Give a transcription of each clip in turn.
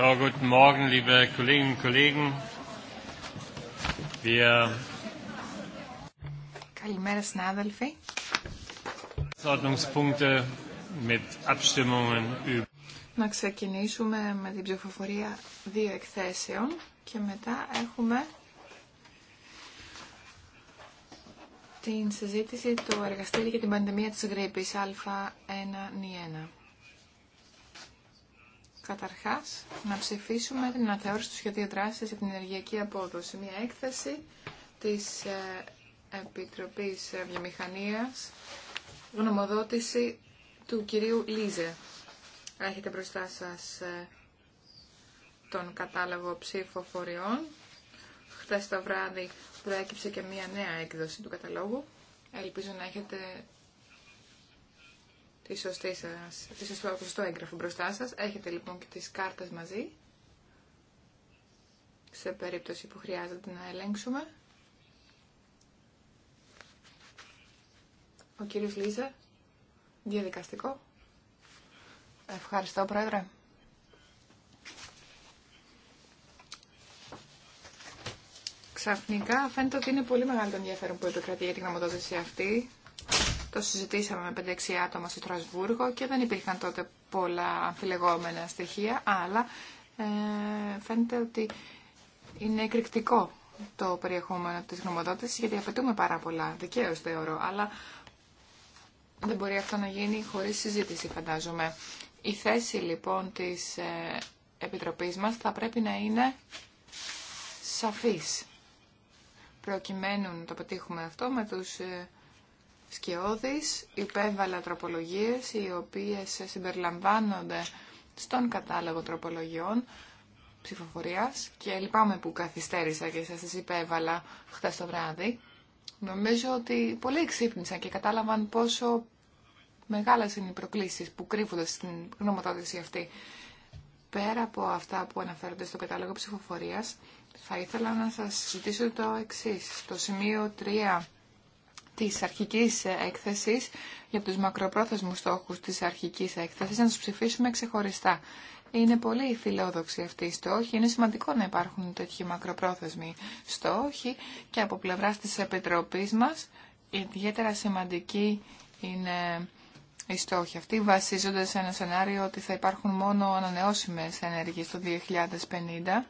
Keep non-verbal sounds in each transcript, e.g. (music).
So, guten Morgen, liebe Kolleginnen und Kollegen. Wir Καλημέρα, συνάδελφοι. να ξεκινήσουμε με την ψηφοφορία δύο εκθέσεων και μετά έχουμε την συζήτηση του εργαστήριου για την πανδημία της γρήπης 1 Καταρχάς, να ψηφίσουμε την αναθεώρηση του σχεδίου δράση για την ενεργειακή απόδοση. Μια έκθεση της ε, Επιτροπής ε, Βιομηχανίας, γνωμοδότηση του κυρίου Λίζε. Έχετε μπροστά σας ε, τον κατάλογο ψηφοφοριών. Χθες το βράδυ προέκυψε και μια νέα έκδοση του καταλόγου. Ελπίζω να έχετε τη σωστή σας, τη σωστό, έγγραφο μπροστά σας. Έχετε λοιπόν και τις κάρτες μαζί, σε περίπτωση που χρειάζεται να ελέγξουμε. Ο κύριος Λίζα, διαδικαστικό. Ευχαριστώ, Πρόεδρε. Ξαφνικά φαίνεται ότι είναι πολύ μεγάλο το ενδιαφέρον που επικρατεί για την γνωμοδότηση αυτή. Το συζητήσαμε με 5-6 άτομα στο Στρασβούργο και δεν υπήρχαν τότε πολλά αμφιλεγόμενα στοιχεία, αλλά ε, φαίνεται ότι είναι εκρηκτικό το περιεχόμενο της γνωμοδότησης, γιατί απαιτούμε πάρα πολλά, δικαίως θεωρώ, αλλά δεν μπορεί αυτό να γίνει χωρίς συζήτηση, φαντάζομαι. Η θέση λοιπόν της ε, Επιτροπής μας θα πρέπει να είναι σαφής, προκειμένου να το πετύχουμε αυτό με τους ε, σκιώδης, υπέβαλα τροπολογίες οι οποίες συμπεριλαμβάνονται στον κατάλογο τροπολογιών ψηφοφορίας και λυπάμαι που καθυστέρησα και σας τις υπέβαλα χθες το βράδυ. Νομίζω ότι πολλοί ξύπνησαν και κατάλαβαν πόσο μεγάλες είναι οι προκλήσεις που κρύβονται στην γνωμοτότηση αυτή. Πέρα από αυτά που αναφέρονται στο κατάλογο ψηφοφορίας, θα ήθελα να σας ζητήσω το εξής. το σημείο 3 της αρχικής έκθεσης, για τους μακροπρόθεσμους στόχους της αρχικής έκθεσης, να τους ψηφίσουμε ξεχωριστά. Είναι πολύ φιλόδοξη αυτή η στόχη. Είναι σημαντικό να υπάρχουν τέτοιοι μακροπρόθεσμοι στόχοι και από πλευράς της Επιτροπής μας ιδιαίτερα σημαντική είναι η στόχη αυτή βασίζονται σε ένα σενάριο ότι θα υπάρχουν μόνο ανανεώσιμες ενέργειες το 2050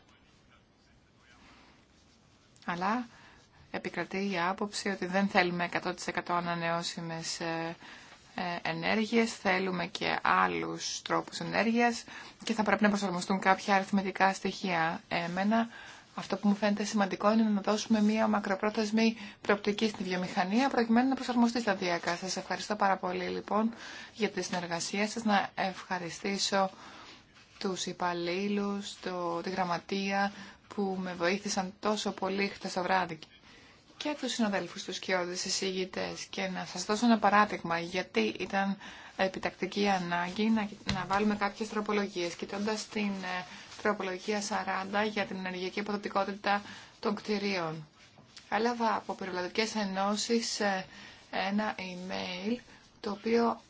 αλλά επικρατεί η άποψη ότι δεν θέλουμε 100% ανανεώσιμες ε, ε, ενέργειες, θέλουμε και άλλους τρόπους ενέργειας και θα πρέπει να προσαρμοστούν κάποια αριθμητικά στοιχεία. Εμένα αυτό που μου φαίνεται σημαντικό είναι να δώσουμε μία μακροπρόθεσμη προοπτική στη βιομηχανία προκειμένου να προσαρμοστεί σταδιακά. Σας ευχαριστώ πάρα πολύ λοιπόν για τη συνεργασία σας. Να ευχαριστήσω τους υπαλλήλους, το, τη γραμματεία που με βοήθησαν τόσο πολύ χτες το βράδυ και τους συναδέλφους τους και όλους εισηγητές και να σας δώσω ένα παράδειγμα γιατί ήταν επιτακτική ανάγκη να, βάλουμε κάποιες τροπολογίες κοιτώντας την ε, τροπολογία 40 για την ενεργειακή αποδοτικότητα των κτηρίων. Έλαβα από περιβαλλοντικές ενώσεις ε, ένα email το οποίο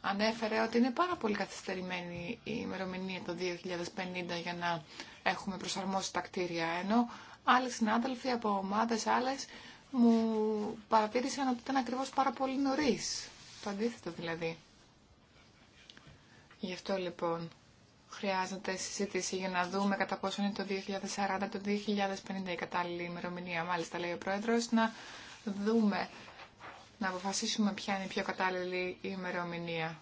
ανέφερε ότι είναι πάρα πολύ καθυστερημένη η ημερομηνία το 2050 για να έχουμε προσαρμόσει τα κτίρια ενώ άλλοι συνάδελφοι από ομάδε άλλε μου παρατήρησαν ότι ήταν ακριβώ πάρα πολύ νωρί. Το αντίθετο δηλαδή. Γι' αυτό λοιπόν χρειάζεται συζήτηση για να δούμε κατά πόσο είναι το 2040, το 2050 η κατάλληλη ημερομηνία. Μάλιστα λέει ο Πρόεδρος να δούμε, να αποφασίσουμε ποια είναι η πιο κατάλληλη ημερομηνία.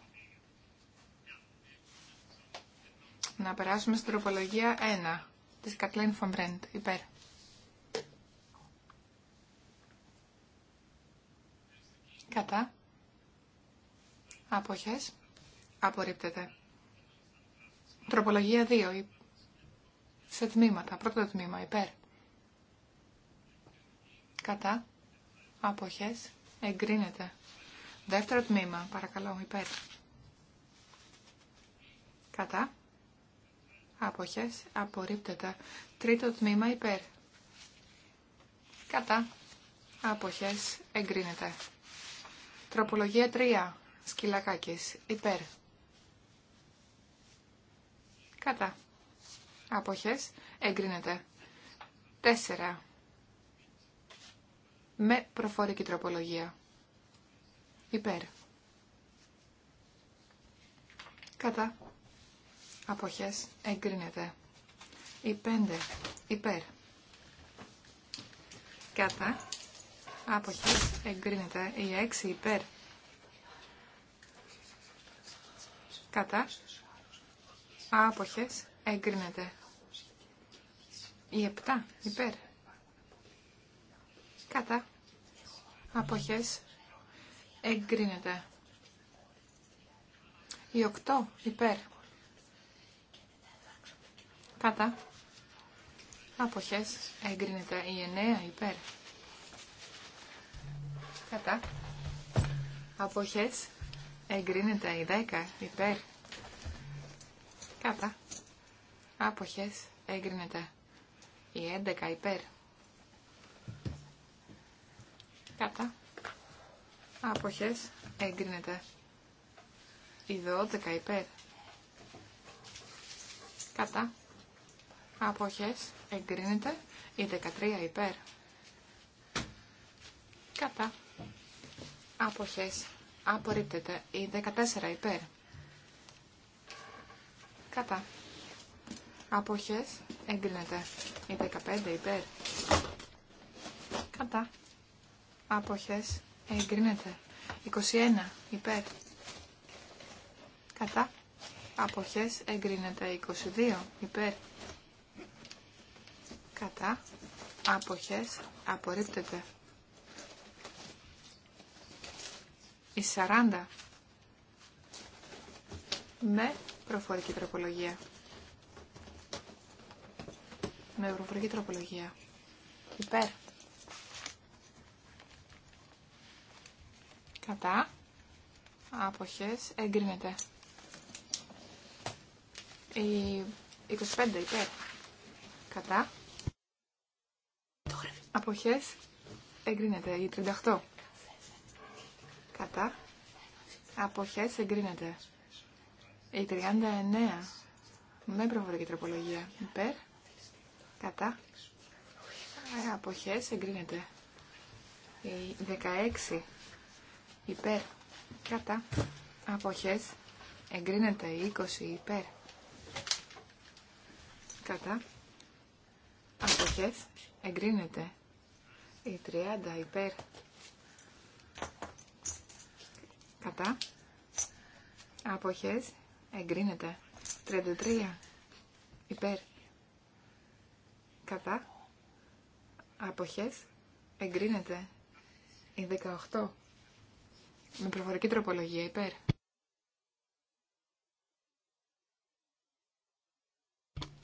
Να περάσουμε στην τροπολογία 1 της Κατλέν Φαμπρέντ. Υπέρ. Κατά. Αποχές. Απορρίπτεται. Τροπολογία 2. Σε τμήματα. Πρώτο τμήμα. Υπέρ. Κατά. Αποχές. Εγκρίνεται. Δεύτερο τμήμα. Παρακαλώ. Υπέρ. Κατά. Αποχές. Απορρίπτεται. Τρίτο τμήμα. Υπέρ. Κατά. Αποχές. Εγκρίνεται. Τροπολογία 3. Σκυλακάκης. Υπέρ. Κατά. Αποχές. Εγκρίνεται. 4. Με προφορική τροπολογία. Υπέρ. Κατά. Αποχές. Εγκρίνεται. Η 5. Υπέρ. Κατά. Αποχές εγκρίνεται. Η 6 υπέρ. Κατά. Άποχες εγκρίνεται. Η 7 υπέρ. Κατά. Αποχές εγκρίνεται. Η 8 υπέρ. Κατά. Αποχές εγκρίνεται. Η 9 υπέρ. Κατά. Αποχές. Εγκρίνεται η δέκα υπέρ. Κατά. Αποχές. Εγκρίνεται η έντεκα υπέρ. Κατά. Αποχές. Εγκρίνεται η δώδεκα υπέρ. Κατά. Αποχές. Εγκρίνεται η 13 υπέρ. Κατά. Άποχες. Απορρίπτεται. Η 14 υπέρ. Κατά. Άποχες. Έγκρινεται. Η 15 υπέρ. Κατά. Άποχες. Εγκρίνεται. 21 υπέρ. Κατά. Αποχές εγκρίνεται 22 υπέρ. Κατά. Αποχές απορρίπτεται Η 40 με προφορική τροπολογία. Με προφορική τροπολογία. Υπέρ. Κατά. Άποχες. Εγκρίνεται. Η 25 υπέρ. Κατά. Αποχές. Εγκρίνεται. Η 38 Κατά. Αποχές εγκρίνεται. Η 39 με προφορική τροπολογία. Υπέρ. Κατά. Αποχές εγκρίνεται. Η 16 υπέρ. Κατά. Αποχές εγκρίνεται. Η 20 υπέρ. Κατά. Αποχές εγκρίνεται. Η 30 υπέρ κατά, αποχές, εγκρίνεται. 33 υπέρ, κατά, αποχές, εγκρίνεται. Η 18 με προφορική τροπολογία υπέρ.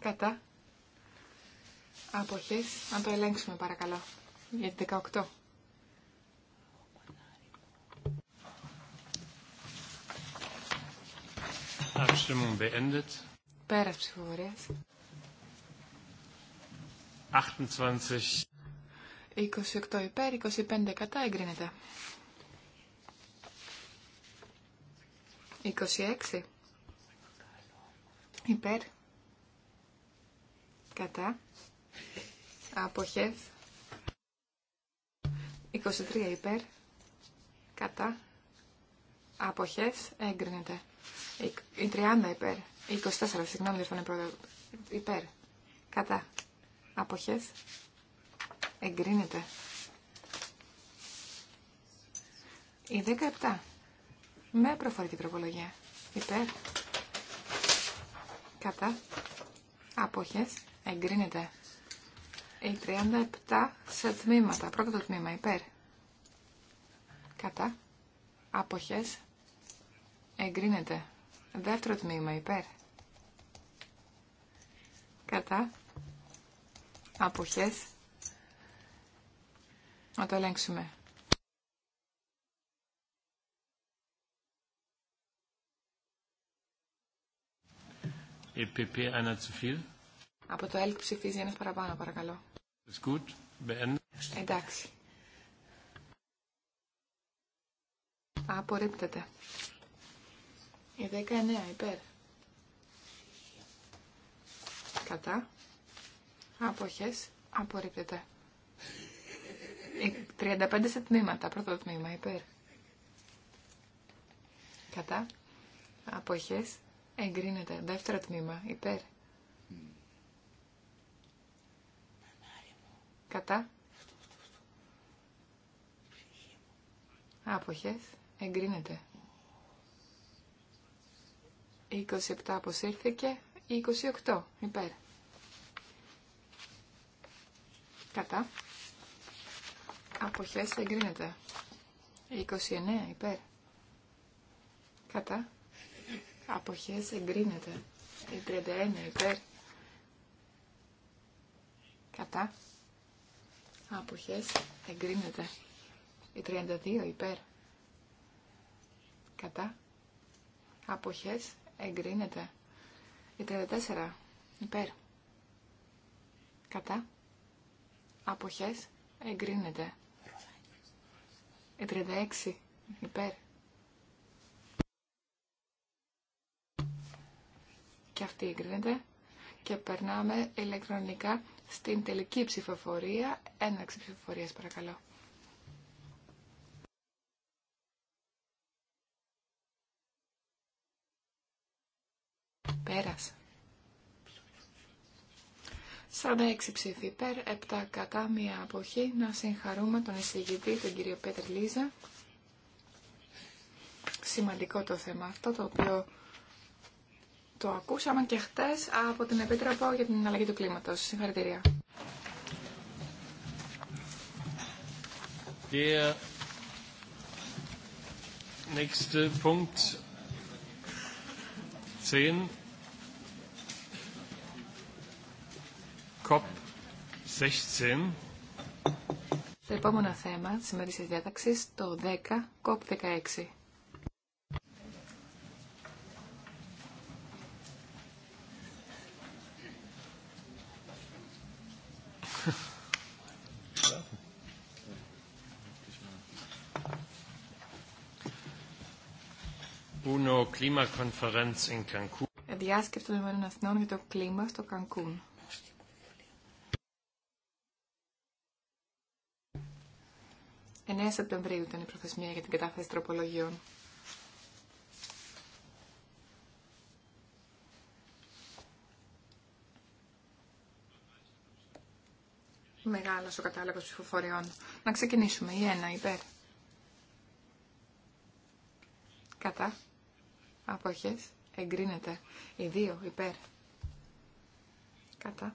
Κατά. Αποχές. Αν το ελέγξουμε παρακαλώ. Για 18. Πέρα ψηφοφορία. 28. υπέρ, 25 κατά εγκρίνεται. 26 υπέρ, κατά, αποχές, 23 υπέρ, κατά, αποχές, έγκρινεται. Η 30 υπέρ. Η 24, συγγνώμη, δεν λοιπόν, πρώτα. Υπέρ. Κατά. Αποχέ. Εγκρίνεται. Η 17. Με προφορική τροπολογία. Υπέρ. Κατά. άποχε. Εγκρίνεται. Η 37 σε τμήματα. Πρώτο το τμήμα. Υπέρ. Κατά. Αποχές. Εγκρίνεται. Δεύτερο τμήμα υπέρ. Κατά. Αποχές. Να το ελέγξουμε. EPP Από το ΕΛΚ ψηφίζει ένας παραπάνω, παρακαλώ. Ist gut. Εντάξει. Απορρίπτεται. Η 19 υπέρ. Κατά. Αποχές. Απορρίπτεται. Η 35 σε τμήματα. Πρώτο τμήμα υπέρ. Κατά. Αποχές. Εγκρίνεται. Δεύτερο τμήμα υπέρ. Κατά. Άποχες. Εγκρίνεται. 27 αποσύρθηκε. 28 υπέρ. Κατά. Αποχές εγκρίνεται. 29 υπέρ. Κατά. Αποχές εγκρίνεται. 31 υπέρ. Κατά. Αποχές εγκρίνεται. Η 32 υπέρ. Κατά. Αποχές εγκρίνεται. Η 34 υπέρ. Κατά. Αποχές εγκρίνεται. Η 36 υπέρ. Και αυτή εγκρίνεται. Και περνάμε ηλεκτρονικά στην τελική ψηφοφορία. Έναξη ψηφοφορίας παρακαλώ. Πέρασε. 46 ψήφοι υπέρ, 7 κατά, μία αποχή. Να συγχαρούμε τον εισηγητή, τον κύριο Πέτερ Λίζα. Σημαντικό το θέμα αυτό, το οποίο το ακούσαμε και χτες από την Επίτροπο για την αλλαγή του κλίματος. Συγχαρητήρια. Der Punkt 10 COP16. Το επόμενο θέμα της σημερινής διάταξης, το 10, COP16. Διάσκεψη των Ηνωμένων Αθηνών για το κλίμα στο Κανκούν. Σεπτεμβρίου ήταν η προθεσμία για την κατάθεση τροπολογιών. Μεγάλο ο κατάλογο ψηφοφοριών. Να ξεκινήσουμε. Η ένα υπέρ. Κατά. Αποχές. Εγκρίνεται. Η δύο υπέρ. Κατά.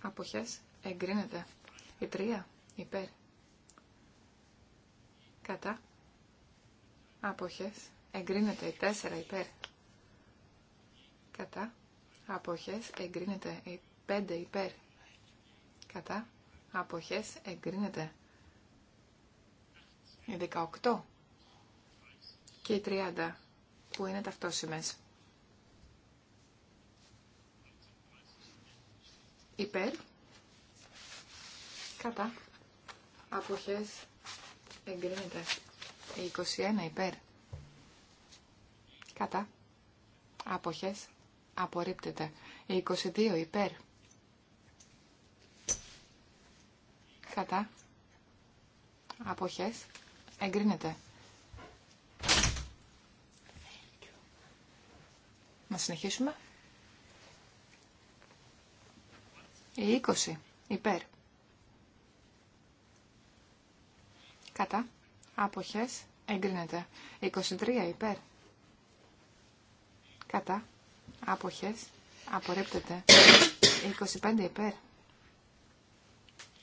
απόχέ. Εγκρίνεται. Η τρία υπέρ. Κατά. Αποχές. Εγκρίνεται η 4 υπέρ. Κατά. Αποχές. Εγκρίνεται η 5 υπέρ. Κατά. Αποχές. Εγκρίνεται η 18 και η 30 που είναι ταυτόσιμες. Υπέρ. Κατά. Αποχές Εγκρίνεται. 21 υπέρ. Κατά. Αποχές. Απορρίπτεται. 22 υπέρ. Κατά. Αποχές. Εγκρίνεται. Να συνεχίσουμε. Η 20 υπέρ. Κατά. Άποχες. Εγκρίνεται. 23 υπέρ. Κατά. Άποχες. Απορρίπτεται. 25 υπέρ.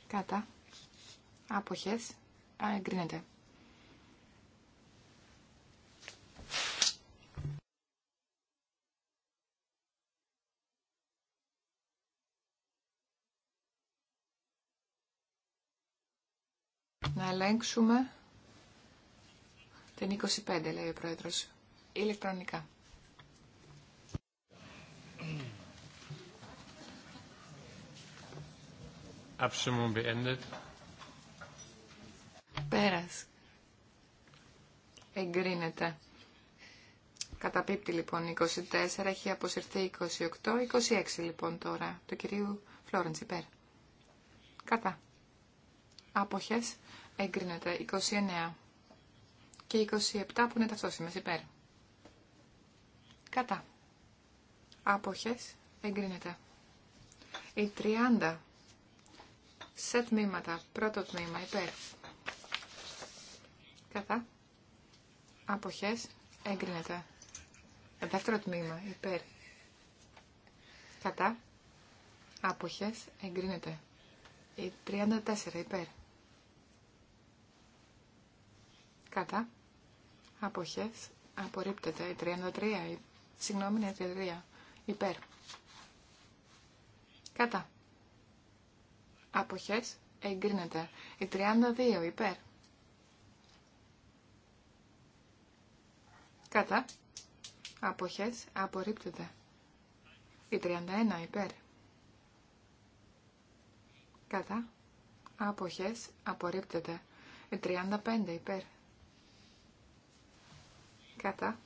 Κατά. Άποχες. Εγκρίνεται. ελέγξουμε την 25, λέει ο Πρόεδρος, ηλεκτρονικά. Abstimmung beendet. Πέρας. Εγκρίνεται. Καταπίπτει λοιπόν 24, έχει αποσυρθεί 28, 26 λοιπόν τώρα, του κυρίου Φλόρεντς υπέρ. Κατά. Άποχες Εγκρίνεται 29 και 27 που είναι ταυτόσημες υπέρ. Κατά. Άποχες. Εγκρίνεται. Η 30 σε τμήματα. Πρώτο τμήμα υπέρ. Κατά. Άποχες. Εγκρίνεται. Δεύτερο τμήμα υπέρ. Κατά. Άποχες. Εγκρίνεται. Η 34 υπέρ. Κατά. Αποχές. Απορρίπτεται. Η 33. Συγγνώμη, είναι 33. Υπέρ. Κατά. Αποχές. Εγκρίνεται. Η 32. Υπέρ. Κατά. Αποχές. Απορρίπτεται. Η 31. Υπέρ. Κατά. Αποχές. Απορρίπτεται. Η 35. Υπέρ κατά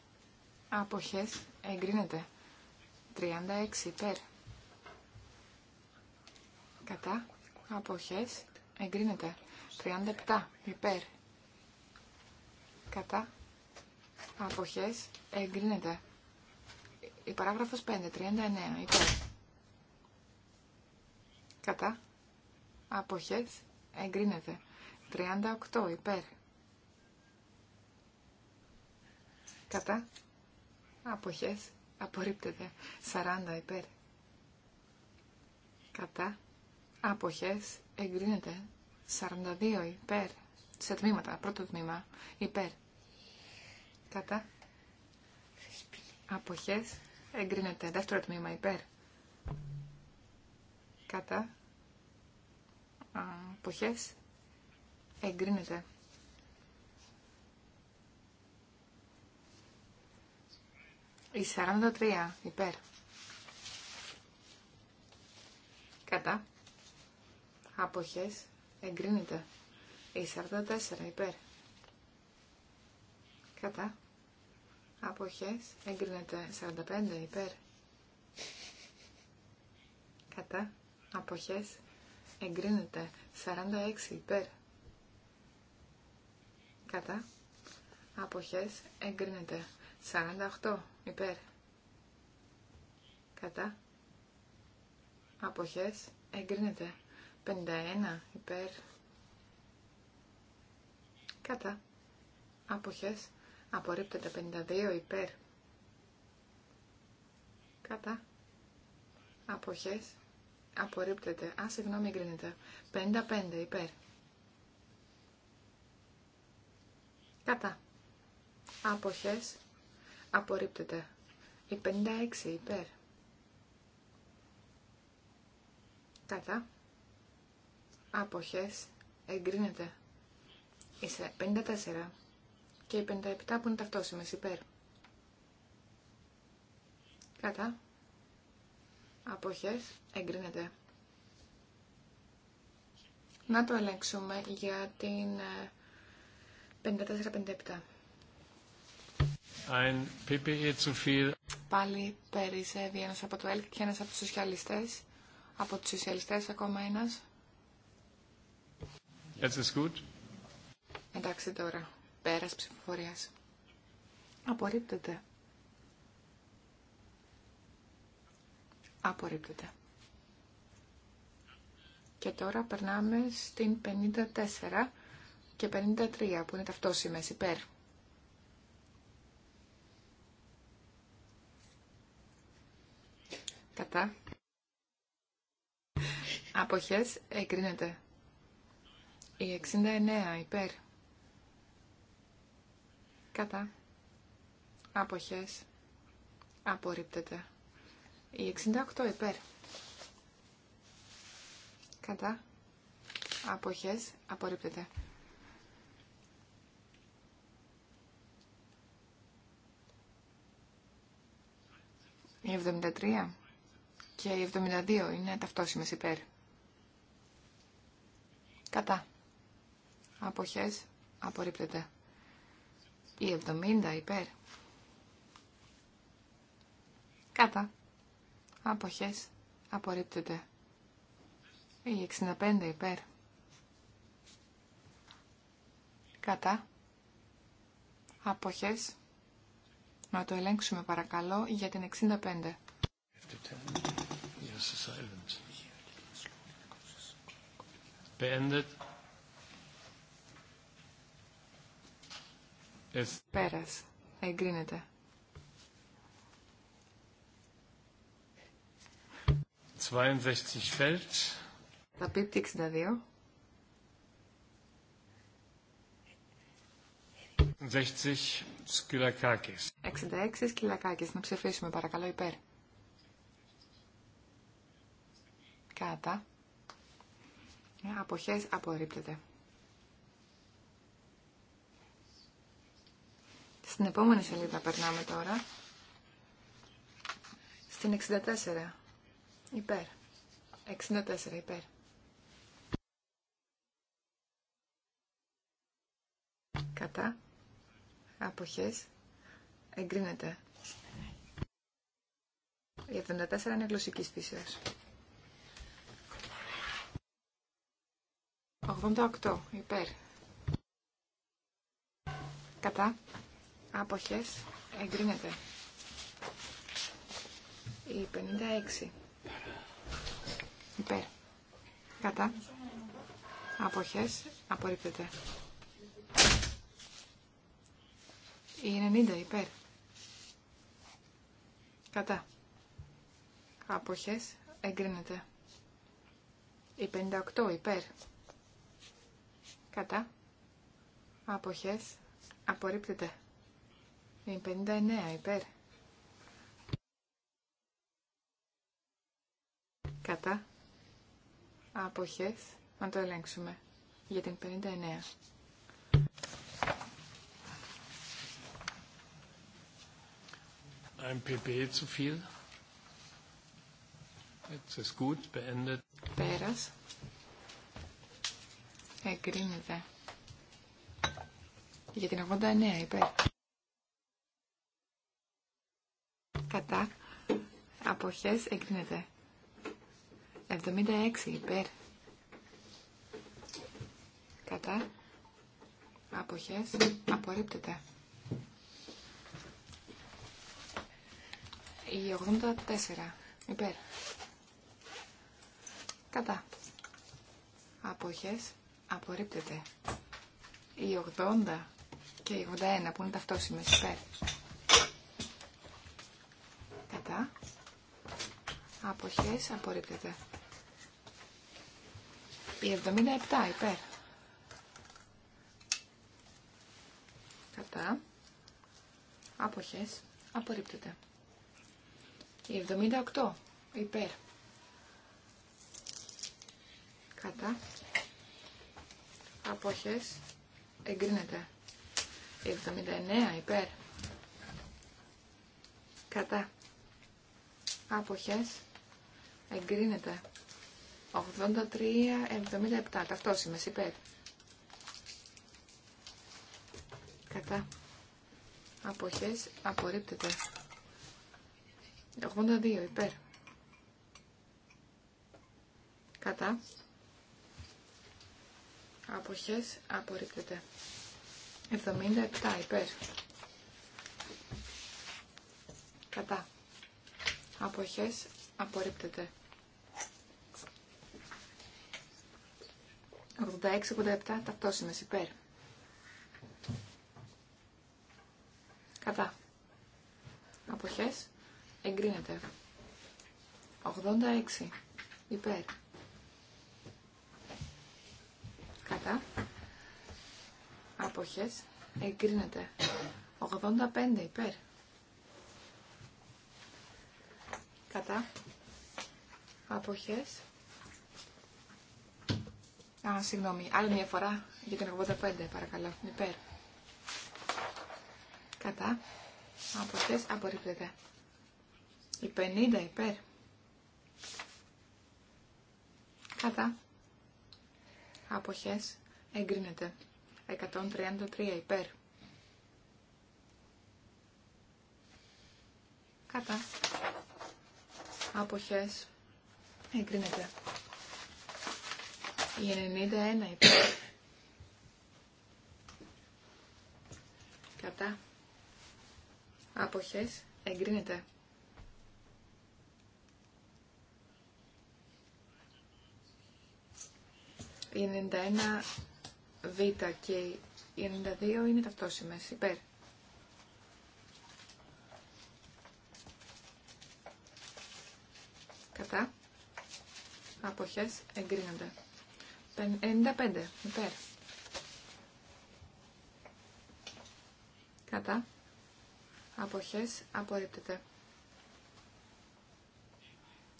αποχές εγκρίνεται 36 υπέρ κατά αποχές εγκρίνεται 37 υπέρ κατά αποχές εγκρίνεται η παράγραφος 5 39 υπέρ κατά αποχές εγκρίνεται 38 υπέρ Κατά. Αποχές. Απορρίπτεται. 40 υπέρ. Κατά. Αποχές. Εγκρίνεται. 42 υπέρ. Σε τμήματα. Πρώτο τμήμα. Υπέρ. Κατά. Αποχές. Εγκρίνεται. Δεύτερο τμήμα. Υπέρ. Κατά. Αποχές. Εγκρίνεται. Η 43 υπέρ. Κατά. Αποχές εγκρίνεται. Η 44 υπέρ. Κατά. Αποχές εγκρίνεται. 45 υπέρ. Κατά. Αποχές εγκρίνεται. 46 υπέρ. Κατά. Αποχές εγκρίνεται. 48 υπέρ, κατά, αποχές, εγκρίνεται. 51 υπέρ, κατά, αποχές, απορρίπτεται. 52 υπέρ, κατά, αποχές, απορρίπτεται. Α, συγγνώμη, εγκρίνεται. 55 υπέρ. Κατά. Αποχές Απορρίπτεται. Η 56 υπέρ. Κατά. Αποχές. Εγκρίνεται. Είσαι 54 και η 57 που είναι ταυτόσημες υπέρ. Κατά. Αποχές. Εγκρίνεται. Να το ελέγξουμε για την 54-57. Ε, Πάλι περισσεύει ένας από το ΕΛΚ και ένας από τους σοσιαλιστές. Από τους σοσιαλιστέ ακόμα ένας. Jetzt ist gut. Εντάξει τώρα. Πέρας ψηφοφορίας. Απορρίπτεται. Απορρίπτεται. Και τώρα περνάμε στην 54 και 53 που είναι ταυτόσημες υπέρ. Κατά. Αποχές εγκρίνεται. Η 69 υπέρ. Κατά. Αποχές απορρίπτεται. Η 68 υπέρ. Κατά. Αποχές απορρίπτεται. Η 73 και οι 72 είναι ταυτόσιμες υπέρ. Κατά. Αποχές απορρίπτεται. Η 70 υπέρ. Κατά. Αποχές απορρίπτεται. Η 65 υπέρ. Κατά. Αποχές. Να το ελέγξουμε παρακαλώ για την 65 ist Beendet. Εγκρίνεται. 62 fällt. 62. 60 σκυλακάκες. 66 σκυλακάκες. Να ψηφίσουμε παρακαλώ υπέρ. Κατά. Αποχές απορρίπτεται. Στην επόμενη σελίδα περνάμε τώρα. Στην 64. Υπέρ. 64 υπέρ. Κατά. Αποχές. Εγκρίνεται. Η 74 είναι γλωσσικής φύσεως. 88 υπέρ. Κατά. Άποχες. Εγκρίνεται. Η 56 υπέρ. Κατά. Άποχες. Απορρίπτεται. Η 90 υπέρ. Κατά. Άποχες. Εγκρίνεται. Η 58 υπέρ κατά αποχές απορρίπτεται. Η 59 υπέρ. Κατά αποχές να το ελέγξουμε για την 59. Ein PP zu viel. Jetzt ist gut, beendet. Πέρας. Εγκρίνεται. Για την 89 υπέρ. Κατά. Αποχές εγκρίνεται. 76 υπέρ. Κατά. Αποχές απορρίπτεται. Η 84 υπέρ. Κατά. Αποχές Απορρίπτεται. Η 80 και η 81 που είναι ταυτόσιμες υπέρ. Κατά. Αποχές απορρίπτεται. Η 77 υπέρ. Κατά. Αποχές απορρίπτεται. Η 78 υπέρ. Κατά αποχές εγκρίνεται 79 υπέρ κατά αποχές εγκρίνεται 83-77 ταυτόσημες υπέρ κατά αποχές απορρίπτεται 82 υπέρ κατά αποχές απορρίπτεται. 77 υπέρ. Κατά. Αποχές απορρίπτεται. 86-87 ταυτόσημες υπέρ. Κατά. Αποχές εγκρίνεται. 86 υπέρ. κατά αποχές εγκρίνεται 85 υπέρ κατά αποχές Α, συγγνώμη, άλλη μια φορά για την 85 παρακαλώ, υπέρ κατά αποχές απορρίπτεται η 50 υπέρ κατά αποχές εγκρίνεται. 133 υπέρ. Κατά. Αποχές εγκρίνεται. 91 υπέρ. Κατά. Αποχές εγκρίνεται. Η 91 Β και η 92 είναι ταυτόσιμες. Υπέρ. Κατά. Αποχές εγκρίνονται. 95. Υπέρ. Κατά. Αποχές απορρίπτεται.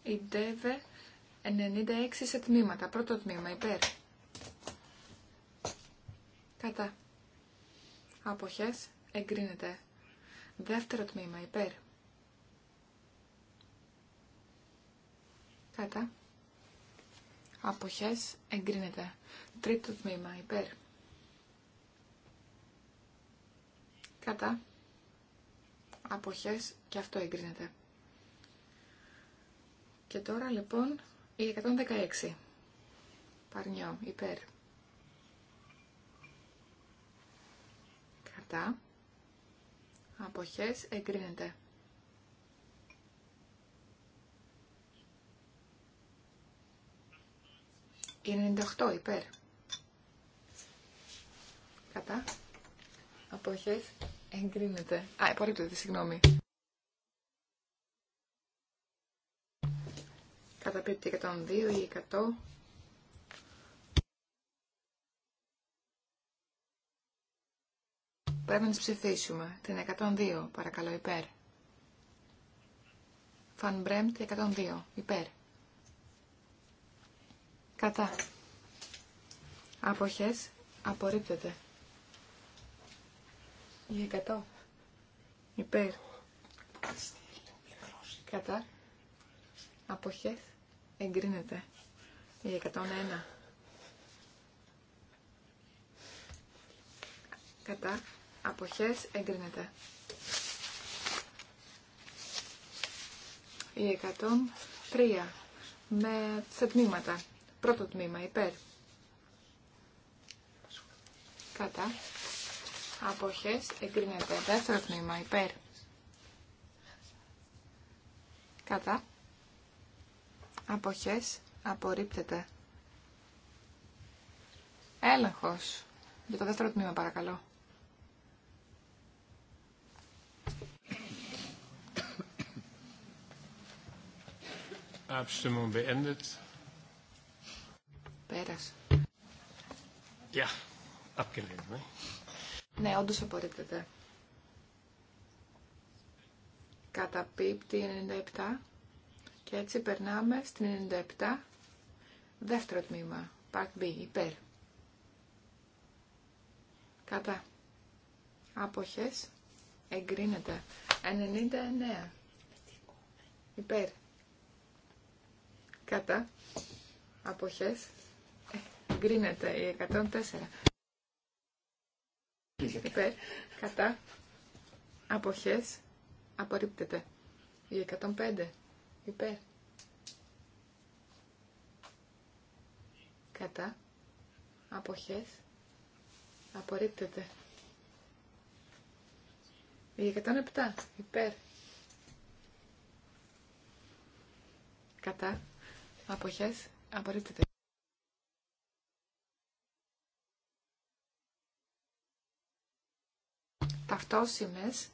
Η ΔΕΒΕ 96 σε τμήματα. Πρώτο τμήμα. Υπέρ. Κατά. Αποχές. Εγκρίνεται. Δεύτερο τμήμα. Υπέρ. Κατά. Αποχές. Εγκρίνεται. Τρίτο τμήμα. Υπέρ. Κατά. Αποχές. Και αυτό εγκρίνεται. Και τώρα λοιπόν η 116. Παρνιό. Υπέρ. Κατά. Αποχές εγκρίνεται. Είναι 98 υπέρ. Κατά. Αποχές εγκρίνεται. Α, υπορρίπτεται, συγγνώμη. Καταπίπτει 102 ή 100. Πρέπει να τις ψηφίσουμε. Την 102, παρακαλώ, υπέρ. Φαν την 102, υπέρ. Κατά. Αποχές, απορρίπτεται. Η 100, υπέρ. Κατά. Αποχές, εγκρίνεται. Η 101. Κατά αποχές εγκρίνεται. Η 103 με σε τμήματα. Πρώτο τμήμα υπέρ. Κατά. Αποχές εγκρίνεται. Δεύτερο τμήμα υπέρ. Κατά. Αποχές απορρίπτεται. Έλεγχος. Για το δεύτερο τμήμα παρακαλώ. Abstimmung beendet. Πέρασε. Ja, abgelehnt, ne? Ναι, όντως απορρίπτεται. Καταπίπτει 97 και έτσι περνάμε στην 97 δεύτερο τμήμα. Part B, υπέρ. Κατά. Άποχες εγκρίνεται. 99 υπέρ κατά αποχές ε, γκρίνεται η 104 υπέρ κατά αποχές απορρίπτεται η 105 υπέρ κατά αποχές απορρίπτεται η 107 υπέρ κατά Αποχές. Απορρίπτεται. Ταυτόσιμες.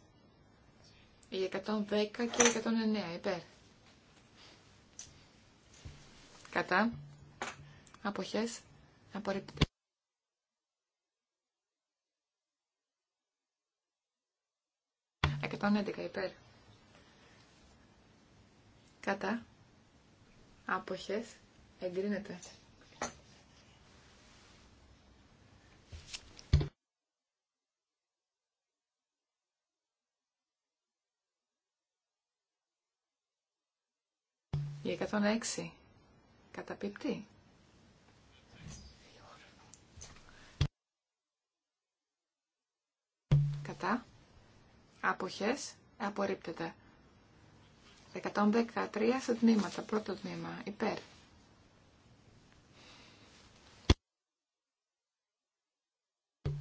Οι 110 και οι 109. Υπέρ. Κατά. Αποχές. Απορρίπτεται. Εκατόν έντεκα υπέρ. Κατά. Άποχες. Εγκρίνεται. Η 106. Καταπίπτει. Κατά. Άποχες. Απορρίπτεται. 113 σε τμήματα. Πρώτο τμήμα. Υπέρ.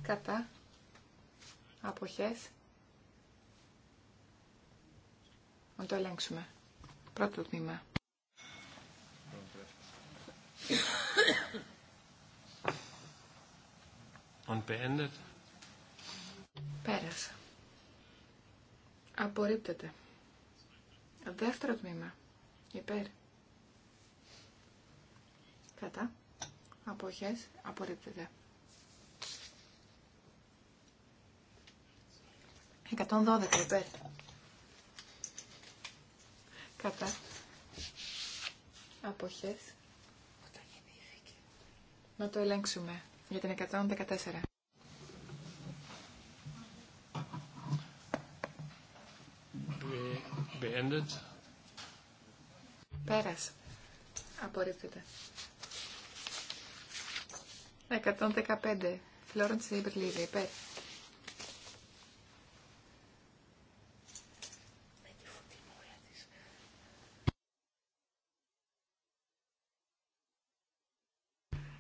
Κατά. Αποχές. Να το ελέγξουμε. Πρώτο τμήμα. Und beendet. Πέρασε. Απορρίπτεται. Δεύτερο τμήμα. Υπέρ. Κατά. Αποχές. Απορρίπτεται. 112 υπέρ. Κατά. Αποχές. Να το ελέγξουμε για την 114. Πέρασε. Πέρας. Απορρίπτεται. 115. Φλόρεντς Ιμπερλίδη. Υπέρ.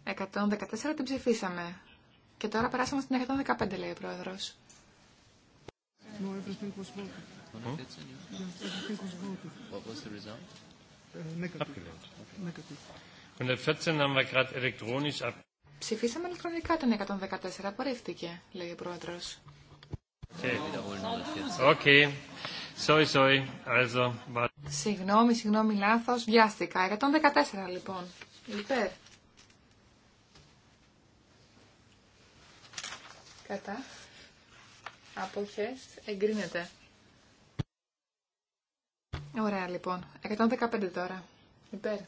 Εκατόν δεκατέσσερα την ψηφίσαμε. Και τώρα περάσαμε στην 115, λέει ο πρόεδρος. Ψηφίσαμε ηλεκτρονικά τον 114, απορρίφθηκε, λέει ο πρόεδρο. Συγγνώμη, συγγνώμη, λάθο, Βιάστηκα. 114, λοιπόν. Υπέρ. Κατά. Αποχές. Εγκρίνεται. Ωραία λοιπόν. 115 τώρα. Υπέρ.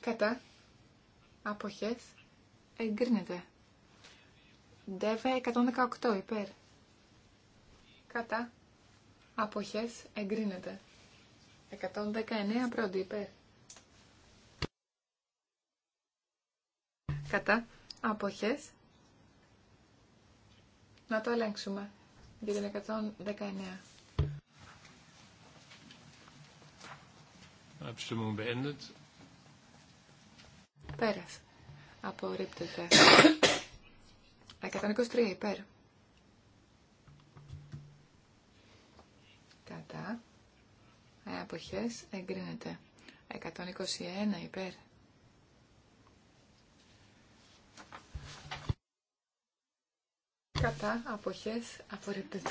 Κατά. Αποχές. Εγκρίνεται. Δεύε 118 υπέρ. Κατά. Αποχές. Εγκρίνεται. 119 πρώτη υπέρ. Κατά. Αποχές. Να το ελέγξουμε. Για την 119. Abstimmung beendet. Πέρας. Απορρίπτεται. 123 υπέρ. Κατά. Αποχές εγκρίνεται. 121 υπέρ. Κατά. Αποχές απορρίπτεται.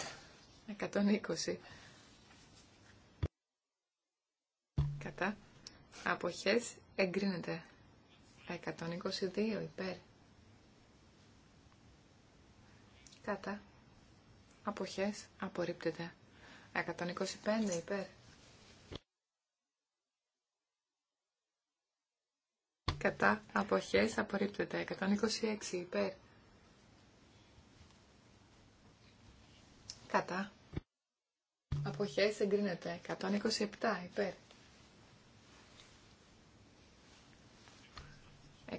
120 αποχές εγκρίνεται 122 υπέρ κατά αποχές απορρίπτεται 125 υπέρ κατά αποχές απορρίπτεται 126 υπέρ κατά αποχές εγκρίνεται 127 υπέρ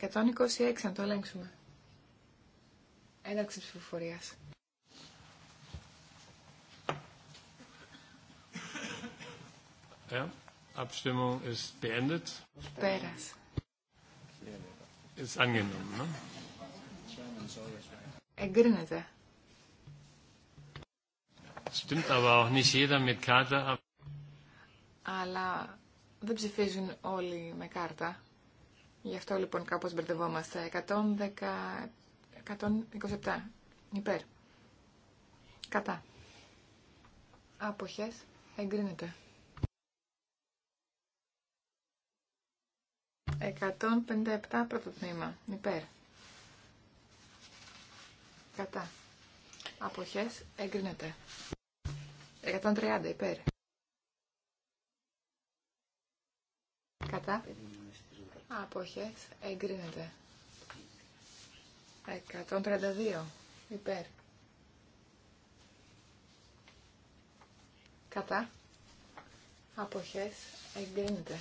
126 να το ελέγξουμε. Έναρξη ψηφοφορία. Ja, Abstimmung ist Εγκρίνεται. Stimmt aber auch nicht jeder mit Αλλά δεν ψηφίζουν όλοι με κάρτα. Γι' αυτό λοιπόν κάπως μπερδευόμαστε. 110... 127 υπέρ. Κατά. Αποχές εγκρίνεται. 157 πρώτο τμήμα. Υπέρ. Κατά. Αποχές εγκρίνεται. 130 υπέρ. Κατά. Αποχές εγκρίνεται. 132 υπέρ. Κατά. Αποχές εγκρίνεται.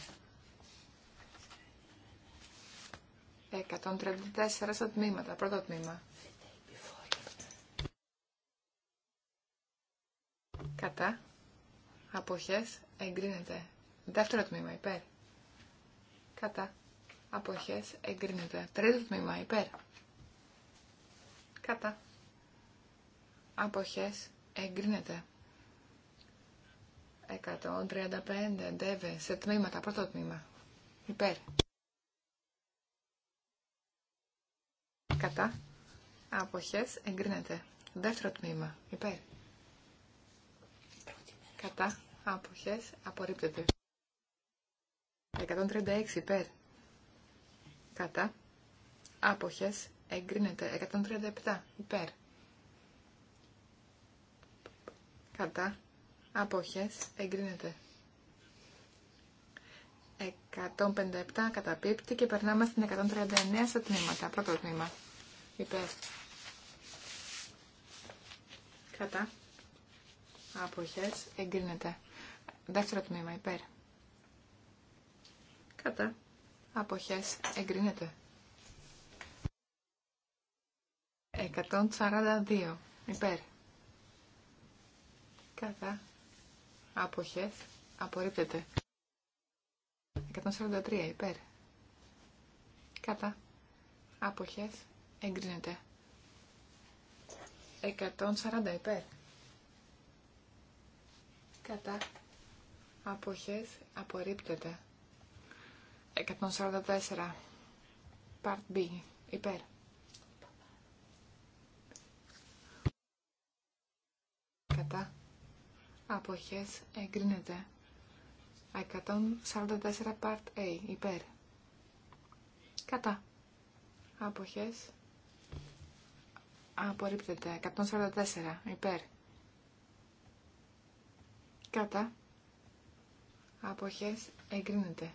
134 στα τμήματα. Πρώτο τμήμα. Κατά. Αποχές εγκρίνεται. Δεύτερο τμήμα υπέρ. Κατά αποχές εγκρίνεται. Τρίτο τμήμα υπέρ. Κατά. Αποχές εγκρίνεται. 135 ντεβε σε τμήματα, πρώτο τμήμα. Υπέρ. Κατά. Αποχές εγκρίνεται. Δεύτερο τμήμα. Υπέρ. Κατά. Αποχές απορρίπτεται. 136 υπέρ κατά, άποχες, εγκρίνεται 137 υπέρ, κατά, άποχες, εγκρίνεται 157 καταπίπτει και περνάμε στην 139 στα τμήματα, πρώτο τμήμα, υπέρ, κατά, άποχες, εγκρίνεται δεύτερο τμήμα, υπέρ, κατά, αποχές εγκρίνεται. 142 υπέρ. Κατά αποχές απορρίπτεται. 143 υπέρ. Κατά αποχές εγκρίνεται. 140 υπέρ. Κατά αποχές απορρίπτεται. 144. Part B. Υπέρ. Κατά. Αποχές εγκρίνεται. 144 part A. Υπέρ. Κατά. Αποχές. Απορρίπτεται. 144. Υπέρ. Κατά. Αποχές εγκρίνεται.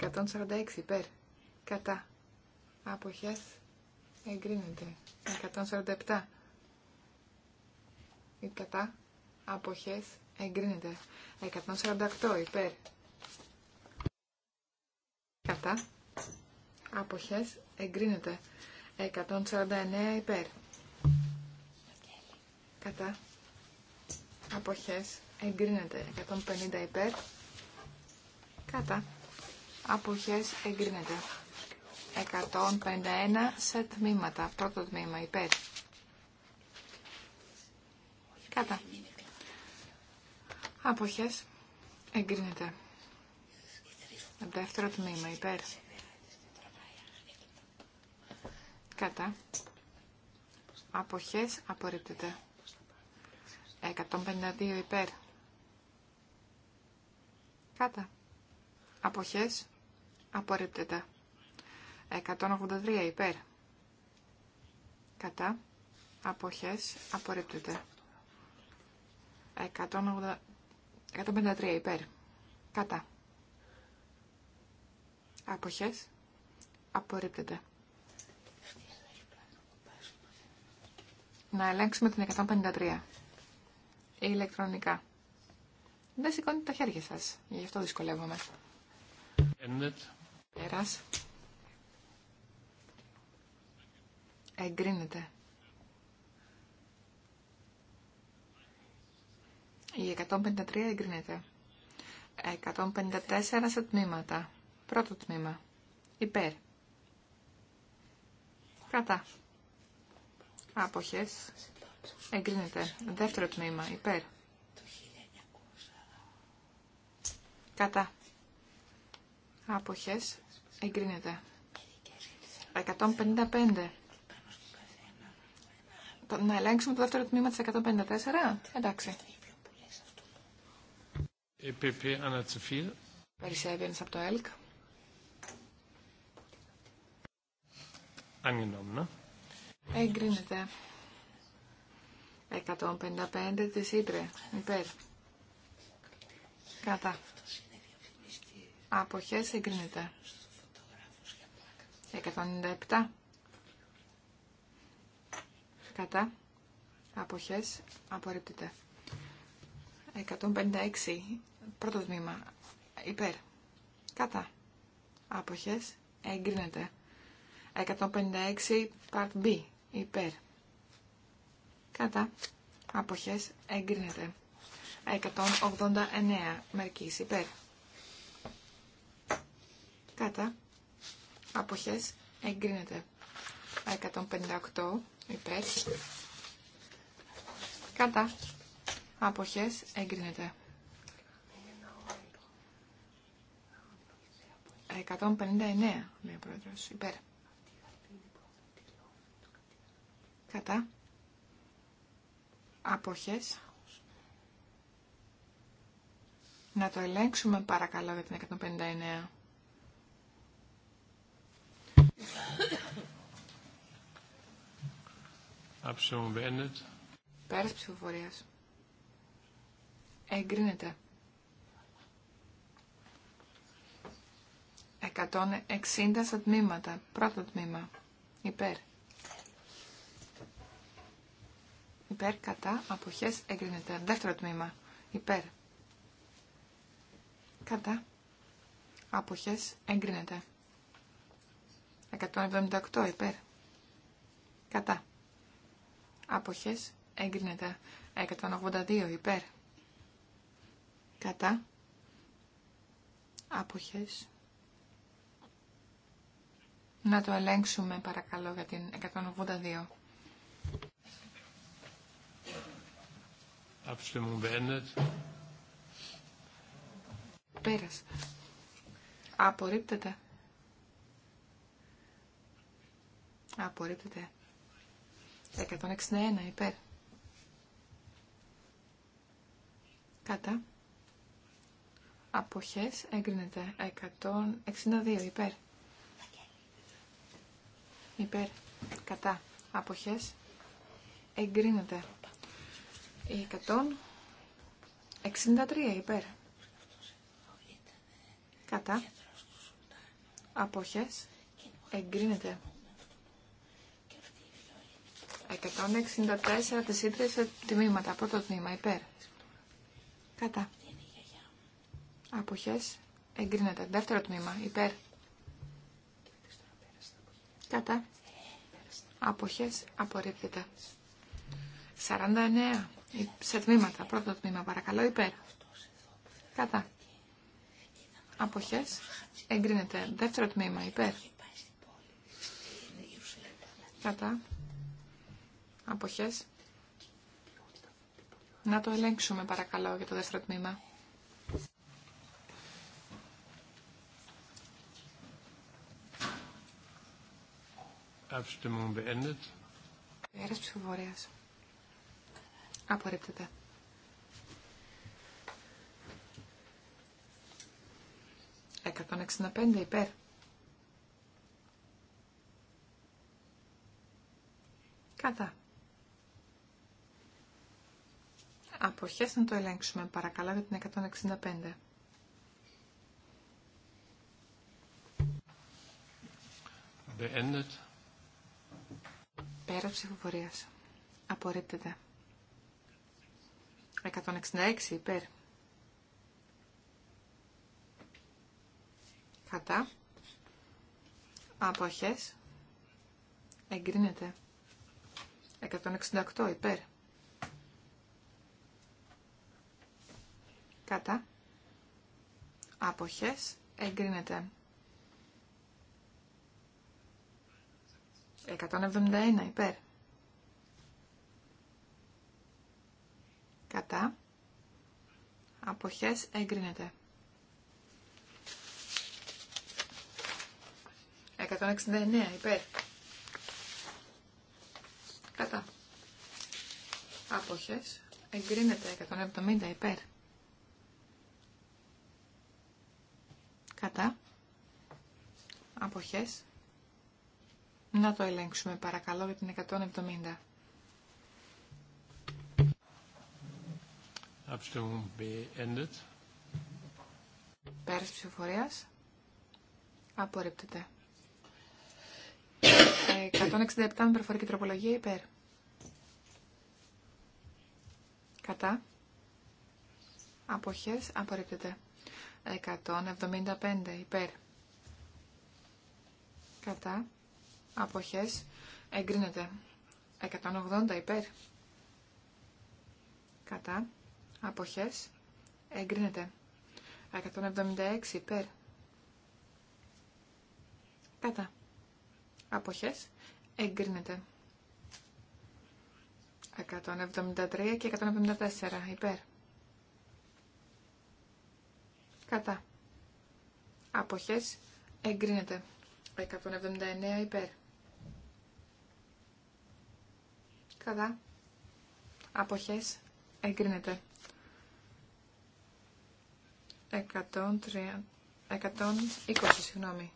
146 υπέρ. Κατά. Αποχές εγκρίνεται. 147 ή κατά. Αποχές εγκρίνεται. 148 υπέρ. Κατά. Αποχές εγκρίνεται. 149 υπέρ. Κατά. Αποχές εγκρίνεται. 150 υπέρ. Κατά αποχές εγκρίνεται. 151 σε τμήματα. Πρώτο τμήμα υπέρ. Κατά. Αποχές εγκρίνεται. Δεύτερο τμήμα υπέρ. Κατά. Αποχές απορρίπτεται. 152 υπέρ. Κάτα. Αποχές Απορρίπτεται. 183 υπέρ. Κατά. Αποχές. Απορρίπτεται. 180... 153 υπέρ. Κατά. Αποχές. Απορρίπτεται. Να ελέγξουμε την 153. Ηλεκτρονικά. Δεν σηκώνετε τα χέρια σας. Γι' αυτό δυσκολεύομαι. Εγκρίνεται. Η 153 εγκρίνεται. 154 σε τμήματα. Πρώτο τμήμα. Υπέρ. Κατά. Άποχες. Εγκρίνεται. Δεύτερο τμήμα. Υπέρ. Κατά. Άποχες. Εγκρίνεται. 155. Να ελέγξουμε το δεύτερο τμήμα της 154. Εντάξει. EPP ε, Ανατσεφίλ. Περισσεύει από το ΕΛΚ. Εγκρίνεται. 155 της Ήπρε. Υπέρ. Κατά. Αποχές εγκρίνεται. 197 κατά αποχές απορρίπτεται 156 πρώτο τμήμα υπέρ κατά αποχές εγκρίνεται 156 part B υπέρ κατά αποχές εγκρίνεται 189 μερικής υπέρ κατά αποχές εγκρίνεται 158 υπέρ κατά αποχές εγκρίνεται 159 λέει ο πρόεδρος υπέρ κατά αποχές να το ελέγξουμε παρακαλώ για την 159 Πέρας ψηφοφορίας. Εγκρίνεται. 160 στα τμήματα. Πρώτο τμήμα. Υπέρ. Υπέρ κατά αποχές εγκρίνεται. Δεύτερο τμήμα. Υπέρ. Κατά αποχές εγκρίνεται. 178 υπέρ. Κατά. Άποχες τα 182 υπέρ. Κατά. Άποχες. Να το ελέγξουμε παρακαλώ για την 182. Abstimmung beendet. Πέρασε. Απορρίπτεται. Απορρίπτεται. 161 υπέρ. Κατά. Αποχές έγκρινεται. 162 υπέρ. Υπέρ. Κατά. Αποχές εγκρίνεται. 163 υπέρ. Κατά. Αποχές εγκρίνεται. 164 τη ίδιες σε τμήματα. Πρώτο τμήμα υπέρ. Κατά. Αποχές. Εγκρίνεται. Δεύτερο τμήμα υπέρ. Κατά. Αποχές. Απορρίπτεται. 49 σε τμήματα. Πρώτο τμήμα παρακαλώ υπέρ. Κατά. Αποχές. Εγκρίνεται. Δεύτερο τμήμα υπέρ. Κατά. Αποχές. Να το ελέγξουμε παρακαλώ για το δεύτερο τμήμα. Abstimmung beendet. Πέρας ψηφοφορίας. Απορρίπτεται. Εκατόν εξήντα υπέρ. Κατά. Αποχές να το ελέγξουμε παρακαλώ για την 165. Beendet. Πέρα ψηφοφορία. Απορρίπτεται. 166 υπέρ. Κατά. Αποχές. Εγκρίνεται. 168 υπέρ. κατά αποχές εγκρίνεται. 171 υπέρ. Κατά. Αποχές εγκρίνεται. 169 υπέρ. Κατά. Αποχές εγκρίνεται. 170 υπέρ. κατά αποχές να το ελέγξουμε παρακαλώ για την 170 Abstimmung beendet. Πέρας ψηφοφορίας. Απορρίπτεται. 167 με προφορική τροπολογία υπέρ. Κατά. Αποχές απορρίπτεται. 175 υπέρ. Κατά. Αποχές. Εγκρίνεται. 180 υπέρ. Κατά. Αποχές. Εγκρίνεται. 176 υπέρ. Κατά. Αποχές. Εγκρίνεται. 173 και 174 υπέρ. Κατά. Αποχές εγκρίνεται. 179 υπέρ. Κατά. Αποχές εγκρίνεται. 120, συγγνώμη.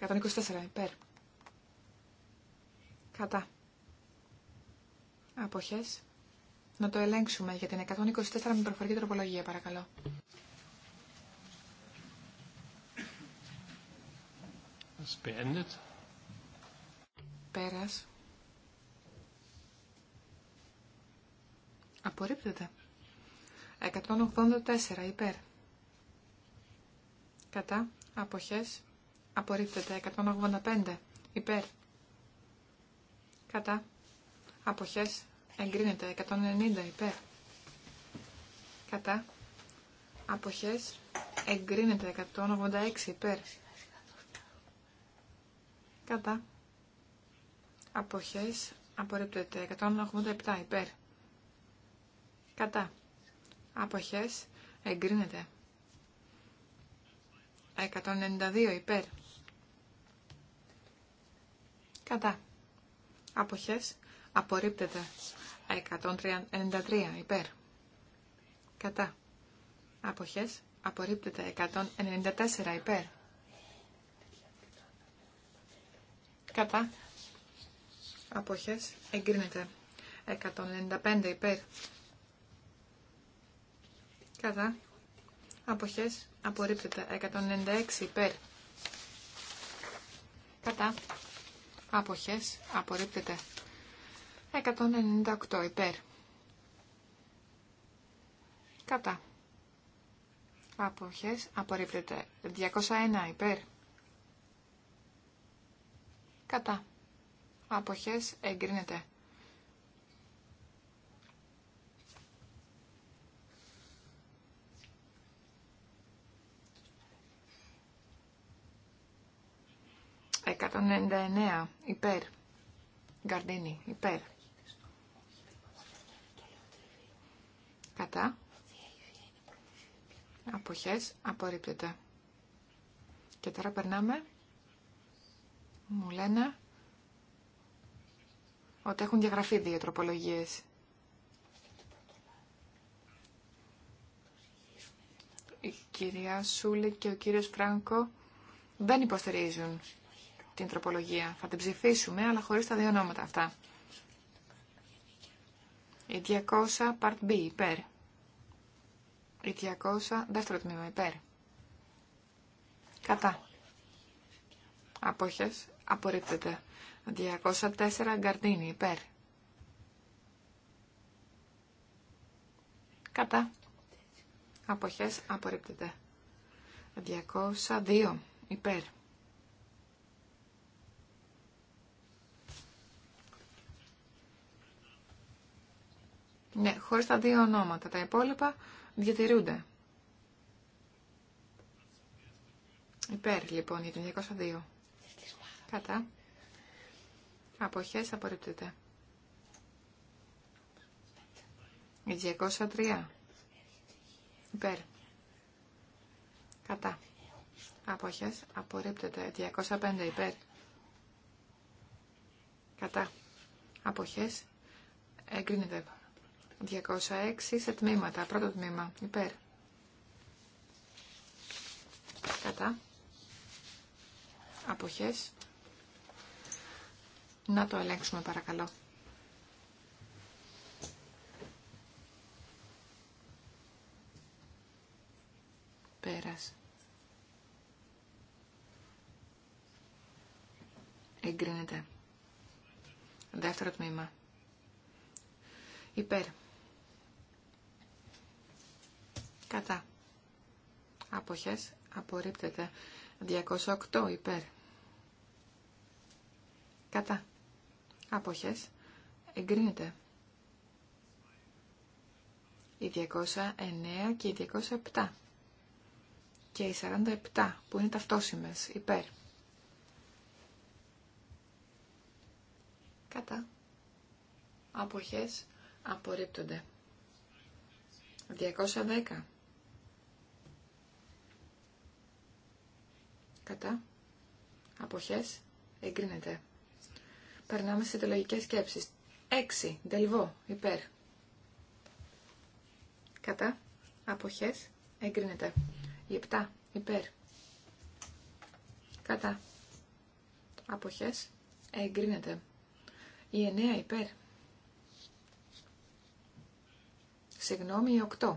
124 υπέρ. Κατά. Αποχές. Να το ελέγξουμε για την 124 με προφορική τροπολογία, παρακαλώ. ist beendet. Πέρας. Απορρίπτεται. 184 υπέρ. Κατά. Αποχές. Απορρίπτεται. 185 υπέρ. Κατά. Αποχές. Εγκρίνεται. 190 υπέρ. Κατά. Αποχές. Εγκρίνεται. 186 υπέρ κατά αποχές απορρίπτεται 187 υπέρ κατά αποχές εγκρίνεται 192 υπέρ κατά αποχές απορρίπτεται 193 υπέρ κατά αποχές απορρίπτεται 194 υπέρ Κατά. Αποχές. Εγκρίνεται. 195 υπέρ. Κατά. Αποχές. Απορρίπτεται. 196 υπέρ. Κατά. Αποχές. Απορρίπτεται. 198 υπέρ. Κατά. Αποχές. Απορρίπτεται. 201 υπέρ. Κατά. Αποχές εγκρίνεται. Εκατόν εννέα υπέρ. Γκαρντίνι υπέρ. Κατά. Αποχές απορρίπτεται. Και τώρα περνάμε μου λένε ότι έχουν διαγραφεί δύο τροπολογίες. Η κυρία Σούλη και ο κύριος Φράνκο δεν υποστηρίζουν την τροπολογία. Θα την ψηφίσουμε, αλλά χωρίς τα δύο ονόματα αυτά. Η 200 part B υπέρ. Η 200 δεύτερο τμήμα υπέρ. Κατά. Απόχες Απορρίπτεται. 204 γκαρντίνι υπέρ. Κατά. Αποχές απορρίπτεται. 202 υπέρ. Ναι, χωρίς τα δύο ονόματα. Τα υπόλοιπα διατηρούνται. Υπέρ λοιπόν για την 202. Κατά. Αποχές απορρίπτεται. 203. Υπέρ. Κατά. Αποχές απορρίπτεται. 205 υπέρ. Κατά. Αποχές εγκρίνεται. 206 σε τμήματα. Πρώτο τμήμα. Υπέρ. Κατά. Αποχές να το ελέγξουμε παρακαλώ. Πέρας. Εγκρίνεται. Δεύτερο τμήμα. Υπέρ. Κατά. Αποχές. Απορρίπτεται. 208 υπέρ. Κατά. Αποχές. Εγκρίνεται. Η 209 και η 207 και οι 47 που είναι ταυτόσημες υπέρ. Κατά. Αποχές απορρίπτονται. 210. Κατά. Αποχές εγκρίνεται. Περνάμε στι ιδεολογικές σκέψεις. 6. Δελβό. Υπέρ. Κατά. Αποχές. Εγκρίνεται. 7. Υπέρ. Κατά. Αποχές. Εγκρίνεται. Η 9. Υπέρ. Συγγνώμη, η 8.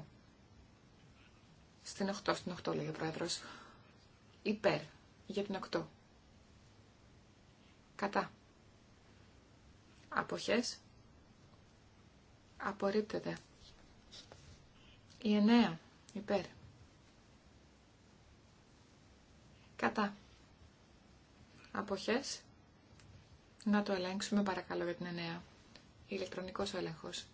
Στην 8, στην 8 λέει ο πρόεδρος. Υπέρ. Για την 8. Κατά. Αποχές. Απορρίπτεται. Η εννέα. Υπέρ. Κατά. Αποχές. Να το ελέγξουμε παρακαλώ για την εννέα. Ηλεκτρονικός έλεγχος.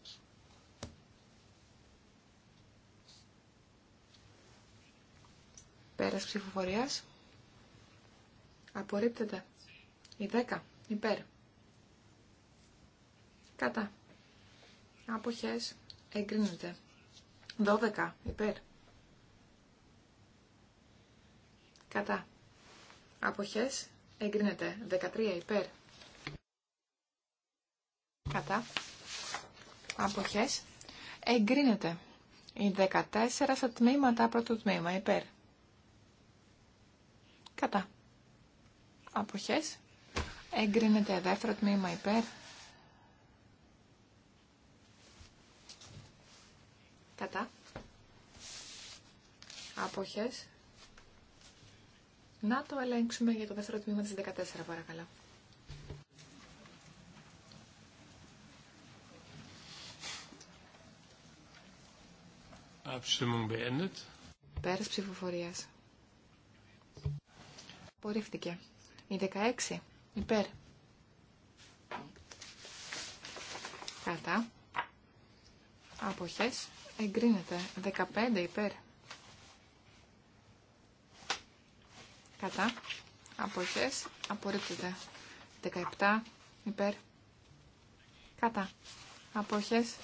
Πέρας ψηφοφορίας. Απορρίπτεται. Η δέκα. Υπέρ. Κατά. Αποχές. Εγκρίνεται. 12. Υπέρ. Κατά. Αποχές. Εγκρίνεται. 13. Υπέρ. Κατά. Αποχές. Εγκρίνεται. οι 14 στα τμήματα. Πρώτο τμήμα. Υπέρ. Κατά. Αποχές. Εγκρίνεται. Δεύτερο τμήμα. Υπέρ. Κατά. Άποχες. Να το ελέγξουμε για το δεύτερο τμήμα της 14 παρακαλώ. Abstimmung beendet. Πέρας ψηφοφορίας. Απορρίφθηκε. Η 16. Υπέρ. Κατά. Αποχές. Εγκρίνεται. 15 υπέρ. Κατά. Αποχές. Απορρίπτεται. 17 υπέρ. Κατά. Αποχές.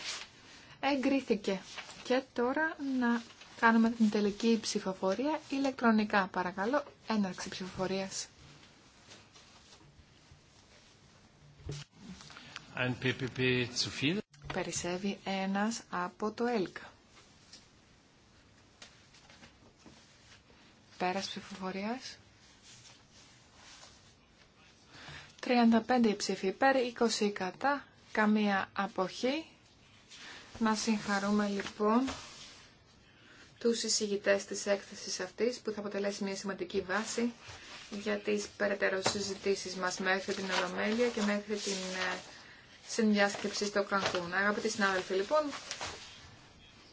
Εγκρίθηκε. Και τώρα να κάνουμε την τελική ψηφοφορία ηλεκτρονικά. Παρακαλώ, έναρξη ψηφοφορίας. Ein PPP zu viel. Περισσεύει ένας από το ΕΛΚΑ. Πέρας ψηφοφορίας. 35 ψήφοι υπέρ, 20 κατά, καμία αποχή. Να συγχαρούμε λοιπόν τους εισηγητές της έκθεσης αυτής που θα αποτελέσει μια σημαντική βάση για τις περαιτέρω συζητήσεις μας μέχρι την Ολομέλεια και μέχρι την ε, συνδιάσκεψη στο Κανκούν. Αγαπητοί συνάδελφοι, λοιπόν,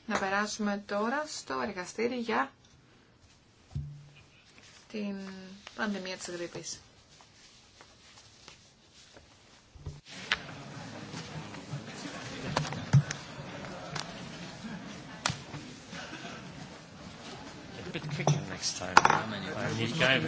να περάσουμε τώρα στο εργαστήρι για την πανδημία της γρήπης. time. I,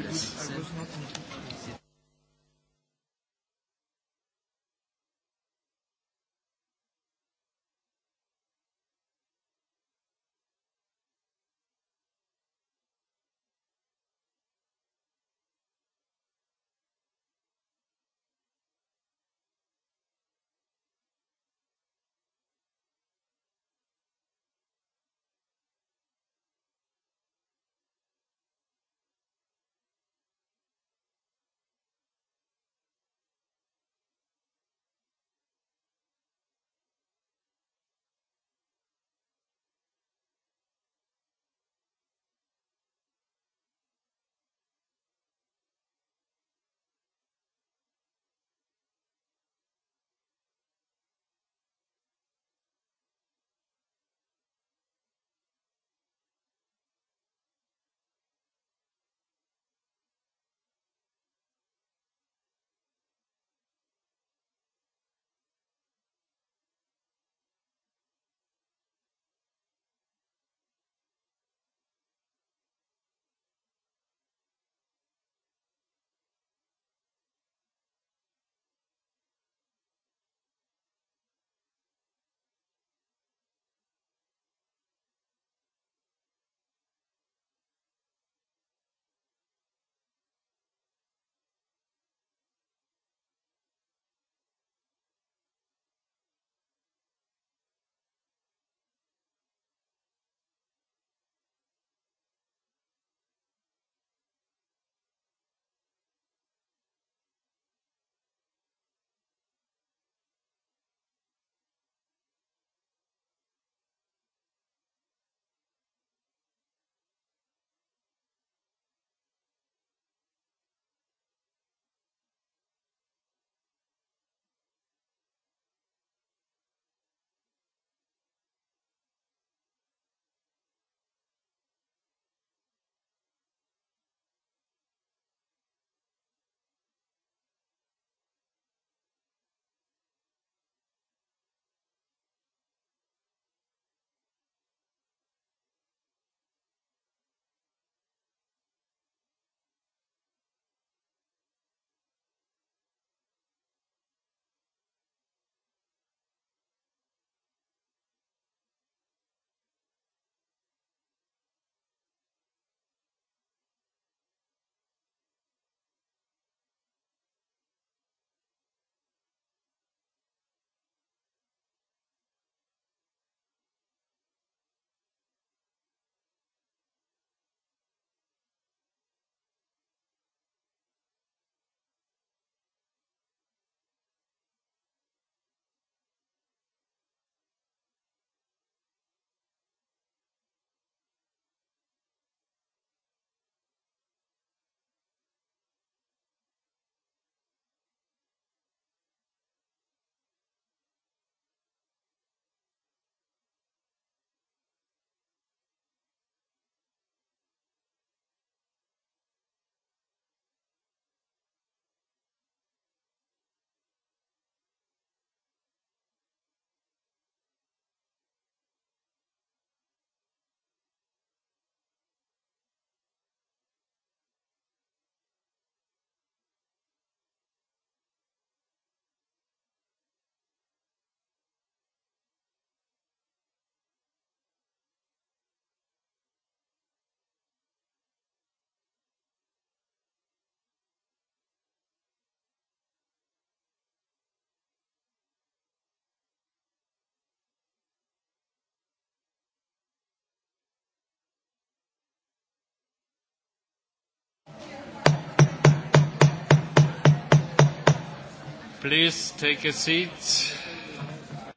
Please take a seat.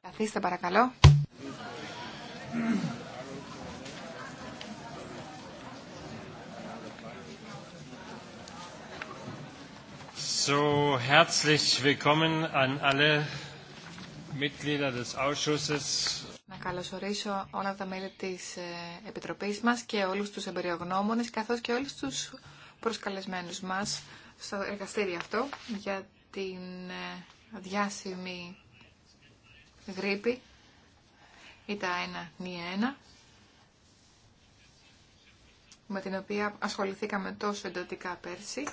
Καθίστε παρακαλώ. So, herzlich willkommen an alle Mitglieder des Ausschusses. Να καλωσορίσω όλα τα μέλη της ε, Επιτροπής μας και όλους τους εμπεριογνώμονες καθώς και όλους τους προσκαλεσμένους μας στο εργαστήριο αυτό για την ε, διάσημη γρήπη ή τα ένα με την οποία ασχοληθήκαμε τόσο εντατικά πέρσι.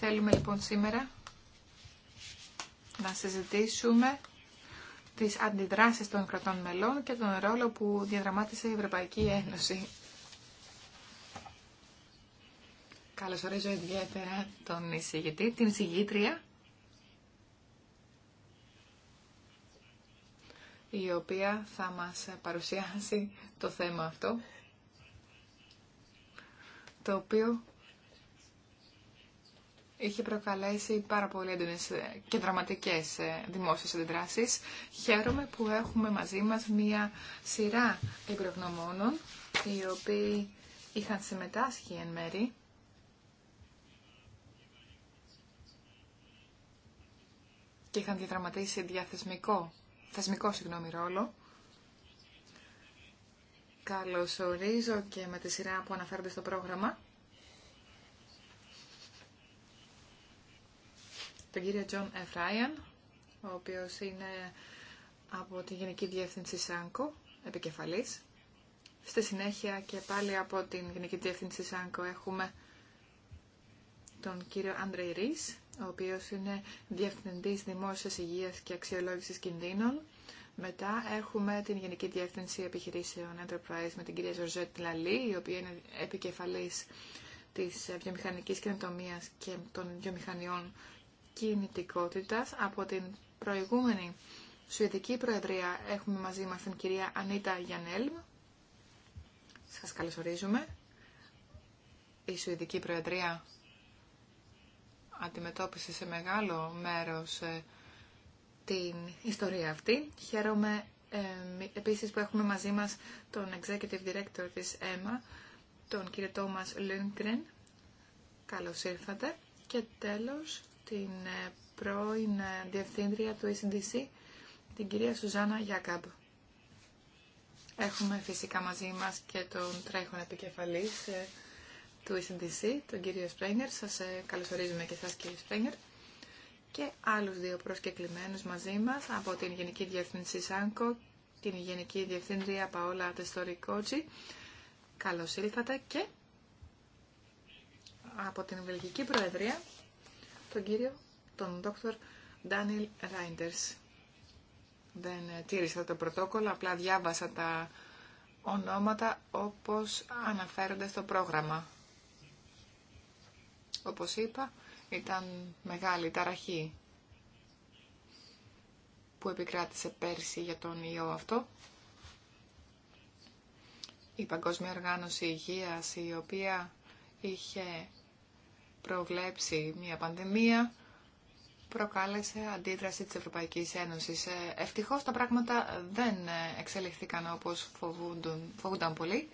Θέλουμε λοιπόν σήμερα να συζητήσουμε τις αντιδράσεις των κρατών μελών και τον ρόλο που διαδραμάτισε η Ευρωπαϊκή Ένωση. Καλωσορίζω ιδιαίτερα τον εισηγητή, την εισηγήτρια η οποία θα μας παρουσιάσει το θέμα αυτό, το οποίο είχε προκαλέσει πάρα πολύ έντονε και δραματικές ε, δημόσιες αντιδράσεις. Χαίρομαι που έχουμε μαζί μας μία σειρά εμπρογνωμόνων, οι οποίοι είχαν συμμετάσχει εν μέρη. και είχαν διαδραματίσει διαθεσμικό θεσμικό συγγνώμη ρόλο. Καλωσορίζω και με τη σειρά που αναφέρονται στο πρόγραμμα. Τον κύριο Τζον Εφράιαν, ο οποίος είναι από τη Γενική Διεύθυνση ΣΑΝΚΟ, επικεφαλής. Στη συνέχεια και πάλι από την Γενική Διεύθυνση ΣΑΝΚΟ έχουμε τον κύριο Άντρεϊ Ρίς, ο οποίος είναι Διευθυντής Δημόσιας Υγείας και Αξιολόγησης Κινδύνων. Μετά έχουμε την Γενική Διεύθυνση Επιχειρήσεων Enterprise με την κυρία Ζορζέτ Λαλή, η οποία είναι επικεφαλής της βιομηχανικής καινοτομίας και των βιομηχανιών κινητικότητας. Από την προηγούμενη Σουηδική Προεδρία έχουμε μαζί μας την κυρία Ανίτα Γιανέλμ. Σας καλωσορίζουμε. Η Σουηδική Προεδρία αντιμετώπισε σε μεγάλο μέρος ε, την ιστορία αυτή. Χαίρομαι ε, επίσης που έχουμε μαζί μας τον Executive Director της ΕΜΑ, τον κύριο Τόμας Λουντρεν. Καλώς ήρθατε. Και τέλος την ε, πρώην Διευθύντρια του ECDC, την κυρία Σουζάνα Γιακάμπ. Έχουμε φυσικά μαζί μας και τον τρέχον επικεφαλής του ECDC, τον κύριο Σπρέγγερ. Σας ε, καλωσορίζουμε και εσά, κύριε Σπρέγγερ. Και άλλου δύο προσκεκλημένους μαζί μα από την Γενική Διεύθυνση ΣΑΝΚΟ, την Γενική Διευθύντρια Παόλα Τεστορικότσι. Καλώ ήλθατε και από την Βελγική Προεδρία, τον κύριο, τον δόκτωρ Ντάνιλ Ράιντερ. Δεν ε, τήρησα το πρωτόκολλο, απλά διάβασα τα ονόματα όπως αναφέρονται στο πρόγραμμα. Όπως είπα, ήταν μεγάλη ταραχή που επικράτησε πέρσι για τον ιό αυτό. Η Παγκόσμια Οργάνωση Υγείας, η οποία είχε προβλέψει μια πανδημία, προκάλεσε αντίδραση της Ευρωπαϊκής Ένωσης. Ε, ευτυχώς τα πράγματα δεν εξελιχθήκαν όπως φοβούνταν, πολύ.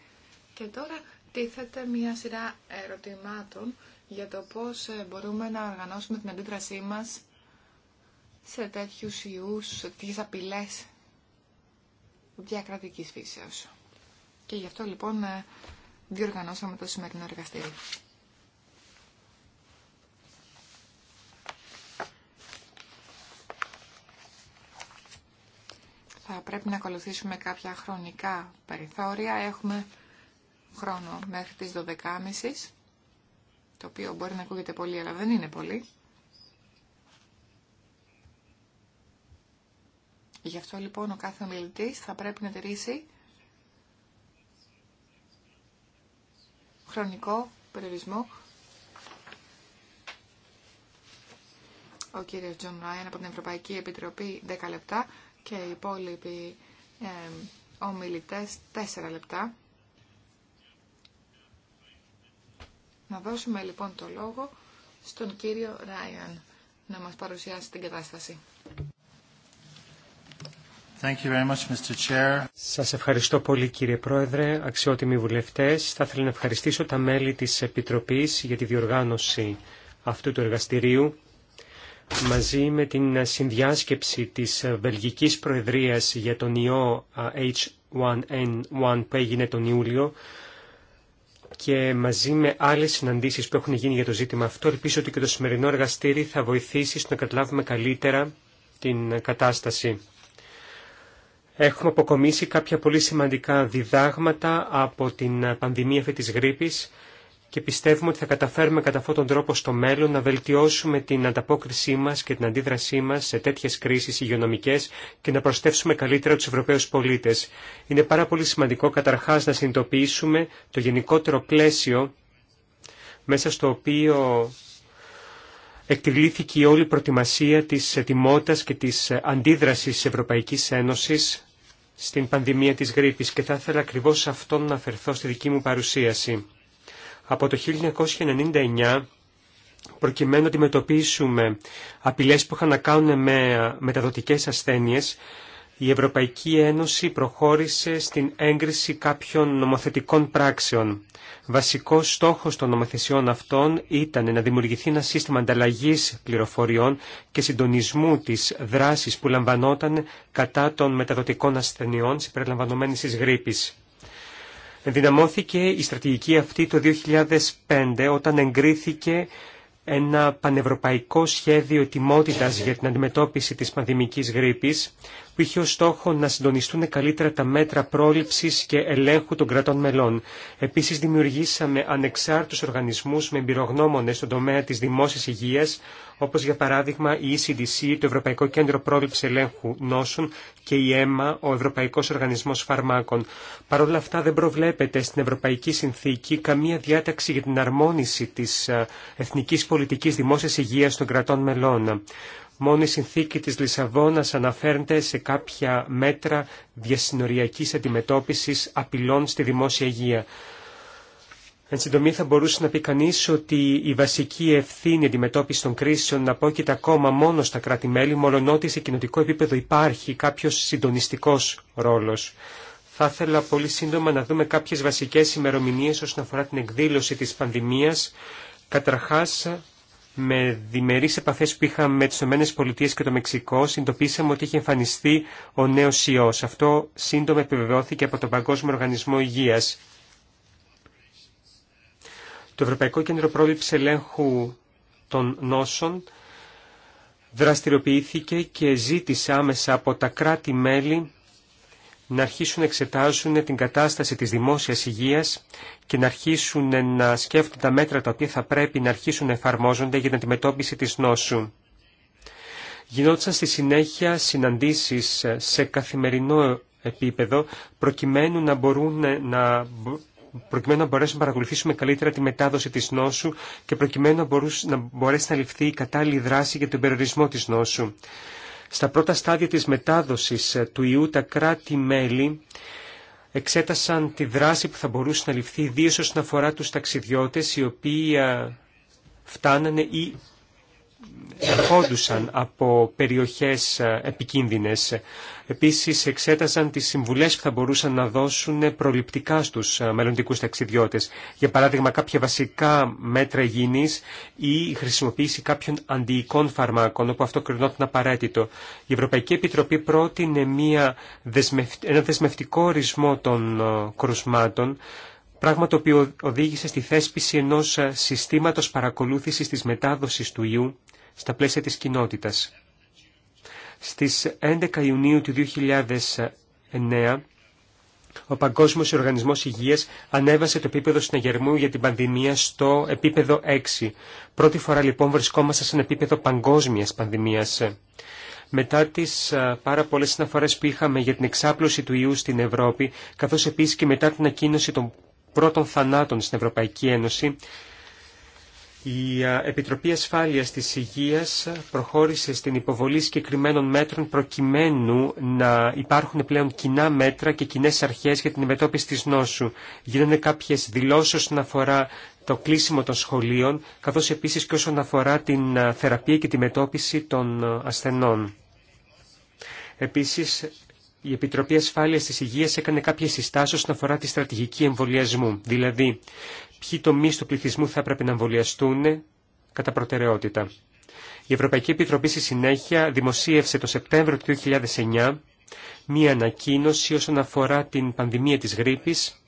Και τώρα τίθεται μια σειρά ερωτημάτων για το πώς ε, μπορούμε να οργανώσουμε την αντίδρασή μας σε τέτοιους ιούς, σε τέτοιες απειλές διακρατικής φύσεως. Και γι' αυτό λοιπόν ε, διοργανώσαμε το σημερινό εργαστήριο. Θα πρέπει να ακολουθήσουμε κάποια χρονικά περιθώρια. Έχουμε χρόνο μέχρι τις 12.30 το οποίο μπορεί να ακούγεται πολύ, αλλά δεν είναι πολύ. Γι' αυτό λοιπόν ο κάθε ομιλητή θα πρέπει να τηρήσει χρονικό περιορισμό. Ο κύριος Τζον Ράιν από την Ευρωπαϊκή Επιτροπή 10 λεπτά και οι υπόλοιποι ε, ομιλητές 4 λεπτά. Να δώσουμε λοιπόν το λόγο στον κύριο Ράιαν να μας παρουσιάσει την κατάσταση. Thank you very much, Mr. Chair. Σας ευχαριστώ πολύ κύριε Πρόεδρε, αξιότιμοι βουλευτές. Θα ήθελα να ευχαριστήσω τα μέλη της Επιτροπής για τη διοργάνωση αυτού του εργαστηρίου μαζί με την συνδιάσκεψη της Βελγικής Προεδρίας για τον ιό H1N1 που έγινε τον Ιούλιο και μαζί με άλλες συναντήσεις που έχουν γίνει για το ζήτημα αυτό, ελπίζω ότι και το σημερινό εργαστήρι θα βοηθήσει στο να καταλάβουμε καλύτερα την κατάσταση. Έχουμε αποκομίσει κάποια πολύ σημαντικά διδάγματα από την πανδημία αυτή της γρήπης και πιστεύουμε ότι θα καταφέρουμε κατά αυτόν τον τρόπο στο μέλλον να βελτιώσουμε την ανταπόκρισή μας και την αντίδρασή μας σε τέτοιες κρίσεις υγειονομικές και να προστεύσουμε καλύτερα τους Ευρωπαίους πολίτες. Είναι πάρα πολύ σημαντικό καταρχάς να συνειδητοποιήσουμε το γενικότερο πλαίσιο μέσα στο οποίο εκτιλήθηκε η όλη προετοιμασία της ετοιμότητας και της αντίδρασης της Ευρωπαϊκής Ένωσης στην πανδημία της γρήπης και θα ήθελα ακριβώς αυτό να αφαιρθώ στη δική μου παρουσίαση από το 1999 προκειμένου να αντιμετωπίσουμε απειλές που είχαν να κάνουν με ε, μεταδοτικές ασθένειες, η Ευρωπαϊκή Ένωση προχώρησε στην έγκριση κάποιων νομοθετικών πράξεων. Βασικός στόχος των νομοθεσιών αυτών ήταν να δημιουργηθεί ένα σύστημα ανταλλαγής πληροφοριών και συντονισμού της δράσης που λαμβανόταν κατά των μεταδοτικών ασθενειών συμπεριλαμβανομένης της γρήπης. Ενδυναμώθηκε η στρατηγική αυτή το 2005 όταν εγκρίθηκε ένα πανευρωπαϊκό σχέδιο ετοιμότητας για την αντιμετώπιση της πανδημικής γρήπης που είχε ως στόχο να συντονιστούν καλύτερα τα μέτρα πρόληψης και ελέγχου των κρατών μελών. Επίσης δημιουργήσαμε ανεξάρτητους οργανισμούς με εμπειρογνώμονες στον τομέα της δημόσιας υγείας, όπως για παράδειγμα η ECDC, το Ευρωπαϊκό Κέντρο Πρόληψης Ελέγχου Νόσων και η ΕΜΑ, ο Ευρωπαϊκός Οργανισμός Φαρμάκων. Παρ' όλα αυτά δεν προβλέπεται στην Ευρωπαϊκή Συνθήκη καμία διάταξη για την αρμόνιση της ε, εθνικής πολιτικής δημόσιας υγείας των κρατών μελών. Μόνο η συνθήκη της Λισαβόνας αναφέρεται σε κάποια μέτρα διασυνοριακής αντιμετώπισης απειλών στη δημόσια υγεία. Εν συντομή θα μπορούσε να πει κανεί ότι η βασική ευθύνη αντιμετώπιση των κρίσεων απόκειται ακόμα μόνο στα κράτη-μέλη, ότι σε κοινοτικό επίπεδο υπάρχει κάποιος συντονιστικός ρόλος. Θα ήθελα πολύ σύντομα να δούμε κάποιε βασικέ ημερομηνίε όσον αφορά την εκδήλωση τη πανδημία. Καταρχά, με διμερείς επαφές που είχαμε με τις ΗΠΑ και το Μεξικό, συνειδητοποίησαμε ότι είχε εμφανιστεί ο νέος ιός. E Αυτό σύντομα επιβεβαιώθηκε από τον Παγκόσμιο Οργανισμό Υγείας. Το Ευρωπαϊκό Κέντρο Πρόληψης Ελέγχου των Νόσων δραστηριοποιήθηκε και ζήτησε άμεσα από τα κράτη-μέλη να αρχίσουν να εξετάζουν την κατάσταση της δημόσιας υγείας και να αρχίσουν να σκέφτονται τα μέτρα τα οποία θα πρέπει να αρχίσουν να εφαρμόζονται για την αντιμετώπιση της νόσου. Γινόντουσαν στη συνέχεια συναντήσεις σε καθημερινό επίπεδο προκειμένου να, μπορούν να, προκειμένου να μπορέσουμε να παρακολουθήσουμε καλύτερα τη μετάδοση της νόσου και προκειμένου να, να μπορέσει να ληφθεί η κατάλληλη δράση για τον περιορισμό της νόσου. Στα πρώτα στάδια της μετάδοσης ε, του ιού τα κράτη-μέλη εξέτασαν τη δράση που θα μπορούσε να ληφθεί ιδίως όσον αφορά τους ταξιδιώτες οι οποίοι ε, φτάνανε ή ερχόντουσαν από περιοχές ε, επικίνδυνες. Επίσης εξέταζαν τις συμβουλές που θα μπορούσαν να δώσουν προληπτικά στους ε, μελλοντικούς ταξιδιώτες. Για παράδειγμα κάποια βασικά μέτρα υγιεινής ή η χρησιμοποίηση κάποιων αντιοικών φαρμάκων όπου αυτό κρινόταν απαραίτητο. Η Ευρωπαϊκή Επιτροπή πρότεινε μια ένα δεσμευτικό ορισμό των ε, κρουσμάτων πράγμα το οποίο οδήγησε στη θέσπιση ενός ε, συστήματος παρακολούθησης της μετάδοσης του ιού στα πλαίσια της κοινότητας. Στις 11 Ιουνίου του 2009, ο Παγκόσμιος Οργανισμός Υγείας ανέβασε το επίπεδο συναγερμού για την πανδημία στο επίπεδο 6. Πρώτη φορά λοιπόν βρισκόμαστε σε ένα επίπεδο παγκόσμιας πανδημίας. Μετά τις ε, πάρα πολλές συναφορές που είχαμε για την εξάπλωση του ιού στην Ευρώπη, καθώς επίσης και μετά την ακίνωση των πρώτων θανάτων στην Ευρωπαϊκή Ένωση, η Επιτροπή Ασφάλειας της Υγείας προχώρησε στην υποβολή συγκεκριμένων μέτρων προκειμένου να υπάρχουν πλέον κοινά μέτρα και κοινέ αρχές για την μετώπιση της νόσου. Γίνανε κάποιες δηλώσεις όσον αφορά το κλείσιμο των σχολείων, καθώς επίσης και όσον αφορά την θεραπεία και τη μετώπιση των ασθενών. Επίσης, η Επιτροπή Ασφάλεια τη Υγεία έκανε κάποιε συστάσεις όσον αφορά τη στρατηγική εμβολιασμού, δηλαδή ποιοι τομεί του πληθυσμού θα έπρεπε να εμβολιαστούν κατά προτεραιότητα. Η Ευρωπαϊκή Επιτροπή στη συνέχεια δημοσίευσε το Σεπτέμβριο του 2009 μία ανακοίνωση όσον αφορά την πανδημία της γρήπης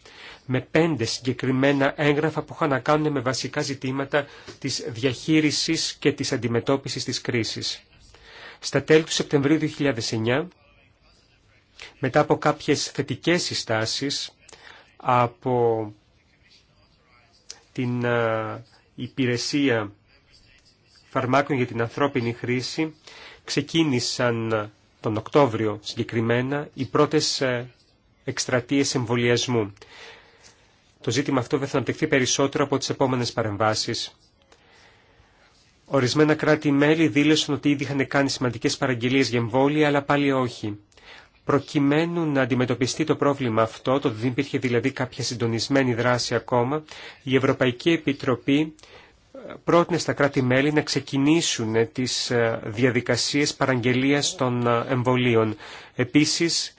με πέντε συγκεκριμένα έγγραφα που είχαν να κάνουν με βασικά ζητήματα της διαχείρισης και της αντιμετώπισης της κρίσης. Στα τέλη του Σεπτεμβρίου 2009 μετά από κάποιες θετικές συστάσεις από την υπηρεσία φαρμάκων για την ανθρώπινη χρήση, ξεκίνησαν τον Οκτώβριο συγκεκριμένα οι πρώτες εκστρατείες εμβολιασμού. Το ζήτημα αυτό δεν θα αναπτυχθεί περισσότερο από τις επόμενες παρεμβάσεις. Ορισμένα κράτη-μέλη δήλωσαν ότι ήδη είχαν κάνει σημαντικές παραγγελίες για εμβόλια, αλλά πάλι όχι προκειμένου να αντιμετωπιστεί το πρόβλημα αυτό, το δεν υπήρχε δηλαδή κάποια συντονισμένη δράση ακόμα, η Ευρωπαϊκή Επιτροπή ε, πρότεινε στα κράτη-μέλη να ξεκινήσουν ε, τις ε, διαδικασίες παραγγελίας των εμβολίων. Επίσης,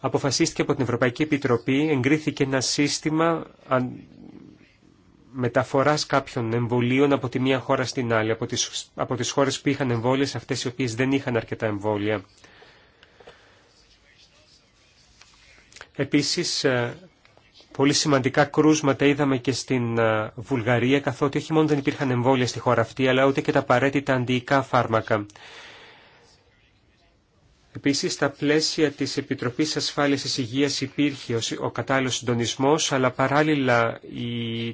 αποφασίστηκε από την Ευρωπαϊκή Επιτροπή, εγκρίθηκε ένα σύστημα μεταφοράς κάποιων εμβολίων από τη μία χώρα στην άλλη, από τις, από τις χώρες που είχαν εμβόλια σε αυτές οι οποίες δεν είχαν αρκετά εμβόλια. Επίσης, ε, πολύ σημαντικά κρούσματα είδαμε και στην ε, Βουλγαρία, καθότι όχι μόνο δεν υπήρχαν εμβόλια στη χώρα αυτή, αλλά ούτε και τα απαραίτητα αντιϊκά φάρμακα. Επίσης, στα πλαίσια της Επιτροπής Ασφάλειας της Υγείας υπήρχε ο κατάλληλος συντονισμός, αλλά παράλληλα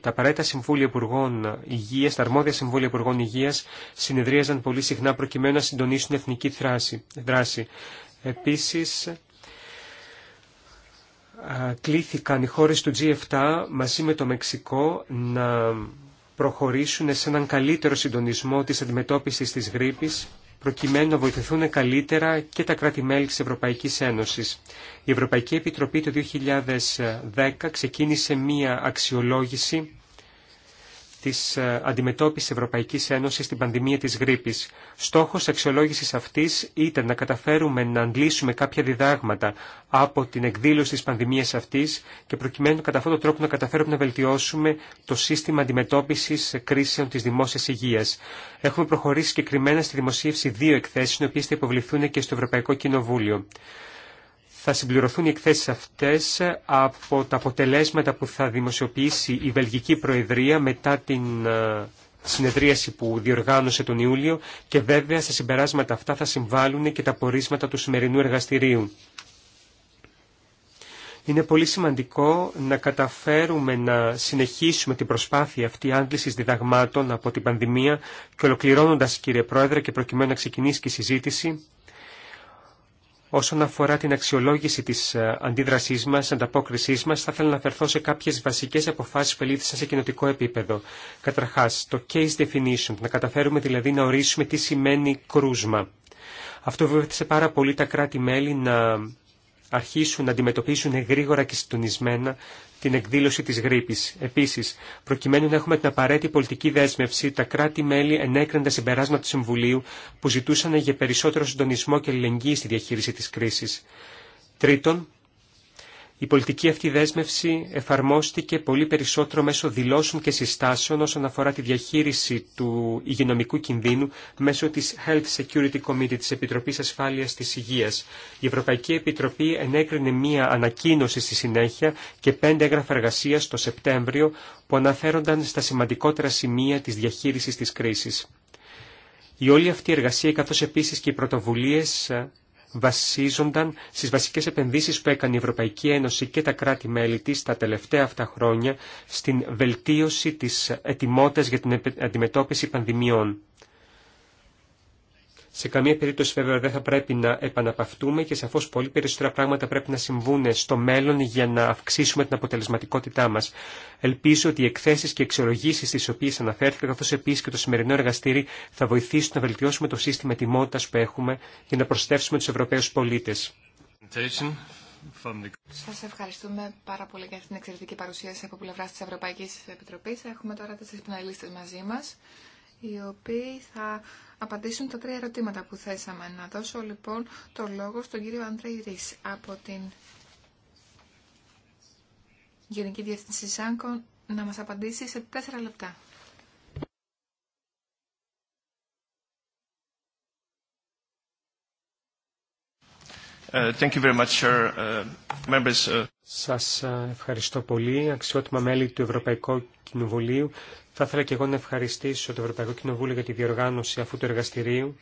τα απαραίτητα Συμβούλια Υπουργών Υγείας, τα αρμόδια Συμβούλια Υπουργών Υγείας συνεδρίαζαν πολύ συχνά προκειμένου να συντονίσουν εθνική δράση. Επίσης, κλήθηκαν οι χώρες του G7 μαζί με το Μεξικό να προχωρήσουν σε έναν καλύτερο συντονισμό της αντιμετώπισης της γρήπης προκειμένου να βοηθηθούν καλύτερα και τα κράτη-μέλη της Ευρωπαϊκής Ένωσης. Η Ευρωπαϊκή Επιτροπή το 2010 ξεκίνησε μία αξιολόγηση της ε, αντιμετώπισης Ευρωπαϊκής Ένωσης στην πανδημία της γρήπης. Στόχος αξιολόγησης αυτής ήταν να καταφέρουμε να αντλήσουμε κάποια διδάγματα από την εκδήλωση της πανδημίας αυτής και προκειμένου κατά αυτόν τον τρόπο να καταφέρουμε να βελτιώσουμε το σύστημα αντιμετώπισης κρίσεων της δημόσιας υγείας. Έχουμε προχωρήσει συγκεκριμένα στη δημοσίευση δύο εκθέσεων, οι οποίες θα υποβληθούν και στο Ευρωπαϊκό Κοινοβούλιο θα συμπληρωθούν οι εκθέσεις αυτές από τα αποτελέσματα που θα δημοσιοποιήσει η Βελγική Προεδρία μετά την ε, συνεδρίαση που διοργάνωσε τον Ιούλιο και βέβαια στα συμπεράσματα αυτά θα συμβάλλουν και τα πορίσματα του σημερινού εργαστηρίου. Είναι πολύ σημαντικό να καταφέρουμε να συνεχίσουμε την προσπάθεια αυτή άντλησης διδαγμάτων από την πανδημία και ολοκληρώνοντας κύριε Πρόεδρε και προκειμένου να ξεκινήσει και η συζήτηση Όσον αφορά την αξιολόγηση της ε, αντίδρασή μα, ανταπόκρισής μας, θα ήθελα να αφαιρθώ σε κάποιες βασικές αποφάσει που ελήφθησαν σε κοινοτικό επίπεδο. Καταρχάς, το case definition, να καταφέρουμε δηλαδή να ορίσουμε τι σημαίνει κρούσμα. Αυτό βοήθησε πάρα πολύ τα κράτη-μέλη να αρχίσουν να αντιμετωπίσουν γρήγορα και συντονισμένα την εκδήλωση της γρήπης. Επίσης, προκειμένου να έχουμε την απαραίτητη πολιτική δέσμευση, τα κράτη-μέλη ενέκριναν τα συμπεράσματα του Συμβουλίου που ζητούσαν για περισσότερο συντονισμό και αλληλεγγύη στη διαχείριση της κρίσης. Τρίτον, η πολιτική αυτή δέσμευση εφαρμόστηκε πολύ περισσότερο μέσω δηλώσεων και συστάσεων όσον αφορά τη διαχείριση του υγειονομικού κινδύνου μέσω της Health Security Committee της Επιτροπής Ασφάλειας της Υγείας. Η Ευρωπαϊκή Επιτροπή ενέκρινε μία ανακοίνωση στη συνέχεια και πέντε έγγραφα εργασία το Σεπτέμβριο που αναφέρονταν στα σημαντικότερα σημεία της διαχείρισης της κρίσης. Η όλη αυτή η εργασία καθώς επίσης και οι πρωτοβουλίες βασίζονταν στις βασικές επενδύσεις που έκανε η Ευρωπαϊκή Ένωση και τα κράτη-μέλη της τα τελευταία αυτά χρόνια στην βελτίωση της ετοιμότητας για την αντιμετώπιση πανδημιών. Σε καμία περίπτωση βέβαια δεν θα πρέπει να επαναπαυτούμε και σαφώς πολύ περισσότερα πράγματα πρέπει να συμβούν στο μέλλον για να αυξήσουμε την αποτελεσματικότητά μας. Ελπίζω ότι οι εκθέσεις και εξορρογήσεις στις οποίες αναφέρθηκα καθώς επίσης και το σημερινό εργαστήρι θα βοηθήσουν να βελτιώσουμε το σύστημα τιμότητας που έχουμε για να προσθέσουμε τους Ευρωπαίους πολίτες. Σα ευχαριστούμε πάρα πολύ για την εξαιρετική παρουσίαση από πλευρά τη Ευρωπαϊκή Επιτροπή. Έχουμε τώρα τέσσερι πιναλίστε μαζί μα οι οποίοι θα απαντήσουν τα τρία ερωτήματα που θέσαμε. Να δώσω λοιπόν το λόγο στον κύριο Αντρέ Ρίς από την Γενική Διεύθυνση Σάνκο να μας απαντήσει σε τέσσερα λεπτά. Uh, thank you very much, uh, Members. Uh, σας ευχαριστώ πολύ, αξιότιμα μέλη του Ευρωπαϊκού Κοινοβουλίου. Θα ήθελα και εγώ να ευχαριστήσω το Ευρωπαϊκό Κοινοβούλιο για τη διοργάνωση αυτού του εργαστηρίου.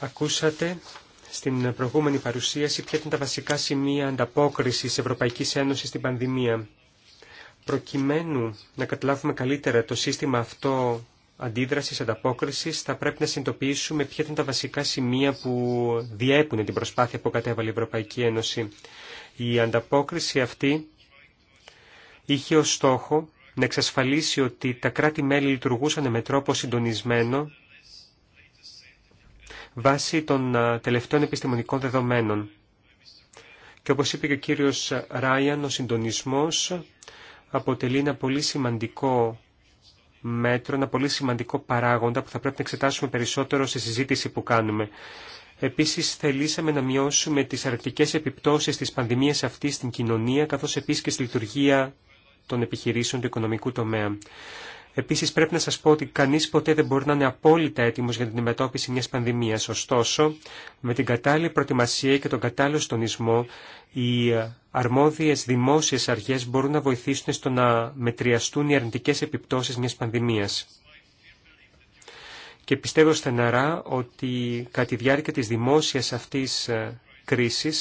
Ακούσατε στην προηγούμενη παρουσίαση ποια ήταν τα βασικά σημεία ανταπόκρισης Ευρωπαϊκής Ένωσης στην πανδημία. Προκειμένου να καταλάβουμε καλύτερα το σύστημα αυτό αντίδρασης, ανταπόκρισης, θα πρέπει να συνειδητοποιήσουμε ποια ήταν τα βασικά σημεία που διέπουν την προσπάθεια που κατέβαλε η Ευρωπαϊκή Ένωση. Η ανταπόκριση αυτή είχε ως στόχο να εξασφαλίσει ότι τα κράτη-μέλη λειτουργούσαν με τρόπο συντονισμένο βάσει των τελευταίων επιστημονικών δεδομένων. Και όπως είπε και ο κύριος Ράιαν, ο συντονισμός αποτελεί ένα πολύ σημαντικό μέτρο, ένα πολύ σημαντικό παράγοντα που θα πρέπει να εξετάσουμε περισσότερο στη συζήτηση που κάνουμε. Επίσης θελήσαμε να μειώσουμε τις αρνητικές επιπτώσεις της πανδημίας αυτής στην κοινωνία καθώς επίσης και στη λειτουργία των επιχειρήσεων του οικονομικού τομέα. Επίσης πρέπει να σας πω ότι κανείς ποτέ δεν μπορεί να είναι απόλυτα έτοιμος για την αντιμετώπιση μιας πανδημίας. Ωστόσο, με την κατάλληλη προετοιμασία και τον κατάλληλο στονισμό, οι αρμόδιες δημόσιες αρχές μπορούν να βοηθήσουν στο να μετριαστούν οι αρνητικές επιπτώσεις μιας πανδημίας. Και πιστεύω στεναρά ότι κατά τη διάρκεια τη δημόσια αυτή ε, κρίση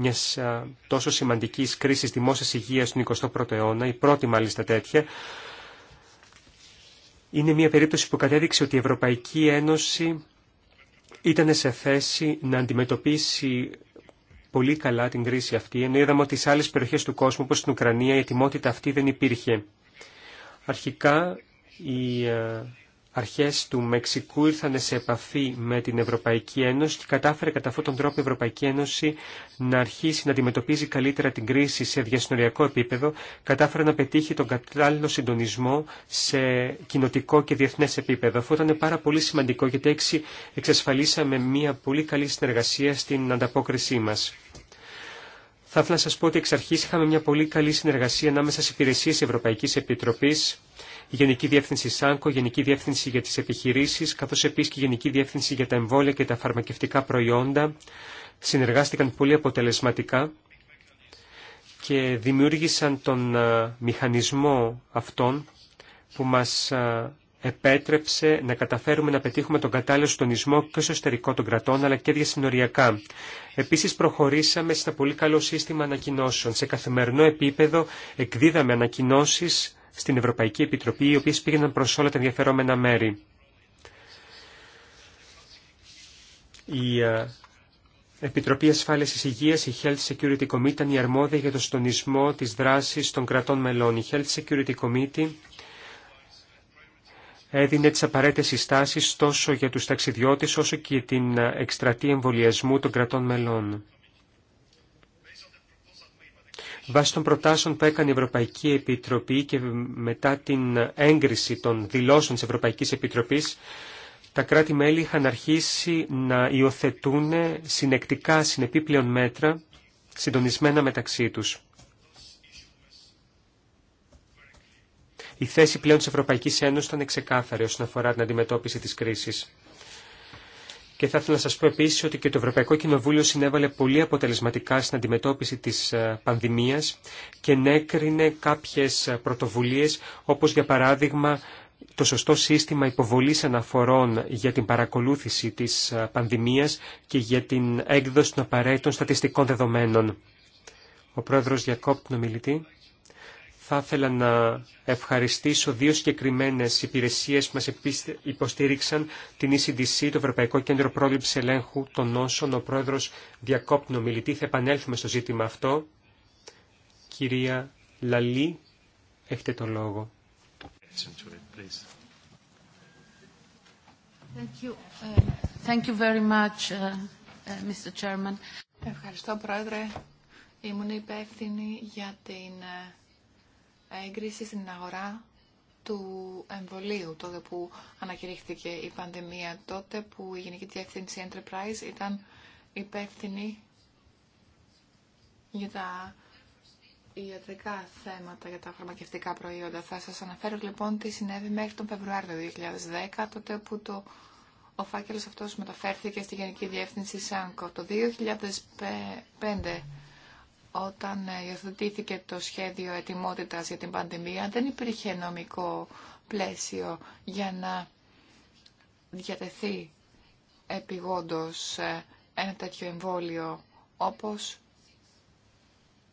μιας τόσο σημαντικής κρίσης δημόσιας υγείας του 21ου αιώνα, η πρώτη μάλιστα τέτοια, είναι μια περίπτωση που κατέδειξε ότι η Ευρωπαϊκή Ένωση ήταν σε θέση να αντιμετωπίσει πολύ καλά την κρίση αυτή, ενώ είδαμε ότι σε άλλες περιοχές του κόσμου, όπως στην Ουκρανία, η ετοιμότητα αυτή δεν υπήρχε. Αρχικά, η αρχές του Μεξικού ήρθαν σε επαφή με την Ευρωπαϊκή Ένωση και κατάφερε κατά αυτόν τον τρόπο η Ευρωπαϊκή Ένωση να αρχίσει να αντιμετωπίζει καλύτερα την κρίση σε διασυνοριακό επίπεδο, κατάφερε να πετύχει τον κατάλληλο συντονισμό σε κοινοτικό και διεθνές επίπεδο. Αυτό ήταν πάρα πολύ σημαντικό γιατί έξι εξασφαλίσαμε μια πολύ καλή συνεργασία στην ανταπόκρισή μας. Θα ήθελα να σας πω ότι εξ αρχής είχαμε μια πολύ καλή συνεργασία ανάμεσα στις υπηρεσίες Ευρωπαϊκής Επιτροπής, η Γενική Διεύθυνση ΣΑΝΚΟ, η Γενική Διεύθυνση για τις Επιχειρήσεις, καθώς επίσης και η Γενική Διεύθυνση για τα Εμβόλια και τα Φαρμακευτικά Προϊόντα συνεργάστηκαν πολύ αποτελεσματικά και δημιούργησαν τον μηχανισμό αυτών που μας επέτρεψε να καταφέρουμε να πετύχουμε τον κατάλληλο στονισμό και στο εσωτερικό των κρατών αλλά και διασυνοριακά. Επίσης προχωρήσαμε στα πολύ καλό σύστημα ανακοινώσεων. Σε καθημερινό επίπεδο εκδίδαμε ανακοινώσει στην Ευρωπαϊκή Επιτροπή, οι οποίες πήγαιναν προς όλα τα ενδιαφερόμενα μέρη. Η ε, Επιτροπή Ασφάλειας της Υγείας, η Health Security Committee, ήταν η αρμόδια για το στονισμό της δράσης των κρατών μελών. Η Health Security Committee έδινε τις απαραίτητες συστάσεις τόσο για τους ταξιδιώτες όσο και την ε, εκστρατή εμβολιασμού των κρατών μελών. Βάσει των προτάσεων που έκανε η Ευρωπαϊκή Επιτροπή και μετά την έγκριση των δηλώσεων της Ευρωπαϊκής Επιτροπής, τα κράτη-μέλη είχαν αρχίσει να υιοθετούν συνεκτικά συνεπίπλεον μέτρα συντονισμένα μεταξύ τους. Η θέση πλέον της Ευρωπαϊκής Ένωσης ήταν ξεκάθαρη όσον αφορά την αντιμετώπιση της κρίσης. Και θα ήθελα να σας πω επίσης ότι και το Ευρωπαϊκό Κοινοβούλιο συνέβαλε πολύ αποτελεσματικά στην αντιμετώπιση της ε, πανδημίας και νέκρινε κάποιες ε, πρωτοβουλίες όπως για παράδειγμα το σωστό σύστημα υποβολής αναφορών για την παρακολούθηση της ε, πανδημίας και για την έκδοση των απαραίτητων στατιστικών δεδομένων. Ο πρόεδρος Γιακόπ, νομιλητή. Θα ήθελα να ευχαριστήσω δύο συγκεκριμένε υπηρεσίε που μα υποστήριξαν, την ECDC, το Ευρωπαϊκό Κέντρο Πρόληψη Ελέγχου των Νόσων. Ο πρόεδρο διακόπτει μιλητή. Θα επανέλθουμε στο ζήτημα αυτό. Κυρία Λαλή, έχετε το λόγο. Uh, uh, uh, Ευχαριστώ, Πρόεδρε. Ήμουν υπεύθυνη για την έγκριση στην αγορά του εμβολίου, τότε που ανακηρύχθηκε η πανδημία, τότε που η Γενική Διεύθυνση Enterprise ήταν υπεύθυνη για τα ιατρικά θέματα, για τα φαρμακευτικά προϊόντα. Θα σας αναφέρω λοιπόν τι συνέβη μέχρι τον Φεβρουάριο 2010, τότε που το, ο φάκελος αυτός μεταφέρθηκε στη Γενική Διεύθυνση ΣΑΝΚΟ. Το 2005 όταν ε, υιοθετήθηκε το σχέδιο ετοιμότητας για την πανδημία δεν υπήρχε νομικό πλαίσιο για να διατεθεί επιγόντως ε, ένα τέτοιο εμβόλιο όπως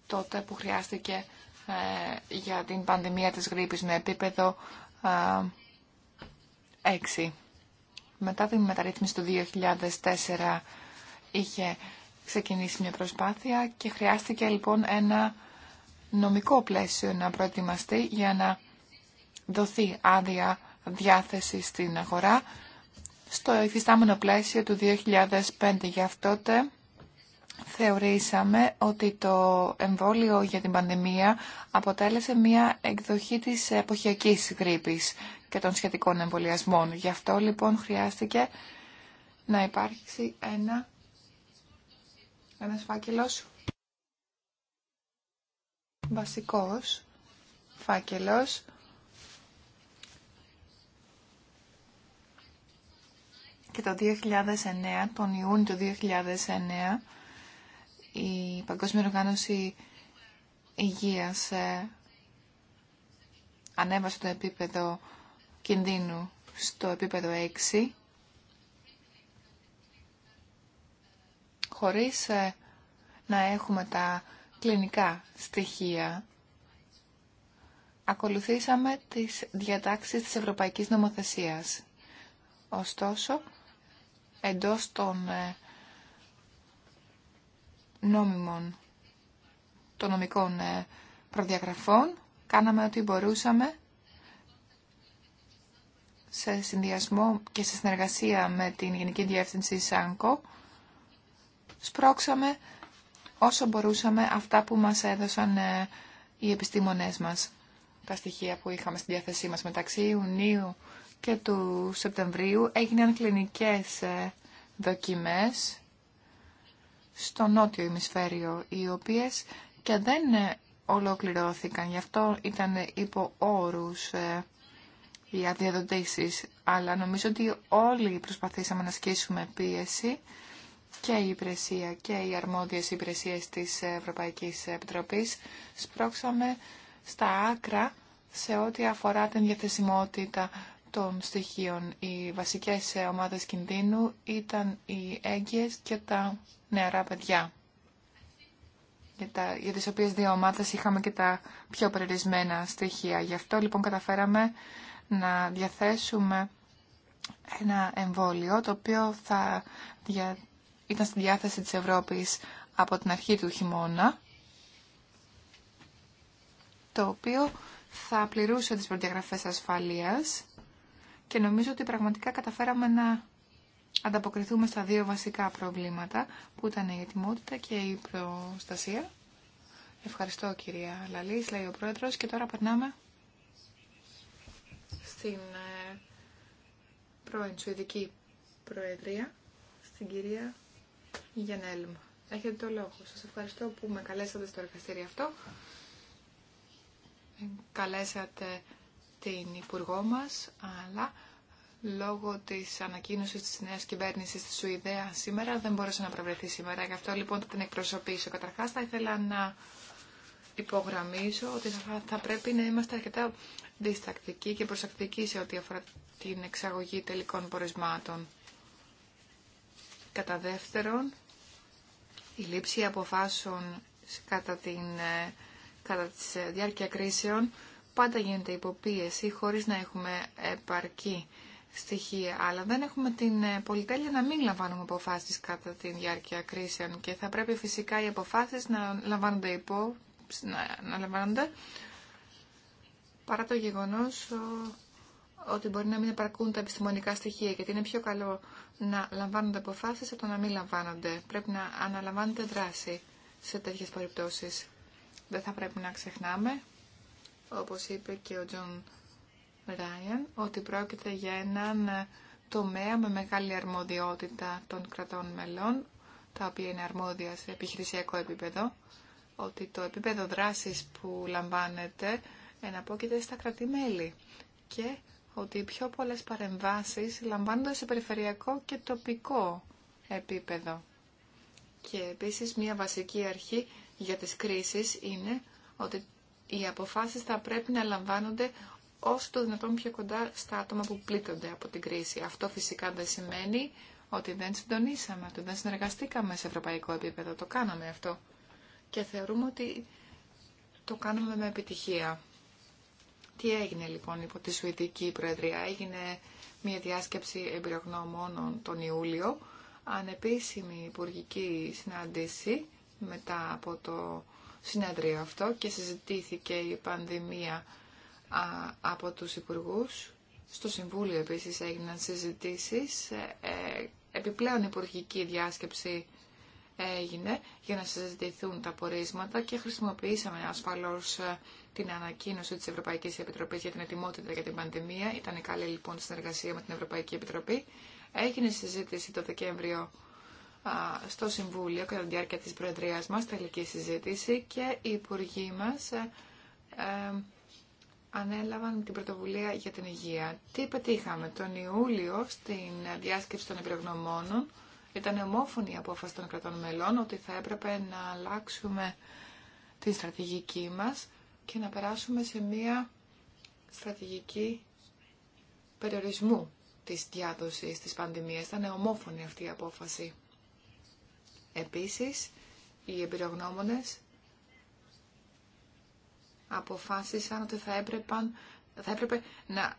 τότε που χρειάστηκε ε, για την πανδημία της γρήπης με επίπεδο 6. Μετά την μεταρρύθμιση του 2004 είχε ξεκινήσει μια προσπάθεια και χρειάστηκε λοιπόν ένα νομικό πλαίσιο να προετοιμαστεί για να δοθεί άδεια διάθεση στην αγορά στο υφιστάμενο πλαίσιο του 2005. Γι' αυτό θεωρήσαμε ότι το εμβόλιο για την πανδημία αποτέλεσε μια εκδοχή της εποχιακής γρήπης και των σχετικών εμβολιασμών. Γι' αυτό λοιπόν χρειάστηκε να υπάρξει ένα ένας φάκελος βασικός φάκελος και το 2009, τον Ιούνιο του 2009 η Παγκόσμια Οργάνωση Υγείας ε, ανέβασε το επίπεδο κινδύνου στο επίπεδο 6 χωρίς ε, να έχουμε τα κλινικά στοιχεία. Ακολουθήσαμε τις διατάξεις της Ευρωπαϊκής Νομοθεσίας. Ωστόσο, εντός των ε, νόμιμων, των νομικών ε, προδιαγραφών, κάναμε ό,τι μπορούσαμε σε συνδυασμό και σε συνεργασία με την Γενική Διεύθυνση ΣΑΝΚΟ σπρώξαμε όσο μπορούσαμε αυτά που μας έδωσαν ε, οι επιστήμονές μας. Τα στοιχεία που είχαμε στη διάθεσή μας μεταξύ Ιουνίου και του Σεπτεμβρίου έγιναν κλινικές ε, δοκιμές στο νότιο ημισφαίριο, οι οποίες και δεν ε, ολοκληρώθηκαν. Γι' αυτό ήταν υπό όρους οι αδιαδοτήσεις, αλλά νομίζω ότι όλοι προσπαθήσαμε να ασκήσουμε πίεση και η υπηρεσία και οι αρμόδιες υπηρεσίες της Ευρωπαϊκής Επιτροπής σπρώξαμε στα άκρα σε ό,τι αφορά την διαθεσιμότητα των στοιχείων. Οι βασικές ομάδες κινδύνου ήταν οι έγκυες και τα νεαρά παιδιά. Για, τα, για τις οποίες δύο ομάδες είχαμε και τα πιο περιορισμένα στοιχεία. Γι' αυτό λοιπόν καταφέραμε να διαθέσουμε ένα εμβόλιο το οποίο θα, δια, ήταν στη διάθεση της Ευρώπης από την αρχή του χειμώνα, το οποίο θα πληρούσε τις προδιαγραφές ασφαλείας και νομίζω ότι πραγματικά καταφέραμε να ανταποκριθούμε στα δύο βασικά προβλήματα που ήταν η ετοιμότητα και η προστασία. Ευχαριστώ κυρία Λαλής, λέει ο πρόεδρος και τώρα περνάμε στην ε, πρώην Σουηδική Προεδρία, στην κυρία Γιαννέλμ. Έχετε το λόγο. Σας ευχαριστώ που με καλέσατε στο εργαστήριο αυτό. Ε, καλέσατε την Υπουργό μας, αλλά λόγω της ανακοίνωσης της νέας κυβέρνησης της Σουηδία σήμερα δεν μπόρεσε να προβλεφθεί σήμερα. Γι' αυτό λοιπόν θα την εκπροσωπήσω. Καταρχάς θα ήθελα να υπογραμμίσω ότι θα πρέπει να είμαστε αρκετά διστακτικοί και προσεκτικοί σε ό,τι αφορά την εξαγωγή τελικών πορισμάτων. Κατά δεύτερον, η λήψη αποφάσεων κατά, την, ε, κατά τη ε, διάρκεια κρίσεων πάντα γίνεται υποπίεση χωρίς να έχουμε επαρκή στοιχεία, αλλά δεν έχουμε την ε, πολυτέλεια να μην λαμβάνουμε αποφάσεις κατά τη διάρκεια κρίσεων και θα πρέπει φυσικά οι αποφάσεις να λαμβάνονται υπό, να, να λαμβάνονται παρά το γεγονός ότι μπορεί να μην επαρκούν τα επιστημονικά στοιχεία, γιατί είναι πιο καλό να λαμβάνονται αποφάσεις από το να μην λαμβάνονται. Πρέπει να αναλαμβάνεται δράση σε τέτοιες περιπτώσεις. Δεν θα πρέπει να ξεχνάμε, όπως είπε και ο Τζον Ράιαν, ότι πρόκειται για έναν τομέα με μεγάλη αρμοδιότητα των κρατών μελών, τα οποία είναι αρμόδια σε επιχειρησιακό επίπεδο, ότι το επίπεδο δράσης που λαμβάνεται εναπόκειται στα κρατημέλη και ότι οι πιο πολλές παρεμβάσεις λαμβάνονται σε περιφερειακό και τοπικό επίπεδο. Και επίσης μια βασική αρχή για τις κρίσεις είναι ότι οι αποφάσεις θα πρέπει να λαμβάνονται όσο το δυνατόν πιο κοντά στα άτομα που πλήττονται από την κρίση. Αυτό φυσικά δεν σημαίνει ότι δεν συντονίσαμε, ότι δεν συνεργαστήκαμε σε ευρωπαϊκό επίπεδο. Το κάναμε αυτό. Και θεωρούμε ότι το κάνουμε με επιτυχία. Τι έγινε λοιπόν υπό τη Σουηδική Προεδρία. Έγινε μια διάσκεψη εμπειρογνώμων τον Ιούλιο, ανεπίσημη υπουργική συνάντηση μετά από το συνέδριο αυτό και συζητήθηκε η πανδημία από τους υπουργούς. Στο Συμβούλιο επίσης έγιναν συζητήσεις. Ε, ε, επιπλέον υπουργική διάσκεψη έγινε για να συζητηθούν τα πορίσματα και χρησιμοποιήσαμε ασφαλώς ε, την ανακοίνωση της Ευρωπαϊκής Επιτροπής για την ετοιμότητα για την πανδημία. Ήταν καλή λοιπόν συνεργασία με την Ευρωπαϊκή Επιτροπή. Έγινε συζήτηση το Δεκέμβριο στο Συμβούλιο κατά τη διάρκεια της Προεδρίας μας, τελική συζήτηση και οι υπουργοί μας ε, ε, ανέλαβαν την πρωτοβουλία για την υγεία. Τι πετύχαμε τον Ιούλιο στην διάσκεψη των εμπειρογνωμόνων. Ήταν ομόφωνη η απόφαση των κρατών μελών ότι θα έπρεπε να αλλάξουμε τη στρατηγική μας και να περάσουμε σε μία στρατηγική περιορισμού της διάδοσης της πανδημίας. Ήταν ομόφωνη αυτή η απόφαση. Επίσης, οι εμπειρογνώμονες αποφάσισαν ότι θα, θα έπρεπε να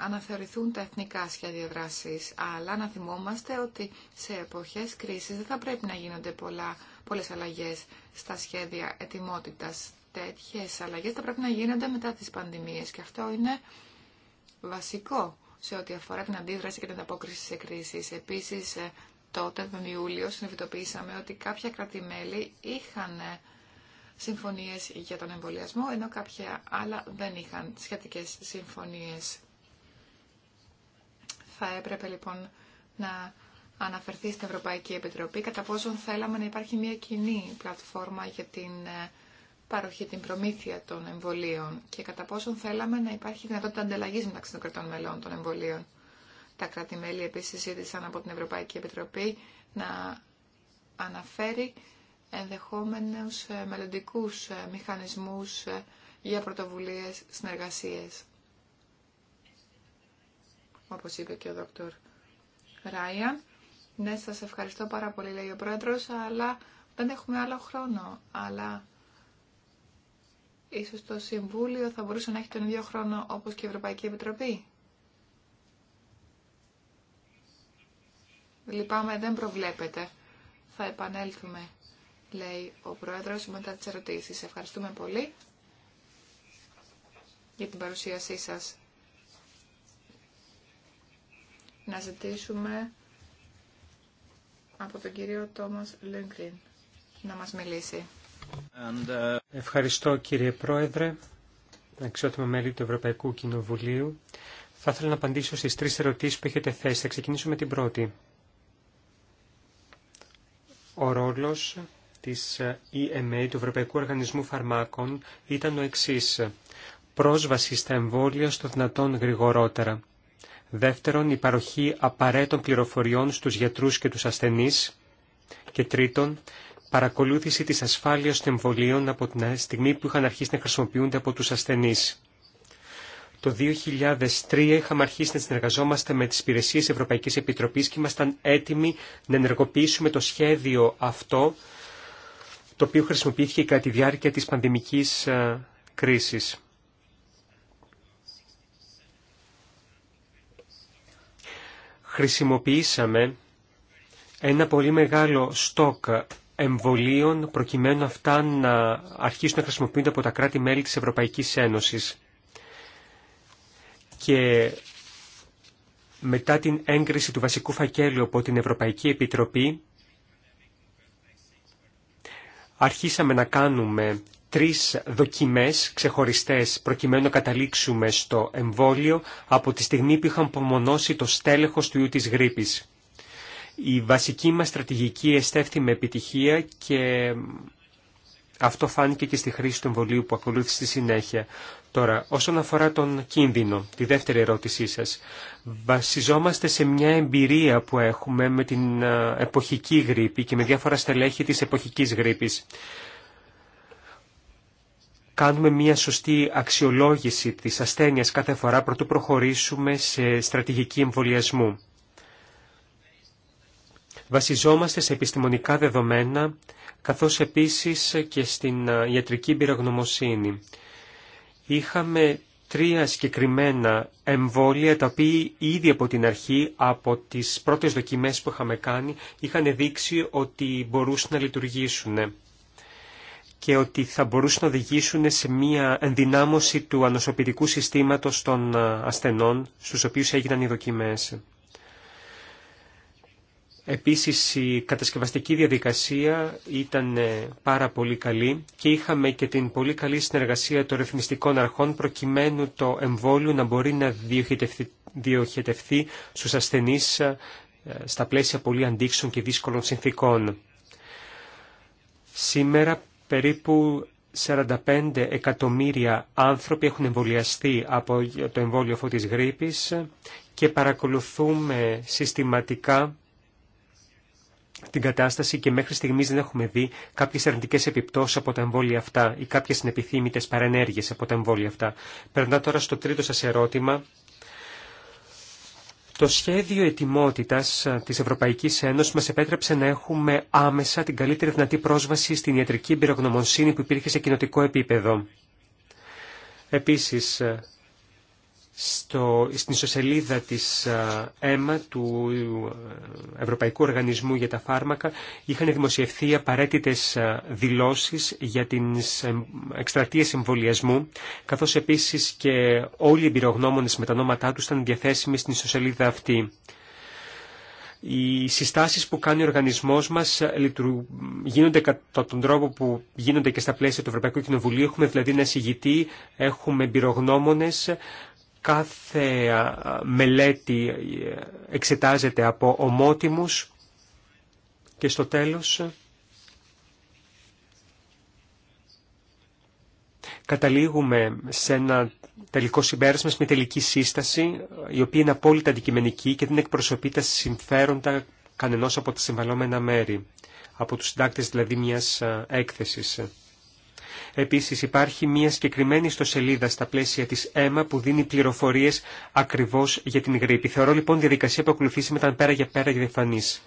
αναθεωρηθούν τα εθνικά σχέδια δράσης. Αλλά να θυμόμαστε ότι σε εποχές κρίσης δεν θα πρέπει να γίνονται πολλά, πολλές αλλαγές στα σχέδια ετοιμότητας Τέτοιε αλλάγέ θα πρέπει να γίνονται μετά τις πανδημίες και αυτό είναι βασικό σε ό,τι αφορά την αντίδραση και την ανταπόκριση σε κρίσεις. Επίσης, ε, τότε, τον Ιούλιο, συνειδητοποιήσαμε ότι κάποια κρατημέλη είχαν ε, συμφωνίες για τον εμβολιασμό, ενώ κάποια άλλα δεν είχαν σχετικέ συμφωνίες. Θα έπρεπε λοιπόν να αναφερθεί στην Ευρωπαϊκή Επιτροπή κατά πόσον θέλαμε να υπάρχει μια κοινή πλατφόρμα για την ε, παροχή, την προμήθεια των εμβολίων και κατά πόσον θέλαμε να υπάρχει δυνατότητα ανταλλαγή μεταξύ των κρατών μελών των εμβολίων. Τα κράτη-μέλη επίσης ζήτησαν από την Ευρωπαϊκή Επιτροπή να αναφέρει ενδεχόμενου ε, μελλοντικού ε, μηχανισμούς ε, για πρωτοβουλίες συνεργασίες. Όπω είπε και ο δόκτωρ Ράιαν. Ναι, σας ευχαριστώ πάρα πολύ, λέει ο πρόεδρο, αλλά δεν έχουμε άλλο χρόνο. Αλλά Ίσως το Συμβούλιο θα μπορούσε να έχει τον ίδιο χρόνο όπως και η Ευρωπαϊκή Επιτροπή. Λυπάμαι, δεν προβλέπετε. Θα επανέλθουμε, λέει ο Πρόεδρος μετά τις ερωτήσεις. Ευχαριστούμε πολύ για την παρουσίασή σας. Να ζητήσουμε από τον κύριο Τόμας Λέγκριν να μας μιλήσει. Uh, Ευχαριστώ κύριε Πρόεδρε, αξιότιμα μέλη του Ευρωπαϊκού Κοινοβουλίου. Θα ήθελα να απαντήσω στις τρεις ερωτήσεις που έχετε θέσει. Θα ξεκινήσω με την πρώτη. Ο ρόλος της ε, EMA, του Ευρωπαϊκού Οργανισμού Φαρμάκων, ήταν ο εξής. Πρόσβαση στα εμβόλια στο δυνατόν γρηγορότερα. Δεύτερον, η παροχή απαραίτητων πληροφοριών στους γιατρούς και τους ασθενείς. Και τρίτον, παρακολούθηση της ασφάλειας των εμβολίων από την στιγμή που είχαν αρχίσει να χρησιμοποιούνται από τους ασθενείς. Το 2003 είχαμε αρχίσει να συνεργαζόμαστε με τις υπηρεσίες Ευρωπαϊκής Επιτροπής και ήμασταν έτοιμοι να ενεργοποιήσουμε το σχέδιο αυτό, το οποίο χρησιμοποιήθηκε κατά τη διάρκεια της πανδημικής ε, κρίσης. Χρησιμοποιήσαμε ένα πολύ μεγάλο στόκ εμβολίων προκειμένου αυτά να αρχίσουν να χρησιμοποιούνται από τα κράτη-μέλη της Ευρωπαϊκής Ένωσης. Και μετά την έγκριση του βασικού φακέλου από την Ευρωπαϊκή Επιτροπή, αρχίσαμε να κάνουμε τρεις δοκιμές ξεχωριστές προκειμένου να καταλήξουμε στο εμβόλιο από τη στιγμή που είχαν απομονώσει το στέλεχος του ιού της γρήπης. Η βασική μας στρατηγική εστέφθη με επιτυχία και αυτό φάνηκε και στη χρήση του εμβολίου που ακολούθησε στη συνέχεια. Τώρα, όσον αφορά τον κίνδυνο, τη δεύτερη ερώτησή σας, βασιζόμαστε σε μια εμπειρία που έχουμε με την ε, εποχική γρήπη και με διάφορα στελέχη της εποχικής γρήπης. Κάνουμε μια σωστή αξιολόγηση της ασθένειας κάθε φορά προτού προχωρήσουμε σε στρατηγική εμβολιασμού. Βασιζόμαστε σε επιστημονικά δεδομένα, καθώς επίσης και στην ε, ιατρική πυρογνωμοσύνη. Είχαμε τρία συγκεκριμένα εμβόλια, τα οποία ήδη από την αρχή, από τις πρώτες δοκιμές που είχαμε κάνει, είχαν δείξει ότι μπορούσαν να λειτουργήσουν και ότι θα μπορούσαν να οδηγήσουν σε μια ενδυνάμωση του ανοσοποιητικού συστήματος των ε, ασθενών, στους οποίους έγιναν οι δοκιμές. Επίσης η κατασκευαστική διαδικασία ήταν ε, πάρα πολύ καλή και είχαμε και την πολύ καλή συνεργασία των ρυθμιστικών αρχών προκειμένου το εμβόλιο να μπορεί να διοχετευθεί, στους ασθενείς ε, στα πλαίσια πολύ αντίξεων και δύσκολων συνθήκων. Σήμερα περίπου 45 εκατομμύρια άνθρωποι έχουν εμβολιαστεί από το εμβόλιο αυτό της γρήπης και παρακολουθούμε συστηματικά την κατάσταση και μέχρι στιγμής δεν έχουμε δει κάποιες αρνητικές επιπτώσεις από τα εμβόλια αυτά ή κάποιες συνεπιθύμητες παρενέργειες από τα εμβόλια αυτά. Περνά τώρα στο τρίτο σας ερώτημα. Το σχέδιο ετοιμότητας της Ευρωπαϊκής Ένωσης μας επέτρεψε να έχουμε άμεσα την καλύτερη δυνατή πρόσβαση στην ιατρική εμπειρογνωμοσύνη που υπήρχε σε κοινοτικό επίπεδο. Επίσης, στο, στην ισοσελίδα της ΕΜΑ του ε, Ευρωπαϊκού Οργανισμού για τα Φάρμακα είχαν δημοσιευθεί απαραίτητες δηλώσεις για τις εκστρατείες εμβολιασμού καθώς επίσης και όλοι οι εμπειρογνώμονες με τα νόματά τους ήταν διαθέσιμοι στην ισοσελίδα αυτή. Οι συστάσεις που κάνει ο οργανισμός μας γίνονται κατά τον τρόπο που γίνονται και στα πλαίσια του Ευρωπαϊκού Κοινοβουλίου. Έχουμε δηλαδή ένα συγητή, έχουμε εμπειρογνώμονες, κάθε μελέτη ε, εξετάζεται από ομότιμους και στο τέλος ε, καταλήγουμε σε ένα τελικό συμπέρασμα, σε μια τελική σύσταση, ε, η οποία είναι απόλυτα αντικειμενική και δεν εκπροσωπεί τα συμφέροντα κανενός από τα συμβαλόμενα μέρη, από τους συντάκτες δηλαδή μιας έκθεσης. Επίσης υπάρχει μια συγκεκριμένη ιστοσελίδα στα πλαίσια της ΕΜΑ που δίνει πληροφορίες ακριβώς για την γρήπη. Θεωρώ λοιπόν τη διαδικασία που ακολουθήσαμε ήταν πέρα για πέρα για διαφανής.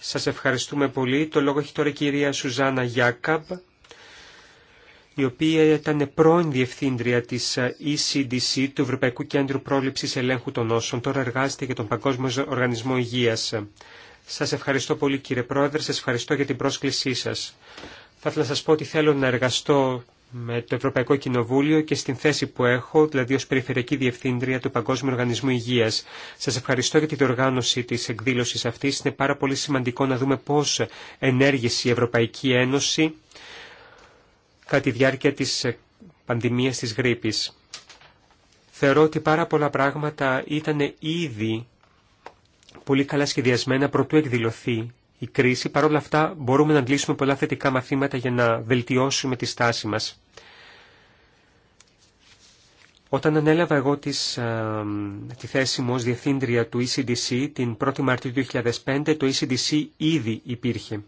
Σας ευχαριστούμε πολύ. Το λόγο έχει τώρα η κυρία Σουζάνα Γιάκαμπ η οποία ήταν πρώην διευθύντρια της ε, ECDC, του Ευρωπαϊκού Κέντρου Πρόληψης Ελέγχου των Όσων. Τώρα εργάζεται για τον Παγκόσμιο Οργανισμό Υγείας. Σας ευχαριστώ πολύ κύριε Πρόεδρε, σας ευχαριστώ για την πρόσκλησή σας. Θα ήθελα να σας πω ότι θέλω να εργαστώ με το Ευρωπαϊκό Κοινοβούλιο και στην θέση που έχω, δηλαδή ως Περιφερειακή Διευθύντρια του Παγκόσμιου Οργανισμού Υγείας. Σας ευχαριστώ για τη διοργάνωση της εκδήλωσης αυτής. Είναι πάρα πολύ σημαντικό να δούμε πώς ενέργησε η Ευρωπαϊκή Ένωση κατά τη διάρκεια της πανδημίας της γρήπης. Θεωρώ ότι πάρα πολλά πράγματα ήταν ήδη πολύ καλά σχεδιασμένα προτού εκδηλωθεί η κρίση, παρόλα αυτά μπορούμε να αντλήσουμε πολλά θετικά μαθήματα για να βελτιώσουμε τη στάση μας. Όταν ανέλαβα εγώ ε, τη θέση μου ως διευθύντρια του ECDC την 1η Μαρτίου 2005, το ECDC ήδη υπήρχε.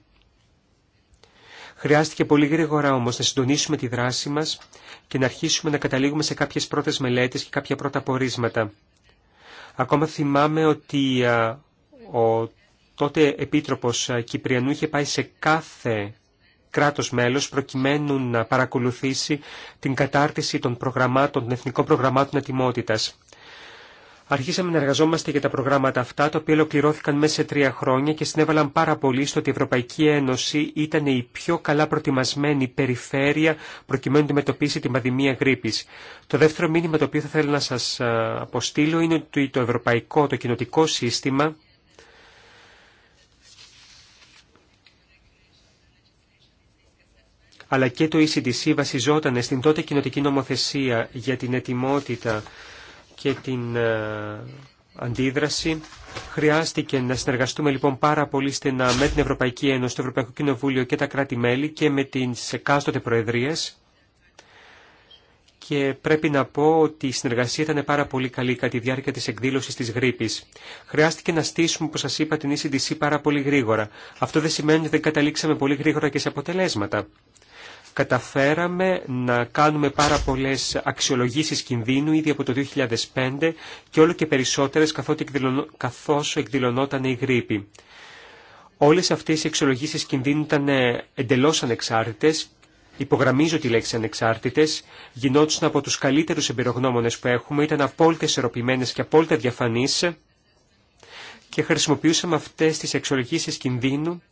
Χρειάστηκε πολύ γρήγορα όμως να συντονίσουμε τη δράση μας και να αρχίσουμε να καταλήγουμε σε κάποιες πρώτες μελέτες και κάποια πρώτα πορίσματα. Ακόμα θυμάμαι ότι ε, ο τότε Επίτροπος ε, Κυπριανού είχε πάει σε κάθε κράτος μέλος προκειμένου να παρακολουθήσει την κατάρτιση των προγραμμάτων, των εθνικών προγραμμάτων ετοιμότητας. Αρχίσαμε να εργαζόμαστε για τα προγράμματα αυτά, τα οποία ολοκληρώθηκαν μέσα σε τρία χρόνια και συνέβαλαν πάρα πολύ στο ότι η Ευρωπαϊκή Ένωση ήταν η πιο καλά προετοιμασμένη περιφέρεια προκειμένου να αντιμετωπίσει την πανδημία γρήπη. Το δεύτερο μήνυμα το οποίο θα θέλω να σα ε, αποστείλω είναι ότι το ευρωπαϊκό, το κοινοτικό σύστημα αλλά και το ECDC βασιζόταν στην τότε κοινοτική νομοθεσία για την ετοιμότητα και την ε, αντίδραση. Χρειάστηκε να συνεργαστούμε λοιπόν πάρα πολύ στενά με την Ευρωπαϊκή Ένωση, το Ευρωπαϊκό Κοινοβούλιο και τα κράτη-μέλη και με τις εκάστοτε προεδρίες και πρέπει να πω ότι η συνεργασία ήταν πάρα πολύ καλή κατά τη διάρκεια της εκδήλωσης της γρήπης. Χρειάστηκε να στήσουμε, όπως σας είπα, την ECDC πάρα πολύ γρήγορα. Αυτό δεν σημαίνει ότι δεν καταλήξαμε πολύ γρήγορα και σε αποτελέσματα καταφέραμε να κάνουμε πάρα πολλές αξιολογήσεις κινδύνου ήδη από το 2005 και όλο και περισσότερες καθώς εκδηλωνόταν η γρήπη. Όλες αυτές οι αξιολογήσεις κινδύνου ήταν ε, εντελώς ανεξάρτητες Υπογραμμίζω τη λέξη ανεξάρτητε, γινόντουσαν από του καλύτερου εμπειρογνώμονες που έχουμε, ήταν απόλυτα ισορροπημένε και απόλυτα διαφανεί και χρησιμοποιούσαμε αυτέ τι αξιολογήσεις κινδύνου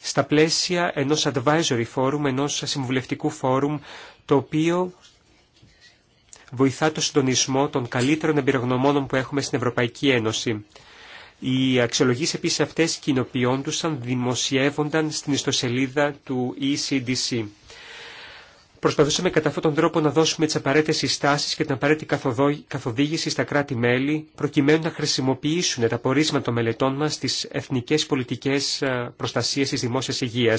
στα πλαίσια ενός advisory forum, ενός συμβουλευτικού forum, το οποίο βοηθά το συντονισμό των καλύτερων εμπειρογνωμόνων που έχουμε στην Ευρωπαϊκή Ένωση. Οι αξιολογήσεις επίσης αυτές κοινοποιόντουσαν, δημοσιεύονταν στην ιστοσελίδα του ECDC. Προσπαθούσαμε κατά αυτόν τον τρόπο να δώσουμε τι απαραίτητε συστάσει και την απαραίτητη καθοδήγηση στα κράτη-μέλη, προκειμένου να χρησιμοποιήσουν τα πορίσματα των μελετών μα στι εθνικέ πολιτικέ ε, προστασία τη δημόσια υγεία.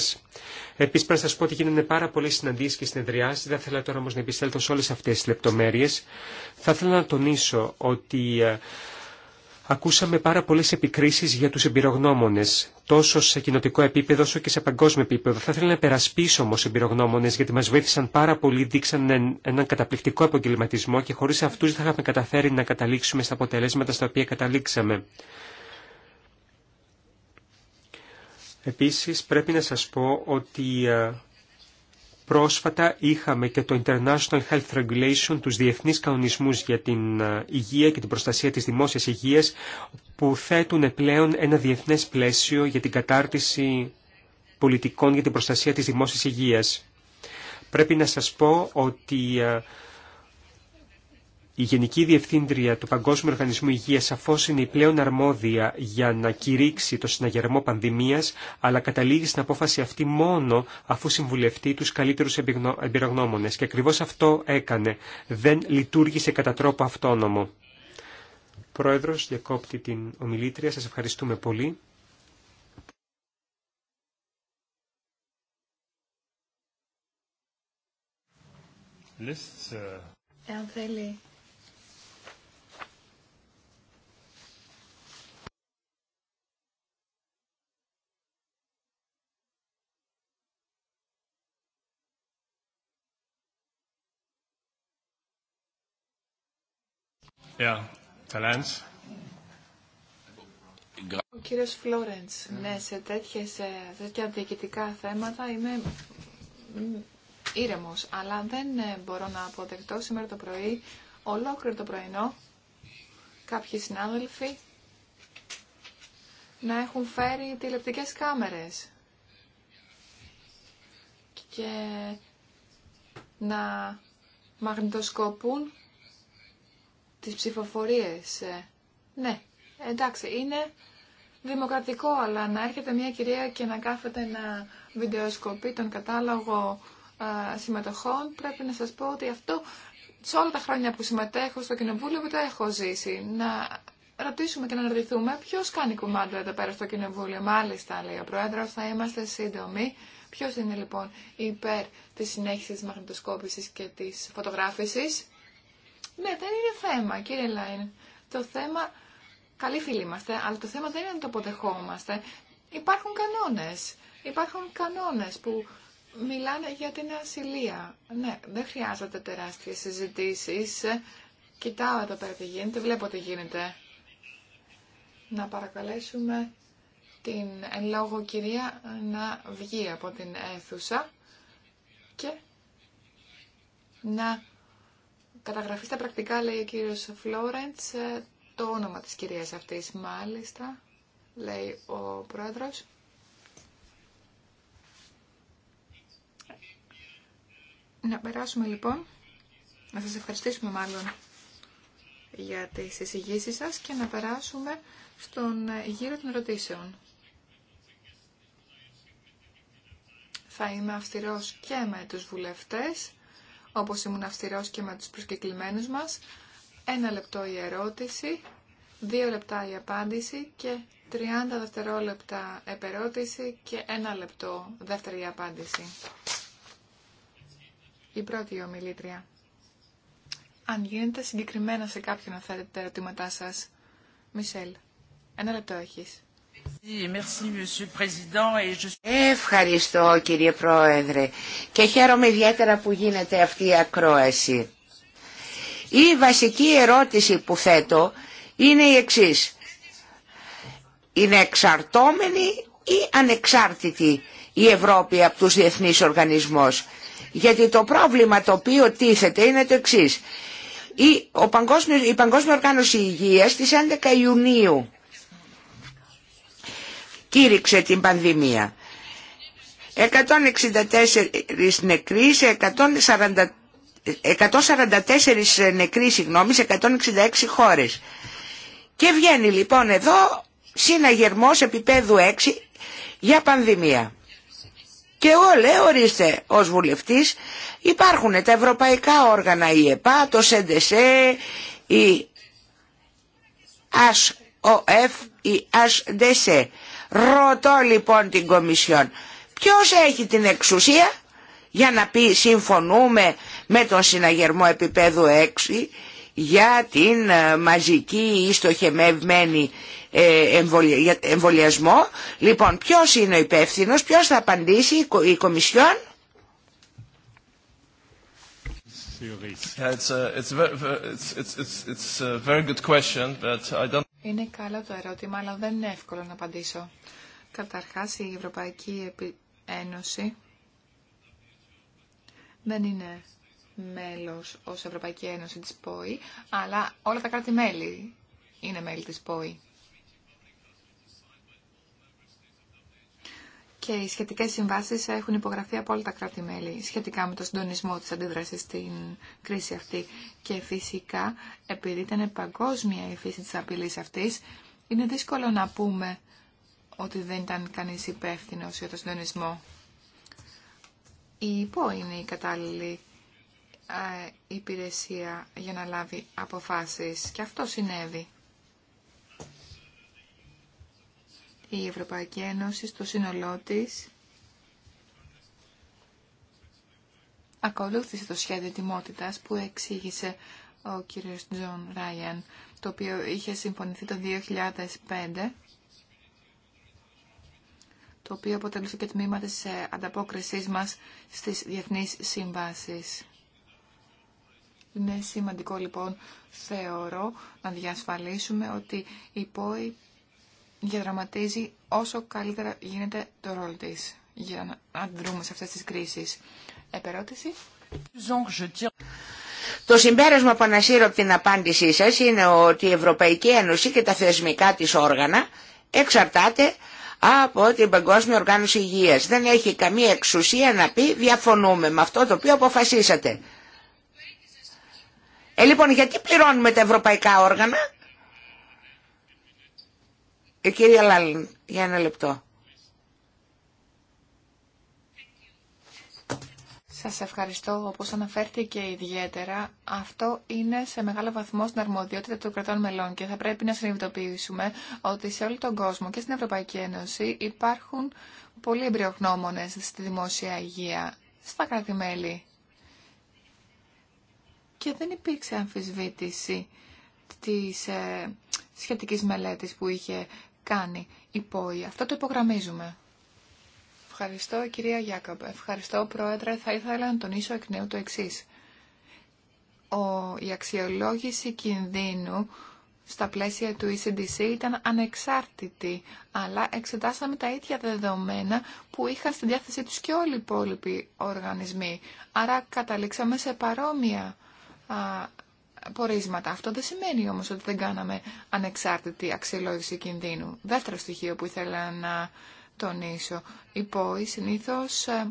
Επίση, πρέπει να σα πω ότι γίνανε πάρα πολλέ συναντήσει και συνεδριάσει. Δεν θέλω τώρα όμω να επιστέλθω σε όλε αυτέ τι λεπτομέρειε. Θα ήθελα να τονίσω ότι ε, Ακούσαμε πάρα πολλέ επικρίσει για του εμπειρογνώμονε, τόσο σε κοινοτικό επίπεδο όσο και σε παγκόσμιο επίπεδο. Θα ήθελα να περασπίσω όμω εμπειρογνώμονε, γιατί μα βοήθησαν πάρα πολύ, δείξαν έναν καταπληκτικό επαγγελματισμό και χωρί αυτού δεν θα είχαμε καταφέρει να καταλήξουμε στα αποτελέσματα στα οποία καταλήξαμε. Επίσης πρέπει να σας πω ότι ε, Πρόσφατα είχαμε και το International Health Regulation, τους διεθνείς κανονισμούς για την ε, υγεία και την προστασία της δημόσιας υγείας, που θέτουν πλέον ένα διεθνές πλαίσιο για την κατάρτιση πολιτικών για την προστασία της δημόσιας υγείας. Πρέπει να σας πω ότι ε, η Γενική Διευθύντρια του Παγκόσμιου Οργανισμού Υγείας σαφώς είναι η πλέον αρμόδια για να κηρύξει το συναγερμό πανδημίας, αλλά καταλήγει στην απόφαση αυτή μόνο αφού συμβουλευτεί τους καλύτερους εμπειρογνώμονες. Και ακριβώς αυτό έκανε. Δεν λειτουργήσε κατά τρόπο αυτόνομο. Πρόεδρος, διακόπτη την ομιλήτρια. Σας ευχαριστούμε πολύ. Uh, Εάν talent. Ο κύριος Φλόρεντς, ναι, σε, τέτοιες, σε τέτοια διοικητικά θέματα είμαι ήρεμος, αλλά δεν ε, μπορώ να αποδεκτώ σήμερα το πρωί, ολόκληρο το πρωινό, κάποιοι συνάδελφοι να έχουν φέρει τηλεπτικές κάμερες και να μαγνητοσκοπούν τις ψηφοφορίες. Ε, ναι, εντάξει, είναι δημοκρατικό, αλλά να έρχεται μια κυρία και να κάθεται να βιντεοσκοπεί τον κατάλογο ε, συμμετοχών, πρέπει να σας πω ότι αυτό σε όλα τα χρόνια που συμμετέχω στο Κοινοβούλιο που το έχω ζήσει. Να ρωτήσουμε και να ρωτηθούμε ποιο κάνει κουμάντο εδώ πέρα στο Κοινοβούλιο. Μάλιστα, λέει ο Πρόεδρο, θα είμαστε σύντομοι. Ποιο είναι λοιπόν υπέρ τη συνέχιση τη μαγνητοσκόπηση και τη φωτογράφηση. Ναι, δεν είναι θέμα, κύριε Λάιν. Το θέμα, καλοί φίλοι είμαστε, αλλά το θέμα δεν είναι να το αποδεχόμαστε. Υπάρχουν κανόνες. Υπάρχουν κανόνες που μιλάνε για την ασυλία. Ναι, δεν χρειάζεται τεράστιες συζητήσει. Κοιτάω εδώ πέρα τι γίνεται, βλέπω τι γίνεται. Να παρακαλέσουμε την εν λόγω κυρία να βγει από την αίθουσα και να καταγραφή στα πρακτικά, λέει ο κύριος Φλόρεντς, ε, το όνομα της κυρίας αυτής. Μάλιστα, λέει ο πρόεδρος. Να περάσουμε λοιπόν, να σας ευχαριστήσουμε μάλλον για τις εισηγήσεις σας και να περάσουμε στον γύρο των ερωτήσεων. Θα είμαι αυστηρός και με τους βουλευτές όπως ήμουν αυστηρός και με τους προσκεκλημένους μας. Ένα λεπτό η ερώτηση, δύο λεπτά η απάντηση και 30 δευτερόλεπτα επερώτηση και ένα λεπτό δεύτερη απάντηση. Η πρώτη ομιλήτρια. Αν γίνεται συγκεκριμένα σε κάποιον να θέλετε τα ερωτήματά σας. Μισελ, ένα λεπτό έχεις. Ευχαριστώ κύριε Πρόεδρε και χαίρομαι ιδιαίτερα που γίνεται αυτή η ακρόαση. Η βασική ερώτηση που θέτω είναι η εξής. Είναι εξαρτώμενη ή ανεξάρτητη η Ευρώπη από τους διεθνείς οργανισμούς. Γιατί το πρόβλημα το οποίο τίθεται είναι το εξής. Η, Παγκόσμιο, η Παγκόσμια Οργάνωση Υγείας στις 11 Ιουνίου κήρυξε την πανδημία. 164 νεκροί 144 νεκροί συγγνώμη, σε 166 χώρες. Και βγαίνει λοιπόν εδώ συναγερμός επίπεδου 6 για πανδημία. Και εγώ λέω, ορίστε, ως βουλευτής, υπάρχουν τα ευρωπαϊκά όργανα, η ΕΠΑ, το ΣΕΝΤΕΣΕ, η ΑΣΟΕΦ, η ΑΣΔΕΣΕ. Ρωτώ λοιπόν την Κομισιόν, ποιος έχει την εξουσία για να πει συμφωνούμε με τον συναγερμό επίπεδου 6 για την ε, μαζική ή στοχευμένη ε, εμβολιασμό. Λοιπόν, ποιος είναι ο υπεύθυνο, ποιος θα απαντήσει, η Κομισιόν. Είναι καλό το ερώτημα, αλλά δεν είναι εύκολο να απαντήσω. Καταρχάς, η Ευρωπαϊκή Ένωση δεν είναι μέλος ως Ευρωπαϊκή Ένωση της ΠΟΗ, αλλά όλα τα κράτη-μέλη είναι μέλη της ΠΟΗ. και οι σχετικέ συμβάσει έχουν υπογραφεί από όλα τα κράτη-μέλη σχετικά με το συντονισμό τη αντίδραση στην κρίση αυτή. Και φυσικά, επειδή ήταν παγκόσμια η φύση της απειλής αυτής, είναι δύσκολο να πούμε ότι δεν ήταν κανεί υπεύθυνο για το συντονισμό. Η ΥΠΟ είναι η κατάλληλη ε, υπηρεσία για να λάβει αποφάσεις και αυτό συνέβη. η Ευρωπαϊκή Ένωση στο σύνολό της ακολούθησε το σχέδιο τιμότητας που εξήγησε ο κύριος Τζον Ράιαν, το οποίο είχε συμφωνηθεί το 2005, το οποίο αποτελούσε και τμήμα της ε, ανταπόκρισής μας στις διεθνείς συμβάσεις. Είναι σημαντικό λοιπόν, θεωρώ, να διασφαλίσουμε ότι οι υπόλοιποι διαδραματίζει όσο καλύτερα γίνεται το ρόλο τη για να αντιδρούμε σε αυτές τις κρίσεις. Επερώτηση. Το συμπέρασμα που ανασύρω από την απάντησή σας είναι ότι η Ευρωπαϊκή Ένωση και τα θεσμικά της όργανα εξαρτάται από την Παγκόσμια Οργάνωση Υγείας. Δεν έχει καμία εξουσία να πει διαφωνούμε με αυτό το οποίο αποφασίσατε. Ε, λοιπόν, γιατί πληρώνουμε τα ευρωπαϊκά όργανα η ε, κυρία Λάλιν, για ένα λεπτό. Σας ευχαριστώ. Όπως αναφέρθηκε ιδιαίτερα, αυτό είναι σε μεγάλο βαθμό στην αρμοδιότητα των κρατών μελών και θα πρέπει να συνειδητοποιήσουμε ότι σε όλο τον κόσμο και στην Ευρωπαϊκή Ένωση υπάρχουν πολλοί εμπριογνώμονες στη δημόσια υγεία, στα κράτη-μέλη. Και δεν υπήρξε αμφισβήτηση της ε, σχετικής μελέτης που είχε κάνει Αυτό το υπογραμμίζουμε. Ευχαριστώ κυρία Γιάκοπ. Ευχαριστώ πρόεδρε. Θα ήθελα να τονίσω εκ νέου το εξή. Η αξιολόγηση κινδύνου στα πλαίσια του ECDC ήταν ανεξάρτητη, αλλά εξετάσαμε τα ίδια δεδομένα που είχαν στη διάθεσή τους και όλοι οι υπόλοιποι οργανισμοί. Άρα καταλήξαμε σε παρόμοια πορίσματα. Αυτό δεν σημαίνει όμως ότι δεν κάναμε ανεξάρτητη αξιολόγηση κινδύνου. Δεύτερο στοιχείο που ήθελα να τονίσω. Η ΠΟΗ συνήθως ε,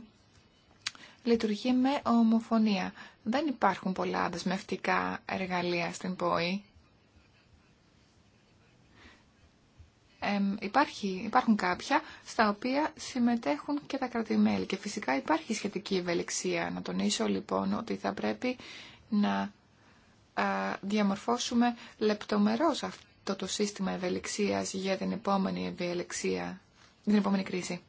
λειτουργεί με ομοφωνία. Δεν υπάρχουν πολλά δεσμευτικά εργαλεία στην ΠΟΗ. υπάρχει, υπάρχουν κάποια στα οποία συμμετέχουν και τα κρατημέλη και φυσικά υπάρχει σχετική ευελιξία. Να τονίσω λοιπόν ότι θα πρέπει να διαμορφώσουμε λεπτομερώς αυτό το σύστημα ευελιξίας για την επόμενη ευελιξία, την επόμενη κρίση.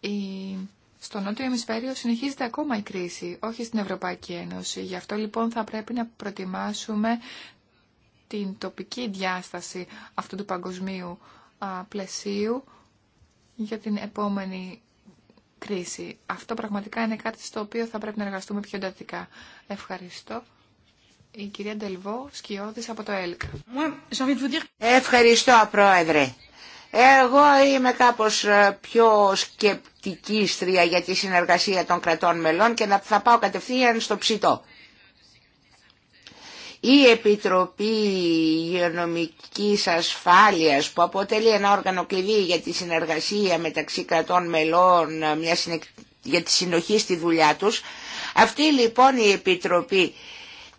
Η... Στο νότιο ημισφαίριο συνεχίζεται ακόμα η κρίση, όχι στην Ευρωπαϊκή Ένωση. Γι' αυτό λοιπόν θα πρέπει να προετοιμάσουμε την τοπική διάσταση αυτού του παγκοσμίου πλαισίου για την επόμενη κρίση. Αυτό πραγματικά είναι κάτι στο οποίο θα πρέπει να εργαστούμε πιο εντατικά. Ευχαριστώ. Η κυρία Ντελβό, σκιώδης από το ΕΛΚ. Ευχαριστώ, Πρόεδρε. Εγώ είμαι κάπως ε, πιο σκεπτική στρία για τη συνεργασία των κρατών μελών και θα πάω κατευθείαν στο ψητό. Η Επιτροπή Υγειονομικής Ασφάλειας που αποτελεί ένα όργανο κλειδί για τη συνεργασία μεταξύ κρατών μελών μια για τη συνοχή στη δουλειά τους. Αυτή λοιπόν η Επιτροπή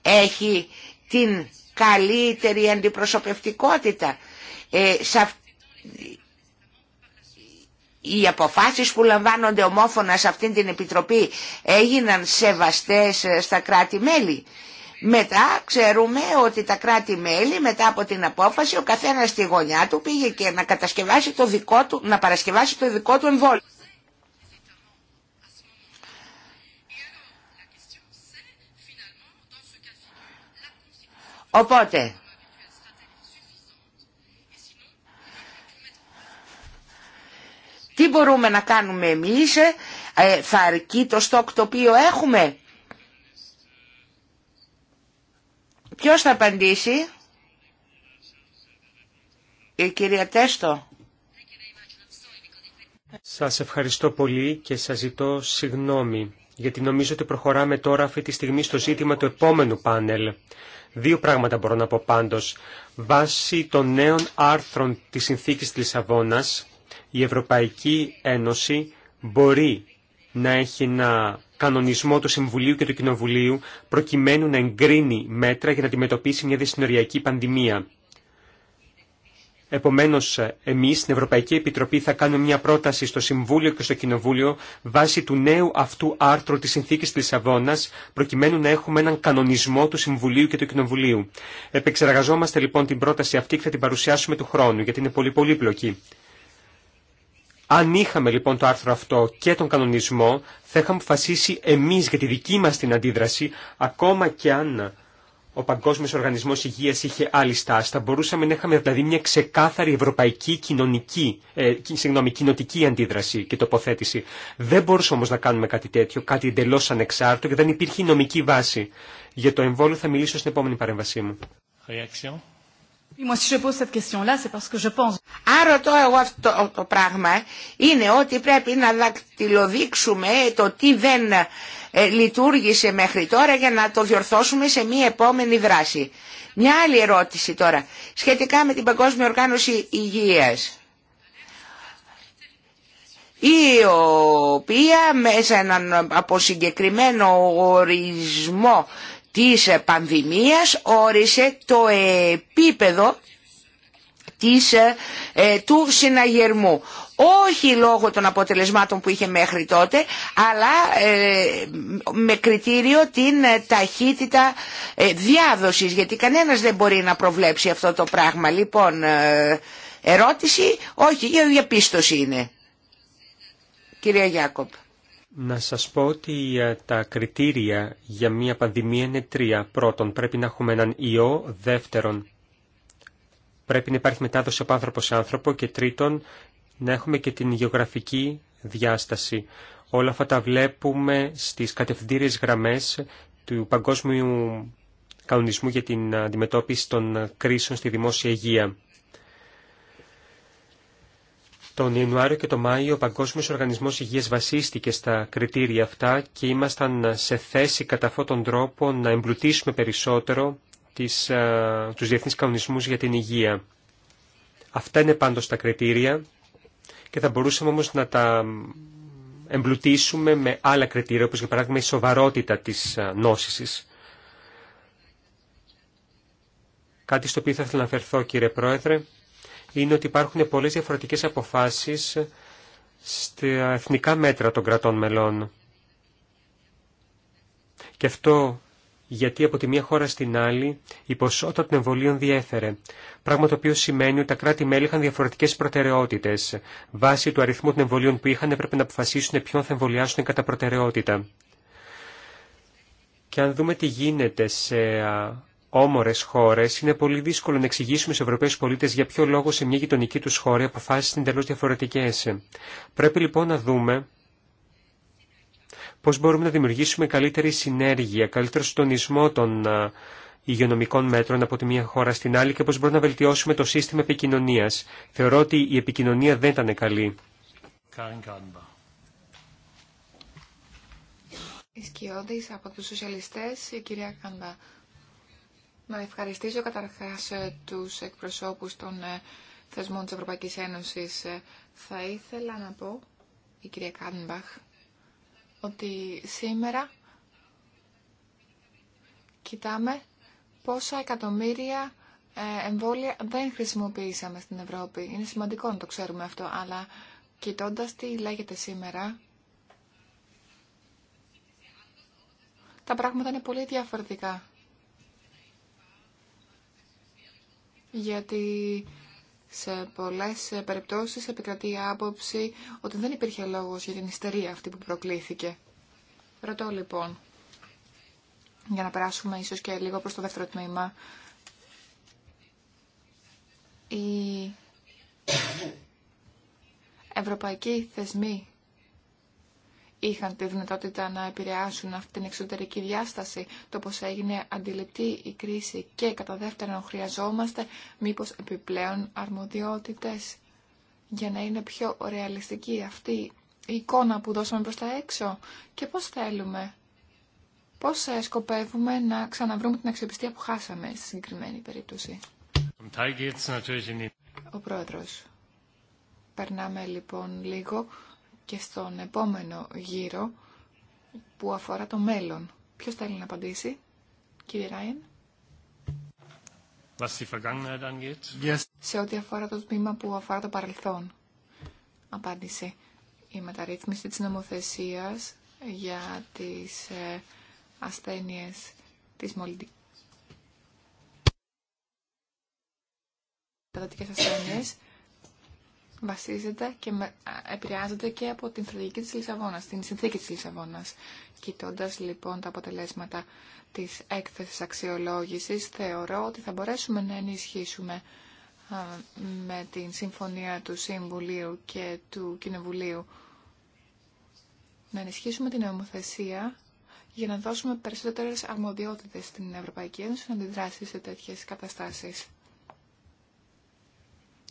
έχει την καλύτερη αντιπροσωπευτικότητα. Ε, Οι αποφάσεις που λαμβάνονται ομόφωνα σε αυτήν την Επιτροπή έγιναν σεβαστές ε, στα κράτη-μέλη. Μετά ξέρουμε ότι τα κράτη-μέλη μετά από την απόφαση ο καθένας στη γωνιά του πήγε και να, κατασκευάσει το δικό του, να παρασκευάσει το δικό του εμβόλιο. Οπότε, τι μπορούμε να κάνουμε εμείς, ε, θα αρκεί το στόκ το οποίο έχουμε. Ποιος θα απαντήσει? Η κυρία Τέστο. Σας ευχαριστώ πολύ και σας ζητώ συγγνώμη, γιατί νομίζω ότι προχωράμε τώρα αυτή τη στιγμή στο ζήτημα του επόμενου πάνελ. Δύο πράγματα μπορώ να πω πάντως. Βάσει των νέων άρθρων της Συνθήκης της Λισαβόνας, η Ευρωπαϊκή Ένωση μπορεί να έχει να κανονισμό του Συμβουλίου και του Κοινοβουλίου προκειμένου να εγκρίνει μέτρα για να αντιμετωπίσει μια δυσυνοριακή πανδημία. Επομένω, εμεί, στην Ευρωπαϊκή Επιτροπή θα κάνουμε μια πρόταση στο Συμβούλιο και στο Κοινοβούλιο βάσει του νέου αυτού άρθρου τη συνθήκη τη Λισαβόνα, προκειμένου να έχουμε έναν κανονισμό του Συμβουλίου και του Κοινοβουλίου. Επεξεργαζόμαστε λοιπόν την πρόταση αυτή και θα την παρουσιάσουμε του χρόνου, γιατί είναι πολύ πολύπλοκη. Αν είχαμε λοιπόν το άρθρο αυτό και τον κανονισμό, θα είχαμε αποφασίσει εμείς για τη δική μας την αντίδραση, ακόμα και αν ο Παγκόσμιο Οργανισμό Υγεία είχε άλλη στάση. Θα μπορούσαμε να είχαμε δηλαδή μια ξεκάθαρη ευρωπαϊκή κοινωνική, ε, συγγνώμη, κοινοτική αντίδραση και τοποθέτηση. Δεν μπορούσαμε όμω να κάνουμε κάτι τέτοιο, κάτι εντελώ ανεξάρτητο και δεν υπήρχε νομική βάση. Για το εμβόλιο θα μιλήσω στην επόμενη παρέμβασή μου. Reaction. Άρα το εγώ αυτό το πράγμα είναι ότι πρέπει να δακτυλοδείξουμε το τι δεν ε, λειτουργήσε μέχρι τώρα για να το διορθώσουμε σε μία επόμενη δράση. Μια άλλη ερώτηση τώρα, σχετικά με την Παγκόσμια Οργάνωση Υγείας, η οποία μέσα από συγκεκριμένο ορισμό της πανδημίας όρισε το επίπεδο της, ε, ε, του συναγερμού. Όχι λόγω των αποτελεσμάτων που είχε μέχρι τότε, αλλά ε, με κριτήριο την ταχύτητα ε, διάδοσης, γιατί κανένας δεν μπορεί να προβλέψει αυτό το πράγμα. Λοιπόν, ερώτηση, όχι, για διαπίστωση είναι. Κυρία Γιάκοπ. Να σας πω ότι ε, τα κριτήρια για μια πανδημία είναι τρία. Πρώτον, πρέπει να έχουμε έναν ιό. Δεύτερον, πρέπει να υπάρχει μετάδοση από άνθρωπο σε άνθρωπο. Και τρίτον, να έχουμε και την γεωγραφική διάσταση. Όλα αυτά τα βλέπουμε στις κατευθυντήριες γραμμές του Παγκόσμιου Κανονισμού για την Αντιμετώπιση των Κρίσεων στη Δημόσια Υγεία. Τον Ιανουάριο και τον Μάιο ο Παγκόσμιος Οργανισμός Υγείας βασίστηκε στα κριτήρια αυτά και ήμασταν σε θέση κατά αυτόν τον τρόπο να εμπλουτίσουμε περισσότερο τις, α, τους διεθνείς κανονισμούς για την υγεία. Αυτά είναι πάντως τα κριτήρια και θα μπορούσαμε όμως να τα εμπλουτίσουμε με άλλα κριτήρια, όπως για παράδειγμα η σοβαρότητα της νόσησης. Κάτι στο οποίο θα ήθελα να αφαιρθώ κύριε Πρόεδρε, είναι ότι υπάρχουν πολλές διαφορετικές αποφάσεις στα εθνικά μέτρα των κρατών μελών. Και αυτό γιατί από τη μία χώρα στην άλλη η ποσότητα των εμβολίων διέφερε, πράγμα το οποίο σημαίνει ότι τα κράτη-μέλη είχαν διαφορετικές προτεραιότητες. Βάσει του αριθμού των εμβολίων που είχαν έπρεπε να αποφασίσουν ποιον θα εμβολιάσουν κατά προτεραιότητα. Και αν δούμε τι γίνεται σε όμορες χώρες είναι πολύ δύσκολο να εξηγήσουμε στους Ευρωπαίους πολίτες για ποιο λόγο σε μια γειτονική τους χώρα αποφάσεις είναι τελώς διαφορετικές. Πρέπει λοιπόν να δούμε πώς μπορούμε να δημιουργήσουμε καλύτερη συνέργεια, καλύτερο συντονισμό των υγειονομικών μέτρων από τη μία χώρα στην άλλη και πώς μπορούμε να βελτιώσουμε το σύστημα επικοινωνίας. Θεωρώ ότι η επικοινωνία δεν ήταν καλή. Ισκιώδης από τους σοσιαλιστές, η κυρία Κάντα. Να ευχαριστήσω καταρχάς ε, τους εκπροσώπους των ε, θεσμών της Ευρωπαϊκής Ένωσης. Ε, θα ήθελα να πω, η κυρία Κάντμπαχ, ότι σήμερα κοιτάμε πόσα εκατομμύρια εμβόλια δεν χρησιμοποιήσαμε στην Ευρώπη. Είναι σημαντικό να το ξέρουμε αυτό, αλλά κοιτώντας τι λέγεται σήμερα, τα πράγματα είναι πολύ διαφορετικά. γιατί σε πολλές περιπτώσεις επικρατεί η άποψη ότι δεν υπήρχε λόγος για την ιστερία αυτή που προκλήθηκε. Ρωτώ λοιπόν, για να περάσουμε ίσως και λίγο προς το δεύτερο τμήμα, η (coughs) ευρωπαϊκή θεσμοί είχαν τη δυνατότητα να επηρεάσουν αυτή την εξωτερική διάσταση, το πώς έγινε αντιληπτή η κρίση και κατά δεύτερον χρειαζόμαστε μήπως επιπλέον αρμοδιότητες για να είναι πιο ρεαλιστική αυτή η εικόνα που δώσαμε προς τα έξω και πώς θέλουμε, πώς ε, σκοπεύουμε να ξαναβρούμε την αξιοπιστία που χάσαμε στη συγκεκριμένη περίπτωση. Ο Πρόεδρος. Περνάμε λοιπόν λίγο και στον επόμενο γύρο που αφορά το μέλλον. Ποιος θέλει να απαντήσει, κύριε Ράιεν. Yes. Σε ό,τι αφορά το τμήμα που αφορά το παρελθόν. Απάντηση. Η μεταρρύθμιση της νομοθεσίας για τις ε, ασθένειες της μολυντικής. ασθένειες βασίζεται και επηρεάζεται και από την στρατηγική της Λισαβόνας, την συνθήκη της Λισαβόνας. Κοιτώντας λοιπόν τα αποτελέσματα της έκθεσης αξιολόγησης, θεωρώ ότι θα μπορέσουμε να ενισχύσουμε με την συμφωνία του Συμβουλίου και του Κοινοβουλίου να ενισχύσουμε την νομοθεσία για να δώσουμε περισσότερες αρμοδιότητες στην Ευρωπαϊκή Ένωση να αντιδράσει σε τέτοιες καταστάσεις.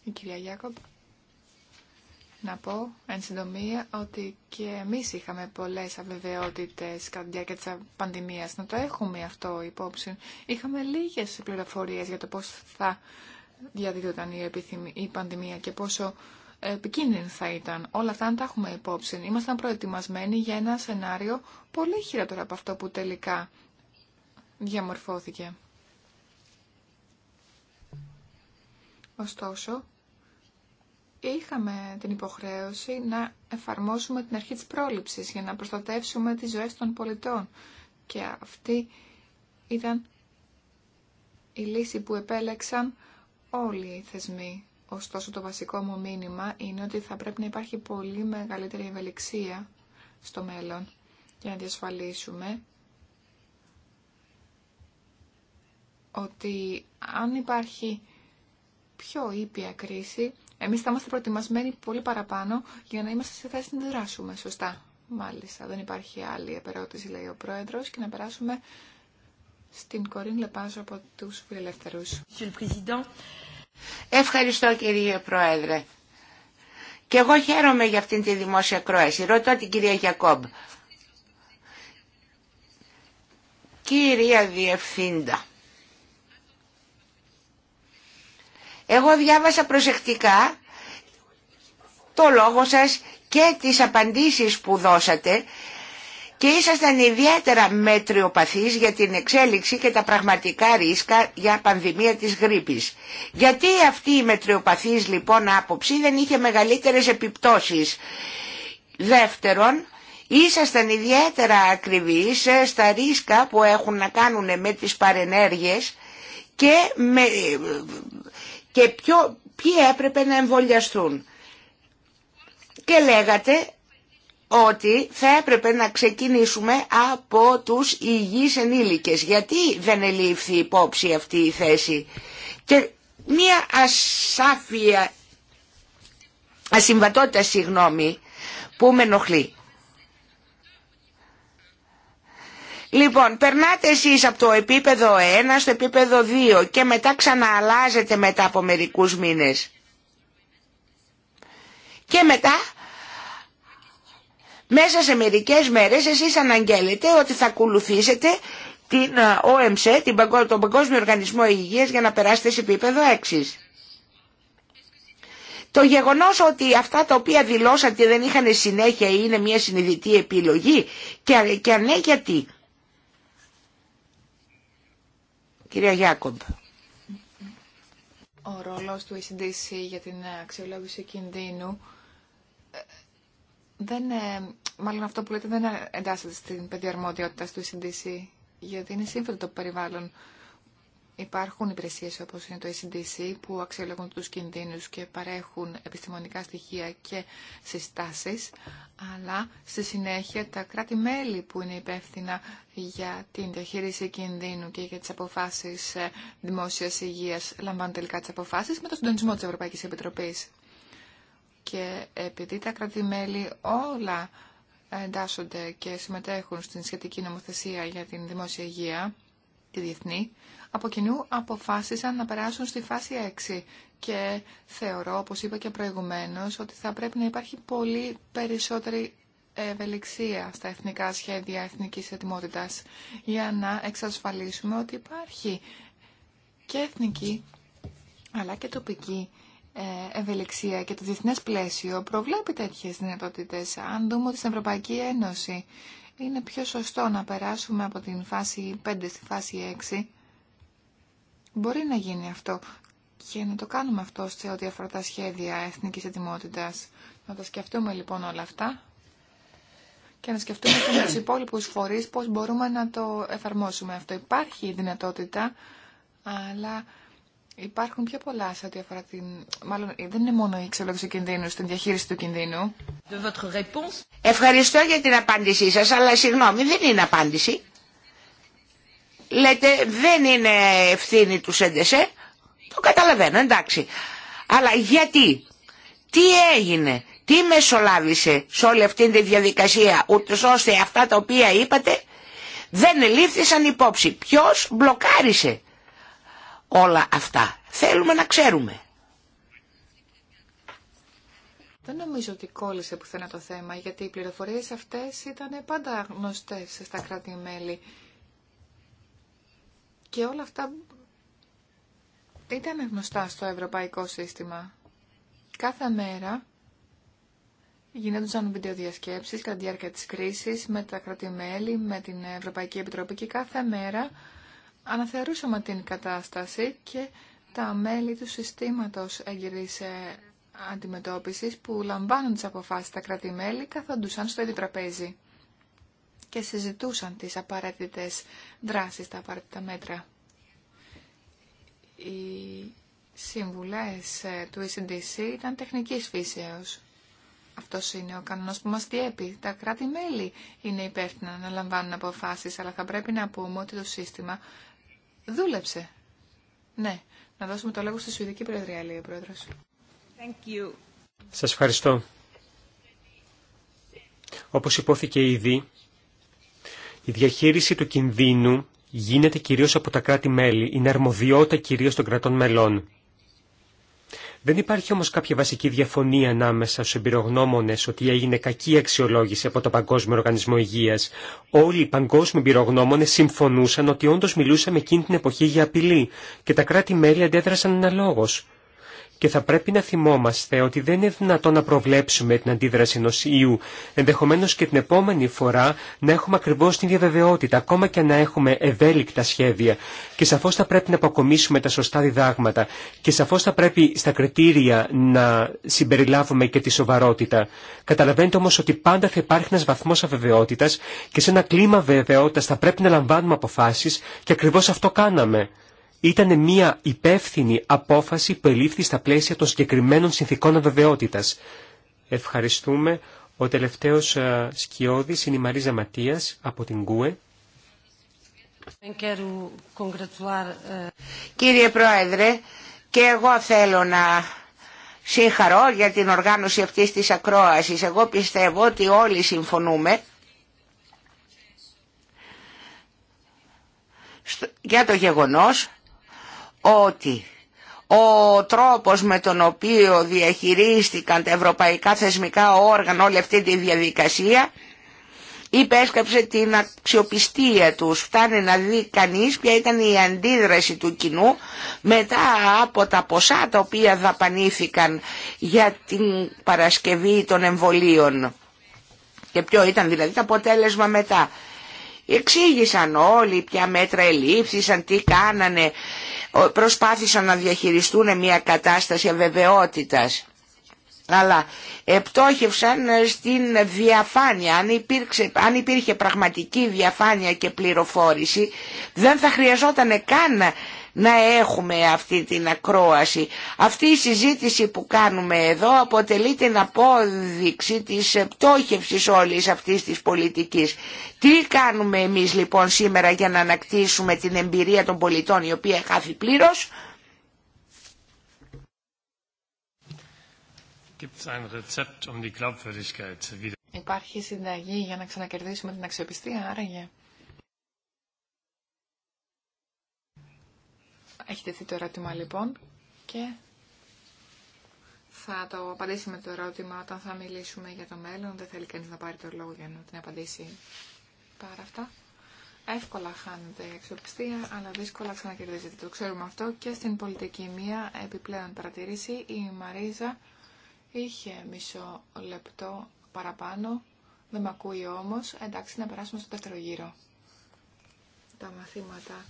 Η κυρία Γιάκοπ να πω εν συντομία ότι και εμείς είχαμε πολλές αβεβαιότητες κατά τη διάρκεια της πανδημίας. Να το έχουμε αυτό υπόψη. Είχαμε λίγες πληροφορίες για το πώς θα διαδίδονταν η, η πανδημία και πόσο επικίνδυνη θα ήταν. Όλα αυτά να τα έχουμε υπόψη. Ήμασταν προετοιμασμένοι για ένα σενάριο πολύ χειρότερο από αυτό που τελικά διαμορφώθηκε. Ωστόσο, είχαμε την υποχρέωση να εφαρμόσουμε την αρχή της πρόληψης για να προστατεύσουμε τις ζωές των πολιτών. Και αυτή ήταν η λύση που επέλεξαν όλοι οι θεσμοί. Ωστόσο το βασικό μου μήνυμα είναι ότι θα πρέπει να υπάρχει πολύ μεγαλύτερη ευελιξία στο μέλλον για να διασφαλίσουμε ότι αν υπάρχει πιο ήπια κρίση Εμεί θα είμαστε προετοιμασμένοι πολύ παραπάνω για να είμαστε σε θέση να δράσουμε. Σωστά. Μάλιστα. Δεν υπάρχει άλλη επερώτηση, λέει ο Πρόεδρο, και να περάσουμε στην Κορίν Λεπάζο από του Φιλελεύθερου. Ευχαριστώ, κύριε Πρόεδρε. Και εγώ χαίρομαι για αυτήν τη δημόσια κρόαση. Ρωτώ την κυρία Γιακόμπ. Κυρία Διευθύντα, Εγώ διάβασα προσεκτικά το λόγο σας και τις απαντήσεις που δώσατε και ήσασταν ιδιαίτερα μέτριοπαθείς για την εξέλιξη και τα πραγματικά ρίσκα για πανδημία της γρήπης. Γιατί αυτή η μετριοπαθής λοιπόν άποψη δεν είχε μεγαλύτερες επιπτώσεις. Δεύτερον, ήσασταν ιδιαίτερα ακριβείς ε, στα ρίσκα που έχουν να κάνουν με τις παρενέργειες και και ποιο, ποιοι έπρεπε να εμβολιαστούν. Και λέγατε ότι θα έπρεπε να ξεκινήσουμε από τους υγιείς ενήλικες. Γιατί δεν ελήφθη υπόψη αυτή η θέση. Και μία ασάφεια, ασυμβατότητα συγγνώμη, που με ενοχλεί. Λοιπόν, περνάτε εσείς από το επίπεδο 1 στο επίπεδο 2 και μετά ξανααλλάζετε μετά από μερικούς μήνες. Και μετά, μέσα σε μερικές μέρες εσείς αναγγέλλετε ότι θα ακολουθήσετε την OMC, ε, τον Παγκόσμιο Οργανισμό Υγείας, για να περάσετε σε επίπεδο 6. Το γεγονός ότι αυτά τα οποία δηλώσατε δεν είχαν συνέχεια ή είναι μια συνειδητή επιλογή και, και τι... Κυρία Γιάκομπ. Ο ρόλος του ECDC για την ε, αξιολόγηση κινδύνου ε, δεν, ε, μάλλον αυτό που λέτε δεν εντάσσεται στην παιδιαρμόδιότητα του ECDC, γιατί είναι σύμφωνο το περιβάλλον Υπάρχουν υπηρεσίε όπω είναι το ACDC που αξιολογούν του κινδύνου και παρέχουν επιστημονικά στοιχεία και συστάσεις, αλλά στη συνέχεια τα κράτη-μέλη που είναι υπεύθυνα για την διαχείριση κινδύνου και για τι αποφάσει ε, δημόσια υγεία λαμβάνουν τελικά τι αποφάσει με το συντονισμό τη Ευρωπαϊκή Επιτροπή. Και επειδή τα κράτη-μέλη όλα εντάσσονται και συμμετέχουν στην σχετική νομοθεσία για την δημόσια υγεία, τη διεθνή, από κοινού αποφάσισαν να περάσουν στη φάση 6 και θεωρώ, όπως είπα και προηγουμένως, ότι θα πρέπει να υπάρχει πολύ περισσότερη ευελιξία στα εθνικά σχέδια εθνικής ετοιμότητας για να εξασφαλίσουμε ότι υπάρχει και εθνική αλλά και τοπική ε, ευελιξία και το διεθνές πλαίσιο προβλέπει τέτοιες δυνατότητες. Αν δούμε ότι στην Ευρωπαϊκή Ένωση είναι πιο σωστό να περάσουμε από την φάση 5 στη φάση 6, Μπορεί να γίνει αυτό και να το κάνουμε αυτό σε ό,τι αφορά τα σχέδια εθνικής ετοιμότητας. Να τα σκεφτούμε λοιπόν όλα αυτά και να σκεφτούμε και με τους υπόλοιπους φορείς πώς μπορούμε να το εφαρμόσουμε αυτό. Υπάρχει η δυνατότητα, αλλά υπάρχουν πιο πολλά σε ό,τι αφορά την... Μάλλον δεν είναι μόνο η εξελόγηση κινδύνου, στην διαχείριση του κινδύνου. Ευχαριστώ για την απάντησή σας, αλλά συγγνώμη, δεν είναι απάντηση λέτε δεν είναι ευθύνη του ΣΕΝΤΕΣΕ, το καταλαβαίνω, εντάξει. Αλλά γιατί, τι έγινε, τι μεσολάβησε σε όλη αυτή τη διαδικασία, ούτως ώστε αυτά τα οποία είπατε δεν ελήφθησαν υπόψη. Ποιος μπλοκάρισε όλα αυτά. Θέλουμε να ξέρουμε. Δεν νομίζω ότι κόλλησε πουθενά το θέμα, γιατί οι πληροφορίες αυτές ήταν πάντα γνωστές στα κράτη-μέλη. Και όλα αυτά ήταν γνωστά στο ευρωπαϊκό σύστημα. Κάθε μέρα γίνονταν βιντεοδιασκέψει κατά τη διάρκεια τη κρίση με τα κρατημέλη, με την Ευρωπαϊκή Επιτροπή και κάθε μέρα αναθεωρούσαμε την κατάσταση και τα μέλη του συστήματος έγκυρης αντιμετώπιση που λαμβάνουν τι αποφάσει τα κρατημέλη καθόντουσαν στο ίδιο τραπέζι και συζητούσαν τις απαραίτητες δράσεις, τα απαραίτητα μέτρα. Οι συμβουλές ε, του ECDC ήταν τεχνικής φύσεως. Αυτό είναι ο κανόνας που μας διέπει. Τα κράτη-μέλη είναι υπεύθυνα να λαμβάνουν αποφάσεις, αλλά θα πρέπει να πούμε ότι το σύστημα δούλεψε. Ναι, να δώσουμε το λόγο στη Σουηδική Προεδρία, λέει ο Πρόεδρος. Thank Σας ευχαριστώ. Όπως υπόθηκε ήδη, η διαχείριση του κινδύνου γίνεται κυρίως από τα κράτη-μέλη, είναι αρμοδιότητα κυρίως των κρατών μελών. Δεν υπάρχει όμως κάποια βασική διαφωνία ανάμεσα στους εμπειρογνώμονες ότι έγινε κακή αξιολόγηση από το Παγκόσμιο Οργανισμό Υγείας. Όλοι οι παγκόσμιοι εμπειρογνώμονες συμφωνούσαν ότι όντως μιλούσαμε εκείνη την εποχή για απειλή και τα κράτη-μέλη αντέδρασαν αναλόγως και θα πρέπει να θυμόμαστε ότι δεν είναι δυνατόν να προβλέψουμε την αντίδραση ενός ιού. Ενδεχομένως και την επόμενη φορά να έχουμε ακριβώς την διαβεβαιότητα, ακόμα και να έχουμε ευέλικτα σχέδια. Και σαφώ θα πρέπει να αποκομίσουμε τα σωστά διδάγματα. Και σαφώ θα πρέπει στα κριτήρια να συμπεριλάβουμε και τη σοβαρότητα. Καταλαβαίνετε όμω ότι πάντα θα υπάρχει ένα βαθμός αβεβαιότητας και σε ένα κλίμα βεβαιότητας θα πρέπει να λαμβάνουμε αποφάσει και ακριβώ αυτό κάναμε ήταν μια υπεύθυνη απόφαση που ελήφθη στα πλαίσια των συγκεκριμένων συνθήκων αβεβαιότητας. Ευχαριστούμε. Ο τελευταίος ε, σκιώδης είναι η Μαρίζα Ματίας από την ΚΟΕ. Ε, Κύριε Πρόεδρε, και εγώ θέλω να συγχαρώ για την οργάνωση αυτής της ακρόασης. Εγώ πιστεύω ότι όλοι συμφωνούμε για το γεγονός ότι ο τρόπος με τον οποίο διαχειρίστηκαν τα ευρωπαϊκά θεσμικά όργανα όλη αυτή τη διαδικασία υπέσκαψε την αξιοπιστία τους. Φτάνει να δει κανείς ποια ήταν η αντίδραση του κοινού μετά από τα ποσά τα οποία δαπανήθηκαν για την Παρασκευή των εμβολίων. Και ποιο ήταν δηλαδή το αποτέλεσμα μετά. Εξήγησαν όλοι ποια μέτρα ελήφθησαν, τι κάνανε προσπάθησαν να διαχειριστούν μια κατάσταση αβεβαιότητας αλλά επτόχευσαν ε, στην διαφάνεια. Αν, υπήρξε, αν υπήρχε πραγματική διαφάνεια και πληροφόρηση, δεν θα χρειαζόταν καν να έχουμε αυτή την ακρόαση. Αυτή η συζήτηση που κάνουμε εδώ αποτελεί την απόδειξη της πτώχευσης όλης αυτής της πολιτικής. Τι κάνουμε εμείς λοιπόν σήμερα για να ανακτήσουμε την εμπειρία των πολιτών η οποία χάθη πλήρως. Um Υπάρχει συνταγή για να ξανακερδίσουμε την αξιοπιστία άραγε. Έχει τεθεί το ερώτημα λοιπόν και θα το απαντήσει με το ερώτημα όταν θα μιλήσουμε για το μέλλον. Δεν θέλει κανείς να πάρει το λόγο για να την απαντήσει πάρα αυτά. Εύκολα χάνεται η αξιοπιστία, αλλά δύσκολα ξανακερδίζεται. Το ξέρουμε αυτό και στην πολιτική μία επιπλέον παρατηρήση. Η Μαρίζα είχε μισό λεπτό παραπάνω. Δεν με ακούει όμως. Εντάξει, να περάσουμε στο δεύτερο γύρο. Τα μαθήματα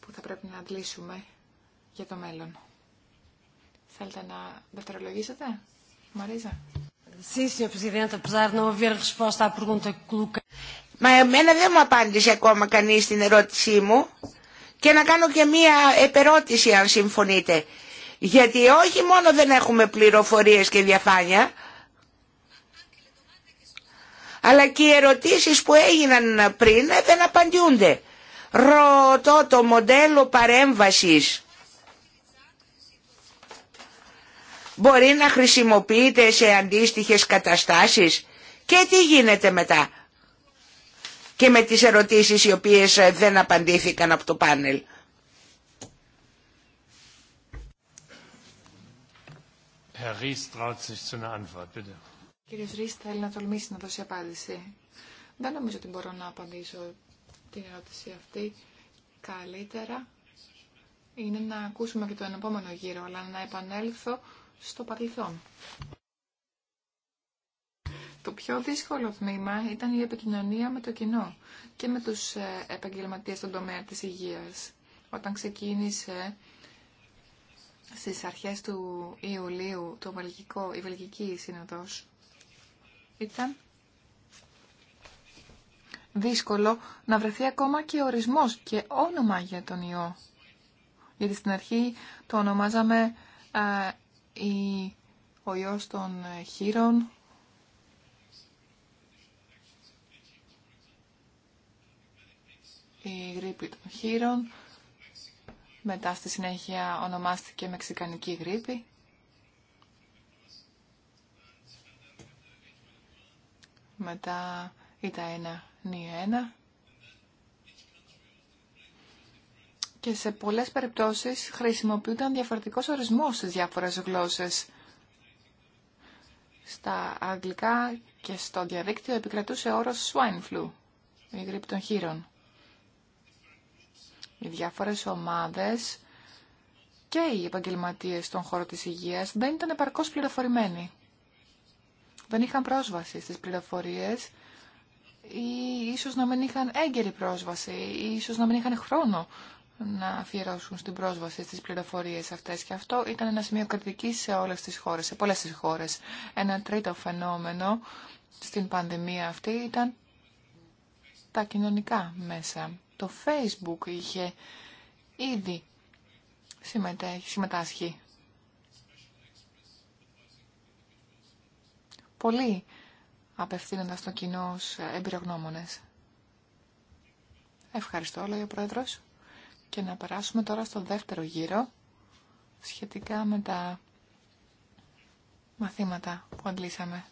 που θα πρέπει να αντλήσουμε για το μέλλον. Θέλετε να δευτερολογήσετε, Μαρίζα. Μα εμένα δεν μου απάντησε ακόμα κανεί την ερώτησή μου και να κάνω και μία επερώτηση αν συμφωνείτε. Γιατί όχι μόνο δεν έχουμε πληροφορίες και διαφάνεια, αλλά και οι ερωτήσεις που έγιναν πριν δεν απαντιούνται. Ρωτώ το μοντέλο παρέμβασης μπορεί να χρησιμοποιείται σε αντίστοιχες καταστάσεις και τι γίνεται μετά και με τις ερωτήσεις οι οποίες ε, δεν απαντήθηκαν από το πάνελ. Κύριε Ρίς, θέλει να τολμήσει να δώσει απάντηση. Δεν νομίζω ότι μπορώ να απαντήσω την ερώτηση αυτή καλύτερα είναι να ακούσουμε και τον επόμενο γύρο, αλλά να επανέλθω στο παρελθόν. Το πιο δύσκολο τμήμα ήταν η επικοινωνία με το κοινό και με τους ε, επαγγελματίες στον τομέα της υγείας. Όταν ξεκίνησε στις αρχές του Ιουλίου το Βαλγικό, η Βελγική Σύνοδος, ήταν δύσκολο να βρεθεί ακόμα και ορισμός και όνομα για τον ιό. Γιατί στην αρχή το ονομάζαμε η, ο ιός των ε, χείρων. Η γρήπη των χείρων. Μετά στη συνέχεια ονομάστηκε Μεξικανική γρήπη. Μετά ή τα ένα 1 ένα. Και σε πολλές περιπτώσεις χρησιμοποιούνταν διαφορετικός ορισμός στις διάφορες γλώσσες. Στα αγγλικά και στο διαδίκτυο επικρατούσε όρος swine flu, η γρήπη των χείρων. Οι διάφορες ομάδες και οι επαγγελματίες στον χώρο της υγείας δεν ήταν επαρκώς πληροφορημένοι. Δεν είχαν πρόσβαση στις πληροφορίες ή ίσως να μην είχαν έγκαιρη πρόσβαση ή ίσως να μην είχαν χρόνο να αφιερώσουν στην πρόσβαση στις πληροφορίες αυτές. Και αυτό ήταν ένα σημείο κριτική σε όλες τις χώρες, σε πολλές τις χώρες. Ένα τρίτο φαινόμενο στην πανδημία αυτή ήταν τα κοινωνικά μέσα. Το Facebook είχε ήδη συμμετάσχει. Πολύ απευθύνοντας το κοινό ως εμπειρογνώμονες. Ευχαριστώ, λέει ο Πρόεδρος. Και να περάσουμε τώρα στο δεύτερο γύρο σχετικά με τα μαθήματα που αντλήσαμε.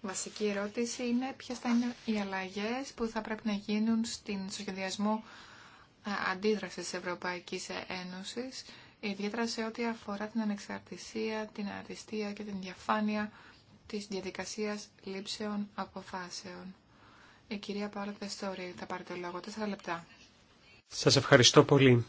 Βασική ερώτηση είναι ποιες θα είναι οι αλλαγές που θα πρέπει να γίνουν στην σχεδιασμό αντίδρασης της Ευρωπαϊκής Ένωσης, ιδιαίτερα σε ό,τι αφορά την ανεξαρτησία, την αριστεία και την διαφάνεια της διαδικασίας λήψεων αποφάσεων. Η κυρία Πάολα Πεστόρη, θα πάρει το λόγο. Τέσσερα λεπτά. Σας ευχαριστώ πολύ.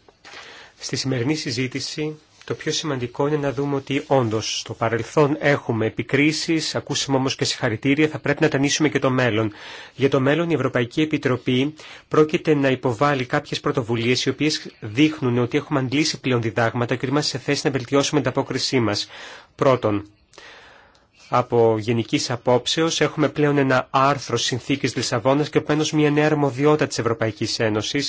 Στη σημερινή συζήτηση το πιο σημαντικό είναι να δούμε ότι όντω στο παρελθόν έχουμε επικρίσει, ακούσαμε όμω και συγχαρητήρια, θα πρέπει να τανίσουμε και το μέλλον. Για το μέλλον η Ευρωπαϊκή Επιτροπή πρόκειται να υποβάλει κάποιε πρωτοβουλίε οι οποίε δείχνουν ότι έχουμε αντλήσει πλέον διδάγματα και ότι είμαστε σε θέση να βελτιώσουμε την απόκρισή μα. Πρώτον, από γενική απόψεω έχουμε πλέον ένα άρθρο συνθήκη Λισαβόνα και επομένω μια νέα αρμοδιότητα τη Ευρωπαϊκή Ένωση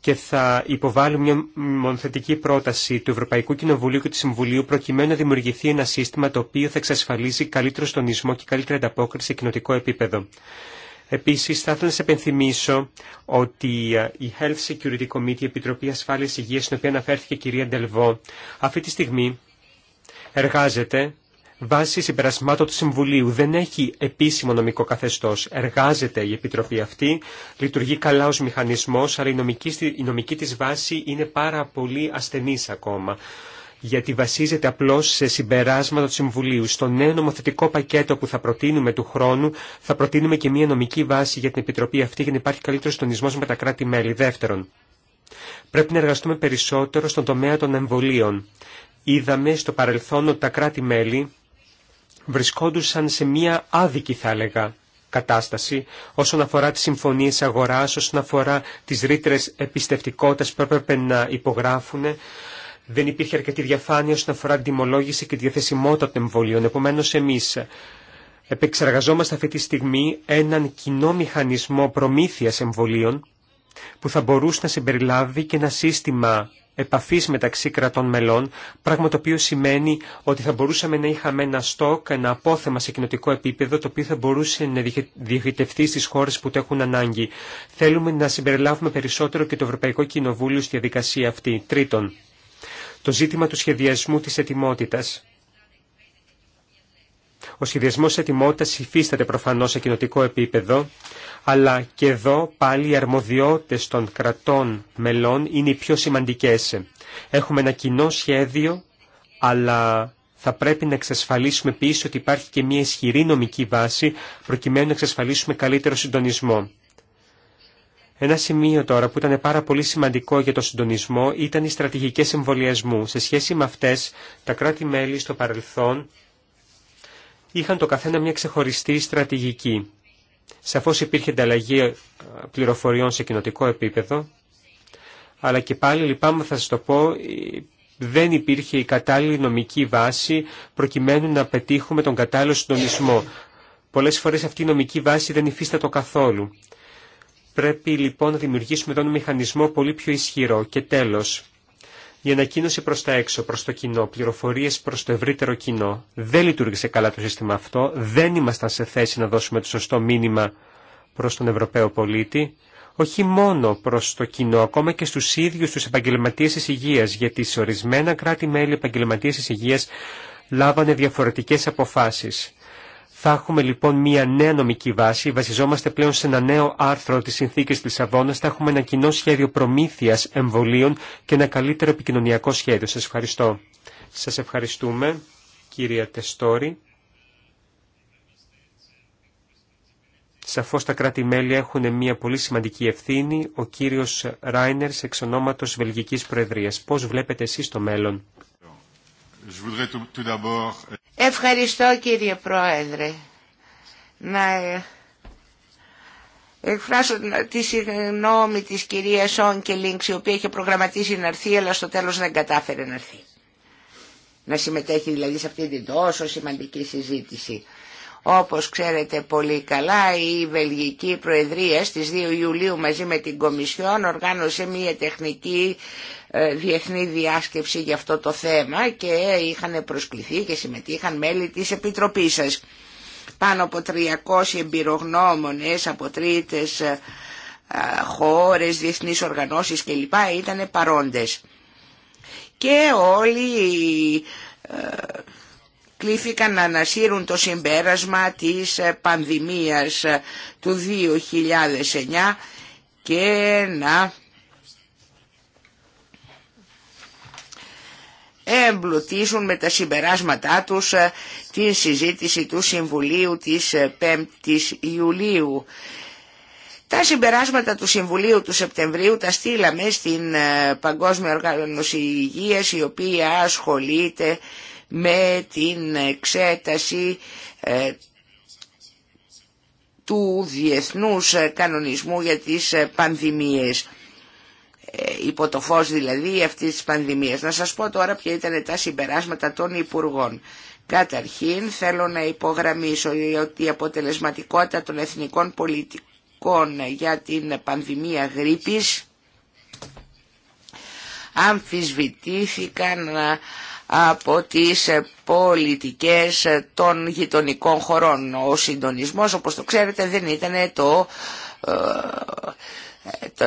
και θα υποβάλουμε μια μονοθετική πρόταση του Ευρωπαϊκού Κοινοβουλίου και του Συμβουλίου προκειμένου να δημιουργηθεί ένα σύστημα το οποίο θα εξασφαλίζει καλύτερο στονισμό και καλύτερη ανταπόκριση σε κοινοτικό επίπεδο. Επίση, θα ήθελα να σα επενθυμίσω ότι ε, η Health Security Committee, η Επιτροπή Ασφάλεια Υγεία, στην οποία αναφέρθηκε η κυρία Ντελβό, αυτή τη στιγμή εργάζεται βάσει συμπερασμάτων του Συμβουλίου. Δεν έχει επίσημο νομικό καθεστώ. Εργάζεται η Επιτροπή αυτή, λειτουργεί καλά ω μηχανισμό, αλλά η νομική, η τη βάση είναι πάρα πολύ ασθενή ακόμα γιατί βασίζεται απλώς σε συμπεράσματα του Συμβουλίου. Στο νέο νομοθετικό πακέτο που θα προτείνουμε του χρόνου, θα προτείνουμε και μια νομική βάση για την Επιτροπή αυτή για να υπάρχει καλύτερο τονισμός με τα κράτη-μέλη. Δεύτερον, πρέπει να εργαστούμε περισσότερο στον τομέα των εμβολίων. Είδαμε στο παρελθόν ότι τα κράτη-μέλη βρισκόντουσαν σε μία άδικη θα έλεγα κατάσταση όσον αφορά τις συμφωνίες αγοράς, όσον αφορά τις ρήτρε επιστευτικότητας που έπρεπε να υπογράφουν. Δεν υπήρχε αρκετή διαφάνεια όσον αφορά την τιμολόγηση και τη διαθεσιμότητα των εμβολίων. Επομένως εμείς επεξεργαζόμαστε αυτή τη στιγμή έναν κοινό μηχανισμό προμήθειας εμβολίων που θα μπορούσε να συμπεριλάβει και ένα σύστημα επαφής μεταξύ κρατών μελών, πράγμα το οποίο σημαίνει ότι θα μπορούσαμε να είχαμε ένα στόκ, ένα απόθεμα σε κοινοτικό επίπεδο, το οποίο θα μπορούσε να διοικητευτεί στις χώρες που το έχουν ανάγκη. Θέλουμε να συμπεριλάβουμε περισσότερο και το Ευρωπαϊκό Κοινοβούλιο στη διαδικασία αυτή. Τρίτον, το ζήτημα του σχεδιασμού της ετοιμότητας. Ο σχεδιασμός ετοιμότητας υφίσταται προφανώς σε κοινοτικό επίπεδο, αλλά και εδώ πάλι οι αρμοδιότητες των κρατών μελών είναι οι πιο σημαντικές. Έχουμε ένα κοινό σχέδιο, αλλά θα πρέπει να εξασφαλίσουμε πίσω ότι υπάρχει και μια ισχυρή νομική βάση, προκειμένου να εξασφαλίσουμε καλύτερο συντονισμό. Ένα σημείο τώρα που ήταν πάρα πολύ σημαντικό για το συντονισμό ήταν οι στρατηγικές εμβολιασμού. Σε σχέση με αυτές, τα κράτη-μέλη στο παρελθόν είχαν το καθένα μια ξεχωριστή στρατηγική. Σαφώς υπήρχε ανταλλαγή ε, πληροφοριών σε κοινοτικό επίπεδο, αλλά και πάλι λυπάμαι θα σας το πω, δεν υπήρχε η κατάλληλη νομική βάση προκειμένου να πετύχουμε τον κατάλληλο συντονισμό. Πολλές φορές αυτή η νομική βάση δεν υφίστατο καθόλου. Πρέπει λοιπόν να δημιουργήσουμε εδώ ένα μηχανισμό πολύ πιο ισχυρό. Και τέλος, η ανακοίνωση προς τα έξω, προς το κοινό, πληροφορίες προς το ευρύτερο κοινό. Δεν λειτουργήσε καλά το σύστημα αυτό, δεν ήμασταν σε θέση να δώσουμε το σωστό μήνυμα προς τον Ευρωπαίο πολίτη, όχι μόνο προς το κοινό, ακόμα και στους ίδιους τους επαγγελματίες της υγείας, γιατί σε ορισμένα κράτη-μέλη επαγγελματίες της υγείας λάβανε διαφορετικές αποφάσεις. Θα έχουμε λοιπόν μια νέα νομική βάση, βασιζόμαστε πλέον σε ένα νέο άρθρο της Συνθήκης της Λισαβόνας, θα έχουμε ένα κοινό σχέδιο προμήθειας εμβολίων και ένα καλύτερο επικοινωνιακό σχέδιο. Σας ευχαριστώ. Σας ευχαριστούμε, κυρία Τεστόρη. Σαφώς τα κράτη-μέλη έχουν μια πολύ σημαντική ευθύνη, ο κύριος Ράινερς εξ ονόματος Βελγικής Προεδρίας. Πώς βλέπετε εσείς το μέλλον. Ευχαριστώ κύριε Πρόεδρε. Να ε, εκφράσω τη συγγνώμη της κυρίας Όνκε η οποία είχε προγραμματίσει να έρθει, αλλά στο τέλος δεν κατάφερε να έρθει. Να συμμετέχει δηλαδή σε αυτήν την τόσο σημαντική συζήτηση. Όπως ξέρετε πολύ καλά η Βελγική Προεδρία στις 2 Ιουλίου μαζί με την Κομισιόν οργάνωσε μια τεχνική ε, διεθνή διάσκεψη για αυτό το θέμα και είχαν προσκληθεί και συμμετείχαν μέλη της Επιτροπής σας. Πάνω από 300 εμπειρογνώμονες από τρίτες ε, χώρες, διεθνείς οργανώσεις κλπ. ήταν παρόντες. Και όλοι ε, κλήθηκαν να ανασύρουν το συμπέρασμα της ε, πανδημίας ε, του 2009 και να εμπλουτίσουν με τα συμπεράσματά τους ε, τη συζήτηση του Συμβουλίου της 5ης Ιουλίου. Τα συμπεράσματα του Συμβουλίου του Σεπτεμβρίου τα στείλαμε στην Παγκόσμια Οργάνωση Υγείας η οποία ασχολείται με την εξέταση ε, του διεθνούς ε, κανονισμού για τις ε, πανδημίες υπό το φως δηλαδή αυτής της πανδημίας. Να σας πω τώρα ποια ήταν τα συμπεράσματα των Υπουργών. Καταρχήν θέλω να υπογραμμίσω ότι η αποτελεσματικότητα των εθνικών πολιτικών για την πανδημία γρήπης αμφισβητήθηκαν από τις πολιτικές των γειτονικών χωρών. Ο συντονισμός, όπως το ξέρετε, δεν ήταν ε, το,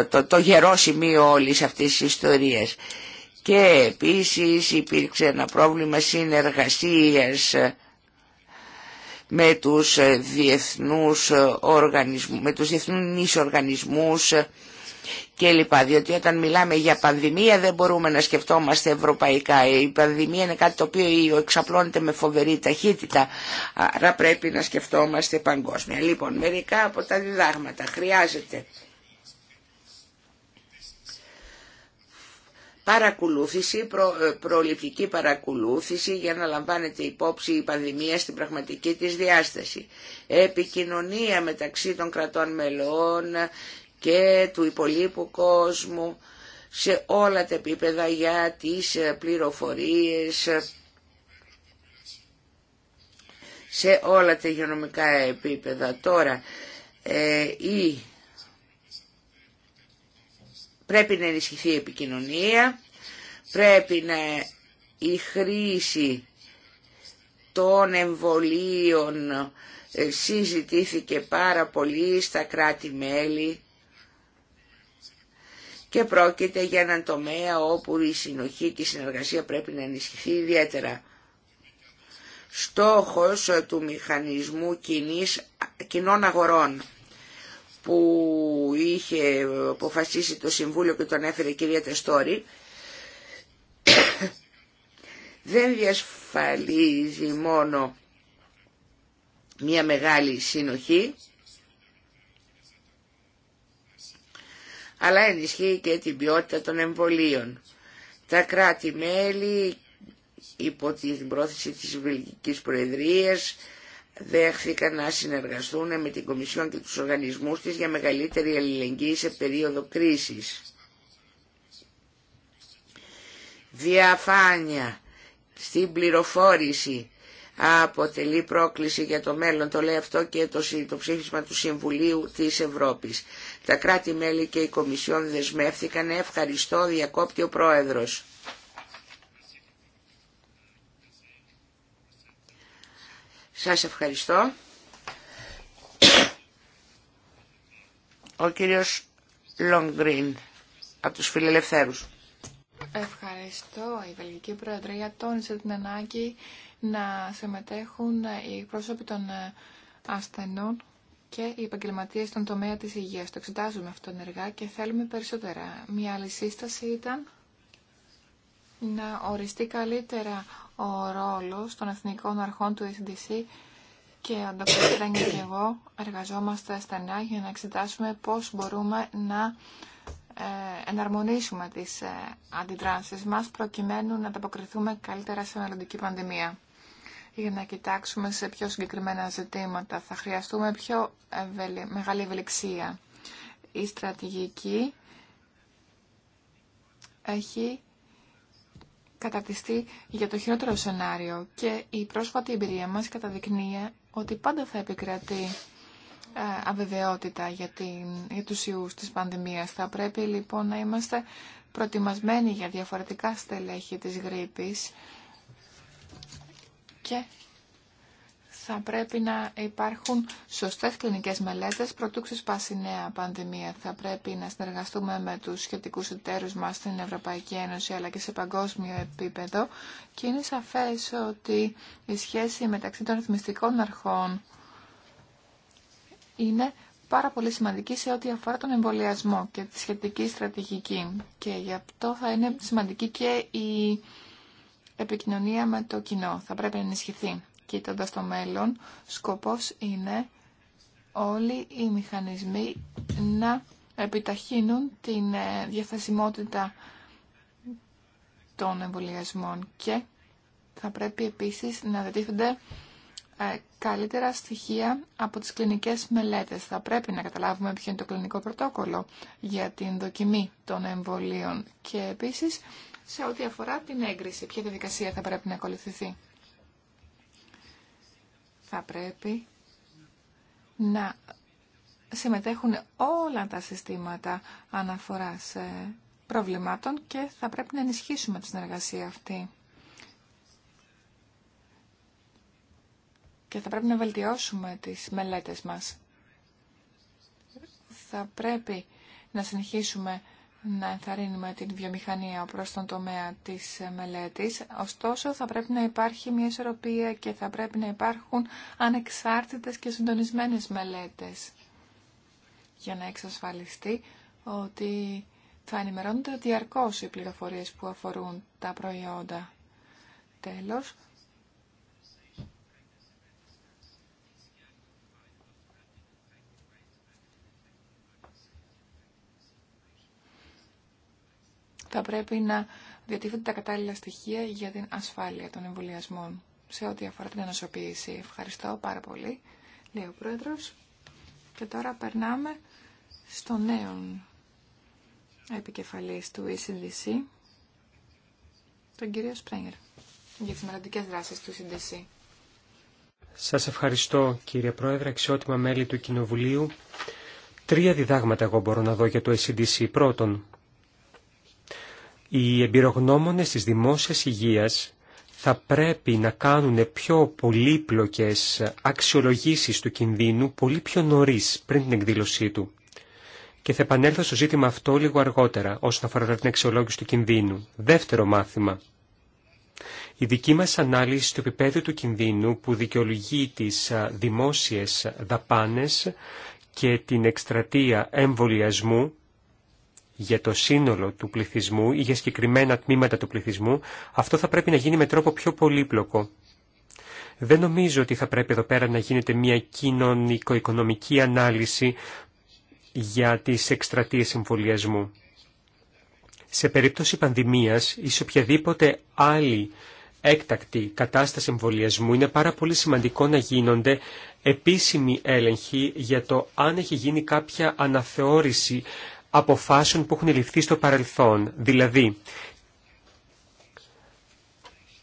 το, το, γερό σημείο όλης αυτής της ιστορίας. Και επίσης υπήρξε ένα πρόβλημα συνεργασίας με τους διεθνούς οργανισμούς, με τους διεθνούς οργανισμούς και λοιπά. Διότι όταν μιλάμε για πανδημία δεν μπορούμε να σκεφτόμαστε ευρωπαϊκά. Η πανδημία είναι κάτι το οποίο εξαπλώνεται με φοβερή ταχύτητα, άρα πρέπει να σκεφτόμαστε παγκόσμια. Λοιπόν, μερικά από τα διδάγματα χρειάζεται. παρακολούθηση, προ, ε, προληπτική παρακολούθηση για να λαμβάνετε υπόψη η πανδημία στην πραγματική της διάσταση. Επικοινωνία μεταξύ των κρατών μελών και του υπολείπου κόσμου σε όλα τα επίπεδα για τις ε, πληροφορίες, ε, σε όλα τα υγειονομικά επίπεδα. Τώρα, ε, η... πρέπει να ενισχυθεί η επικοινωνία, πρέπει να η χρήση των εμβολίων συζητήθηκε πάρα πολύ στα κράτη-μέλη και πρόκειται για έναν τομέα όπου η συνοχή και η συνεργασία πρέπει να ενισχυθεί ιδιαίτερα. Στόχος ε, του μηχανισμού κοινών αγορών που είχε αποφασίσει το Συμβούλιο και τον έφερε η κυρία Τεστόρη (coughs) δεν διασφαλίζει μόνο μια μεγάλη συνοχή αλλά ενισχύει και την ποιότητα των εμβολίων. Τα κράτη-μέλη υπό την πρόθεση της Βελγικής Προεδρίας δέχθηκαν να συνεργαστούν με την Κομισιόν και τους οργανισμούς της για μεγαλύτερη αλληλεγγύη σε περίοδο κρίσης. Διαφάνεια στην πληροφόρηση αποτελεί πρόκληση για το μέλλον. Το λέει αυτό και το, ψήφισμα του Συμβουλίου της Ευρώπης. Τα κράτη-μέλη και η Κομισιόν δεσμεύθηκαν. Ευχαριστώ, διακόπτει ο Πρόεδρος. Σας ευχαριστώ. Ο κύριος Λονγκρίν από τους Φιλελευθέρους. Ευχαριστώ. Η Βελγική Προεδρία τόνισε την ανάγκη να συμμετέχουν οι πρόσωποι των ε, ασθενών και οι επαγγελματίε στον τομέα της υγείας. Το εξετάζουμε αυτό ενεργά και θέλουμε περισσότερα. Μια άλλη σύσταση ήταν να οριστεί καλύτερα ο ρόλος των εθνικών αρχών του SDC και ο το και εγώ εργαζόμαστε στενά για να εξετάσουμε πώς μπορούμε να ε, εναρμονίσουμε τις ε, αντιδράσεις μας προκειμένου να ανταποκριθούμε καλύτερα σε μελλοντική πανδημία για να κοιτάξουμε σε πιο συγκεκριμένα ζητήματα. Θα χρειαστούμε πιο μεγάλη ευελιξία. Η στρατηγική έχει καταρτιστεί για το χειρότερο σενάριο και η πρόσφατη εμπειρία μας καταδεικνύει ότι πάντα θα επικρατεί ε, αβεβαιότητα για, την, για τους ιούς της πανδημίας. Θα πρέπει λοιπόν να είμαστε προετοιμασμένοι για διαφορετικά στελέχη της γρήπης και θα πρέπει να υπάρχουν σωστές κλινικές μελέτες προτού ξεσπάσει νέα πανδημία. Θα πρέπει να συνεργαστούμε με τους σχετικούς εταίρους μας στην Ευρωπαϊκή Ένωση αλλά και σε παγκόσμιο επίπεδο και είναι σαφές ότι η σχέση μεταξύ των ρυθμιστικών αρχών είναι πάρα πολύ σημαντική σε ό,τι αφορά τον εμβολιασμό και τη σχετική στρατηγική. Και γι' αυτό θα είναι σημαντική και η επικοινωνία με το κοινό. Θα πρέπει να ενισχυθεί. Κοίτοντας το μέλλον, σκοπός είναι όλοι οι μηχανισμοί να επιταχύνουν την ε, διαθεσιμότητα των εμβολιασμών και θα πρέπει επίσης να δετίθενται ε, καλύτερα στοιχεία από τις κλινικές μελέτες. Θα πρέπει να καταλάβουμε ποιο είναι το κλινικό πρωτόκολλο για την δοκιμή των εμβολίων και επίσης σε ό,τι αφορά την έγκριση. Ποια διαδικασία θα πρέπει να ακολουθηθεί. Θα πρέπει να συμμετέχουν όλα τα συστήματα αναφοράς ε, προβλημάτων και θα πρέπει να ενισχύσουμε τη συνεργασία αυτή. Και θα πρέπει να βελτιώσουμε τις μελέτες μας. Θα πρέπει να συνεχίσουμε να ενθαρρύνουμε την βιομηχανία προς τον τομέα της μελέτης. Ωστόσο, θα πρέπει να υπάρχει μια ισορροπία και θα πρέπει να υπάρχουν ανεξάρτητες και συντονισμένες μελέτες για να εξασφαλιστεί ότι θα ενημερώνονται διαρκώς οι πληροφορίες που αφορούν τα προϊόντα. Τέλος, θα πρέπει να διατίθενται τα κατάλληλα στοιχεία για την ασφάλεια των εμβολιασμών σε ό,τι αφορά την ανοσοποίηση. Ευχαριστώ πάρα πολύ, λέει ο Πρόεδρος. Και τώρα περνάμε στο νέο επικεφαλής του ECDC, τον κύριο Σπρέγγερ, για τις μελλοντικές δράσεις του ECDC. Σας ευχαριστώ κύριε Πρόεδρε, αξιότιμα μέλη του Κοινοβουλίου. Τρία διδάγματα εγώ μπορώ να δω για το ECDC. Πρώτον, οι εμπειρογνώμονες της δημόσιας υγείας θα πρέπει να κάνουν πιο πολύπλοκες αξιολογήσεις του κινδύνου πολύ πιο νωρίς πριν την εκδήλωσή του. Και θα επανέλθω στο ζήτημα αυτό λίγο αργότερα όσον αφορά την αξιολόγηση του κινδύνου. Δεύτερο μάθημα. Η δική μας ανάλυση του επίπεδου του κινδύνου που δικαιολογεί τις δημόσιες δαπάνες και την εκστρατεία εμβολιασμού για το σύνολο του πληθυσμού ή για συγκεκριμένα τμήματα του πληθυσμού, αυτό θα πρέπει να γίνει με τρόπο πιο πολύπλοκο. Δεν νομίζω ότι θα πρέπει εδώ πέρα να γίνεται μια κοινωνικο-οικονομική ανάλυση για τις εκστρατείες εμβολιασμού. Σε περίπτωση πανδημίας ή σε οποιαδήποτε άλλη έκτακτη κατάσταση εμβολιασμού είναι πάρα πολύ σημαντικό να γίνονται επίσημοι έλεγχοι για το αν έχει γίνει κάποια αναθεώρηση αποφάσεων που έχουν ληφθεί στο παρελθόν. Δηλαδή,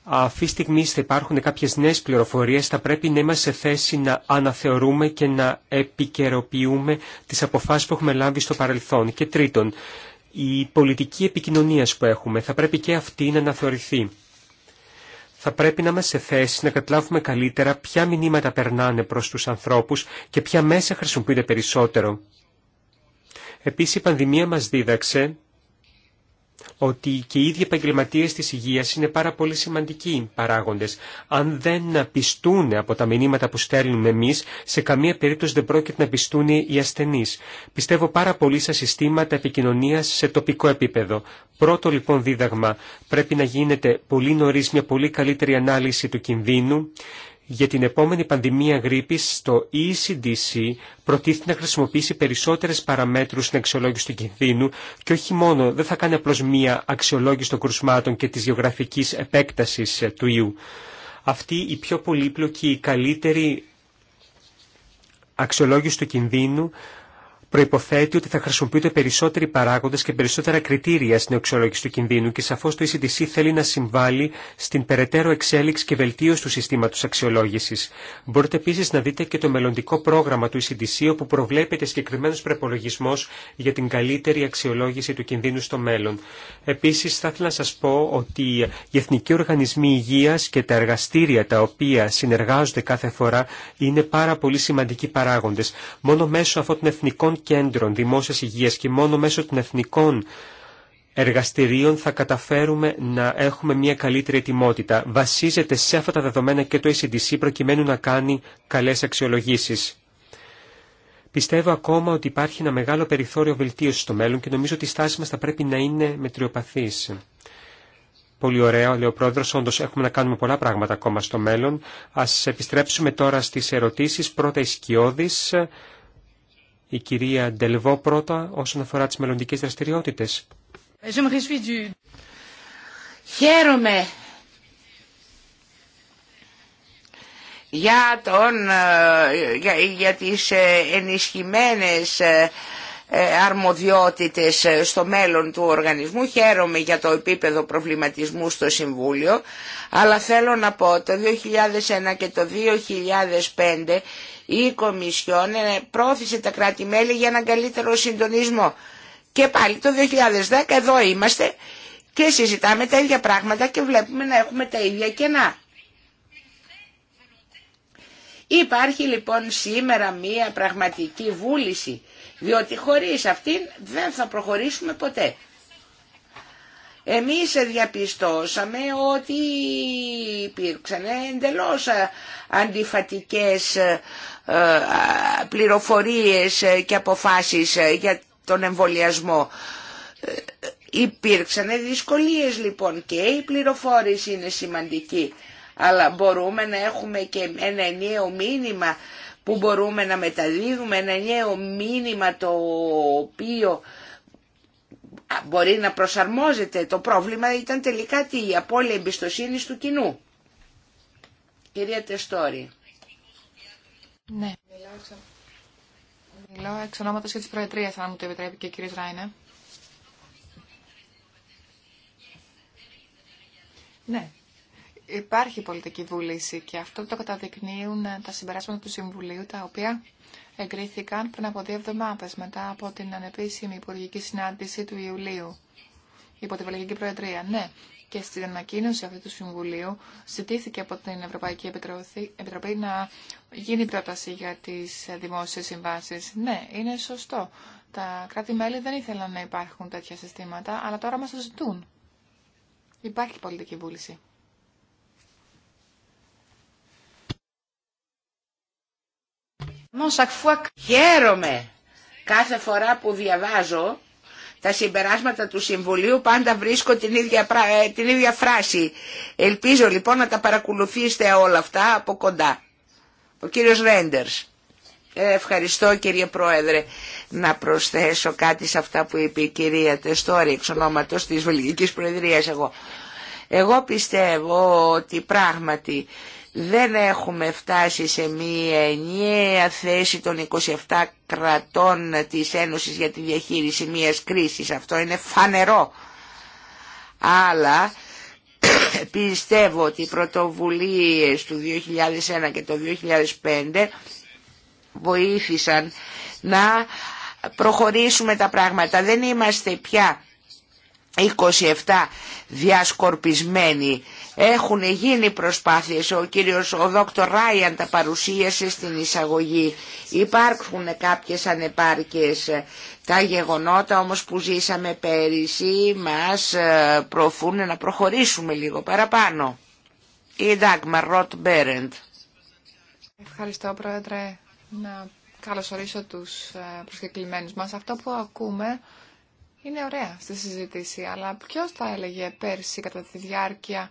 αυτή τη στιγμή θα υπάρχουν κάποιες νέες πληροφορίες, θα πρέπει να είμαστε σε θέση να αναθεωρούμε και να επικαιροποιούμε τις αποφάσεις που έχουμε λάβει στο παρελθόν. Και τρίτον, η πολιτική επικοινωνία που έχουμε θα πρέπει και αυτή να αναθεωρηθεί. Θα πρέπει να είμαστε σε θέση να καταλάβουμε καλύτερα ποια μηνύματα περνάνε προς τους ανθρώπους και ποια μέσα χρησιμοποιούνται περισσότερο. Επίσης η πανδημία μας δίδαξε ότι και οι ίδιοι επαγγελματίε της υγείας είναι πάρα πολύ σημαντικοί παράγοντες. Αν δεν να πιστούν από τα μηνύματα που στέλνουμε εμείς, σε καμία περίπτωση δεν πρόκειται να πιστούν οι ασθενείς. Πιστεύω πάρα πολύ στα συστήματα επικοινωνίας σε τοπικό επίπεδο. Πρώτο λοιπόν δίδαγμα, πρέπει να γίνεται πολύ νωρίς μια πολύ καλύτερη ανάλυση του κινδύνου για την επόμενη πανδημία γρήπης, το ECDC προτίθεται να χρησιμοποιήσει περισσότερες παραμέτρους στην αξιολόγηση του κινδύνου και όχι μόνο δεν θα κάνει απλώς μία αξιολόγηση των κρουσμάτων και της γεωγραφικής επέκτασης ε, του ιού. Αυτή η πιο πολύπλοκη, η καλύτερη αξιολόγηση του κινδύνου προποθέτει ότι θα χρησιμοποιούνται περισσότεροι παράγοντε και περισσότερα κριτήρια στην αξιολόγηση του κινδύνου και σαφώ το ECDC θέλει να συμβάλλει στην περαιτέρω εξέλιξη και βελτίωση του συστήματο αξιολόγηση. Μπορείτε επίση να δείτε και το μελλοντικό πρόγραμμα του ECDC όπου προβλέπεται συγκεκριμένο προπολογισμό για την καλύτερη αξιολόγηση του κινδύνου στο μέλλον. Επίση θα ήθελα να σα πω ότι οι εθνικοί οργανισμοί υγεία και τα εργαστήρια τα οποία συνεργάζονται κάθε φορά είναι πάρα πολύ σημαντικοί παράγοντε. Μόνο μέσω αυτών των εθνικών κέντρων δημόσιας υγείας και μόνο μέσω των εθνικών εργαστηρίων θα καταφέρουμε να έχουμε μια καλύτερη ετοιμότητα. Βασίζεται σε αυτά τα δεδομένα και το ECDC προκειμένου να κάνει καλές αξιολογήσεις. Πιστεύω ακόμα ότι υπάρχει ένα μεγάλο περιθώριο βελτίωση στο μέλλον και νομίζω ότι η στάση μας θα πρέπει να είναι μετριοπαθής. Πολύ ωραία, λέει ο Πρόεδρος, όντως έχουμε να κάνουμε πολλά πράγματα ακόμα στο μέλλον. Ας επιστρέψουμε τώρα στις ερωτήσεις. Πρώτα η Σκιώδης, η κυρία Ντελβό πρώτα όσον αφορά τις μελλοντικές δραστηριότητες. Χαίρομαι για, τον, ε, για, για τις ε, ενισχυμένες ε, αρμοδιότητες στο μέλλον του οργανισμού. Χαίρομαι για το επίπεδο προβληματισμού στο Συμβούλιο, αλλά θέλω να πω το 2001 και το 2005 η Κομισιόν πρόθεσε τα κράτη-μέλη για έναν καλύτερο συντονισμό. Και πάλι το 2010 εδώ είμαστε και συζητάμε τα ίδια πράγματα και βλέπουμε να έχουμε τα ίδια κενά. Υπάρχει λοιπόν σήμερα μία πραγματική βούληση, διότι χωρίς αυτήν δεν θα προχωρήσουμε ποτέ. Εμείς διαπιστώσαμε ότι υπήρξαν εντελώς αντιφατικές ε, ε, πληροφορίες και αποφάσεις για τον εμβολιασμό. Ε, υπήρξαν δυσκολίες λοιπόν και η πληροφόρηση είναι σημαντική, αλλά μπορούμε να έχουμε και ένα ενιαίο μήνυμα που μπορούμε να μεταδίδουμε, ένα ενιαίο μήνυμα το οποίο μπορεί να προσαρμόζεται. Το πρόβλημα ήταν τελικά τι, η απώλεια εμπιστοσύνη του κοινού. Κυρία Τεστόρη. Ναι, Μιλώ εξ, ονόματο και τη Προεδρία, αν μου το επιτρέπει και ο κύριο Ράινε. Ναι, υπάρχει πολιτική βούληση και αυτό το καταδεικνύουν τα συμπεράσματα του Συμβουλίου, τα οποία εγκρίθηκαν πριν από δύο εβδομάδες μετά από την ανεπίσημη υπουργική συνάντηση του Ιουλίου υπό τη Βελγική Προεδρία. Ναι, και στην ανακοίνωση αυτού του Συμβουλίου ζητήθηκε από την Ευρωπαϊκή Επιτροπή να γίνει πρόταση για τις δημόσιες συμβάσεις. Ναι, είναι σωστό. Τα κράτη-μέλη δεν ήθελαν να υπάρχουν τέτοια συστήματα, αλλά τώρα μας το ζητούν. Υπάρχει πολιτική βούληση. Χαίρομαι κάθε φορά που διαβάζω τα συμπεράσματα του Συμβουλίου πάντα βρίσκω την ίδια, ε, την ίδια φράση. Ελπίζω λοιπόν να τα παρακολουθήσετε όλα αυτά από κοντά. Ο κύριος Ρέντερς. Ε, ευχαριστώ κύριε Πρόεδρε να προσθέσω κάτι σε αυτά που είπε η κυρία Τεστόρη εξ ονόματος της Βελγικής Προεδρίας εγώ. Εγώ πιστεύω ότι πράγματι δεν έχουμε φτάσει σε μία ενιαία θέση των 27 κρατών της Ένωσης για τη διαχείριση μίας κρίσης. Αυτό είναι φανερό. Αλλά (coughs) πιστεύω ότι οι πρωτοβουλίες του 2001 και το 2005 βοήθησαν να προχωρήσουμε τα πράγματα. Δεν είμαστε πια 27 διασκορπισμένοι έχουν γίνει προσπάθειες, ο κύριος ο Δόκτωρ Ράιαν τα παρουσίασε στην εισαγωγή. Υπάρχουν κάποιες ανεπάρκειες. Τα γεγονότα όμως που ζήσαμε πέρυσι μας ε, προωθούν να προχωρήσουμε λίγο παραπάνω. Η Ντάγμα Ροτ Μπέρεντ. Ευχαριστώ Πρόεδρε να καλωσορίσω τους ε, προσκεκλημένους μας. Αυτό που ακούμε είναι ωραία στη συζήτηση, αλλά ποιος θα έλεγε πέρσι κατά τη διάρκεια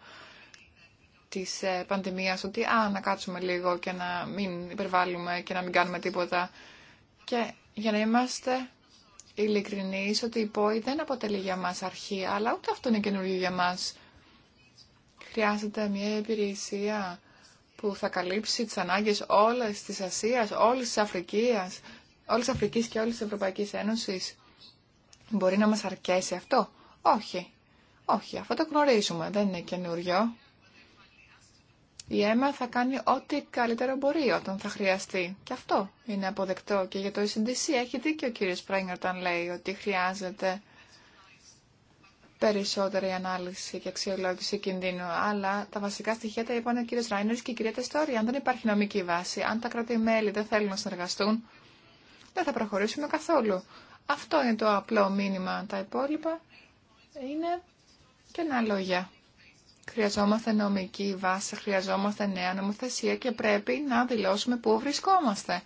της ε, πανδημίας ότι α, να κάτσουμε λίγο και να μην υπερβάλλουμε και να μην κάνουμε τίποτα. Και για να είμαστε ειλικρινείς ότι η ΠΟΗ δεν αποτελεί για μας αρχή, αλλά ούτε αυτό είναι καινούργιο για μας. Χρειάζεται μια υπηρεσία που θα καλύψει τις ανάγκες όλες της Ασίας, όλης της Αφρική, Αφρικής και όλης της Ευρωπαϊκής Ένωσης. Μπορεί να μας αρκέσει αυτό. Όχι. Όχι, αυτό το γνωρίζουμε. Δεν είναι καινούριο. Η αίμα θα κάνει ό,τι καλύτερο μπορεί όταν θα χρειαστεί. Και αυτό είναι αποδεκτό. Και για το ECDC έχει δίκιο ο κύριος Φρέγκερ όταν λέει ότι χρειάζεται περισσότερη ανάλυση και αξιολόγηση κινδύνου. Αλλά τα βασικά στοιχεία τα είπαν ο κύριος Ράινερ και η κυρία Τεστόρη. Αν δεν υπάρχει νομική βάση, αν τα κρατημέλη δεν θέλουν να συνεργαστούν, δεν θα προχωρήσουμε καθόλου. Αυτό είναι το απλό μήνυμα. Τα υπόλοιπα είναι και ένα λόγια. Χρειαζόμαστε νομική βάση, χρειαζόμαστε νέα νομοθεσία και πρέπει να δηλώσουμε πού βρισκόμαστε.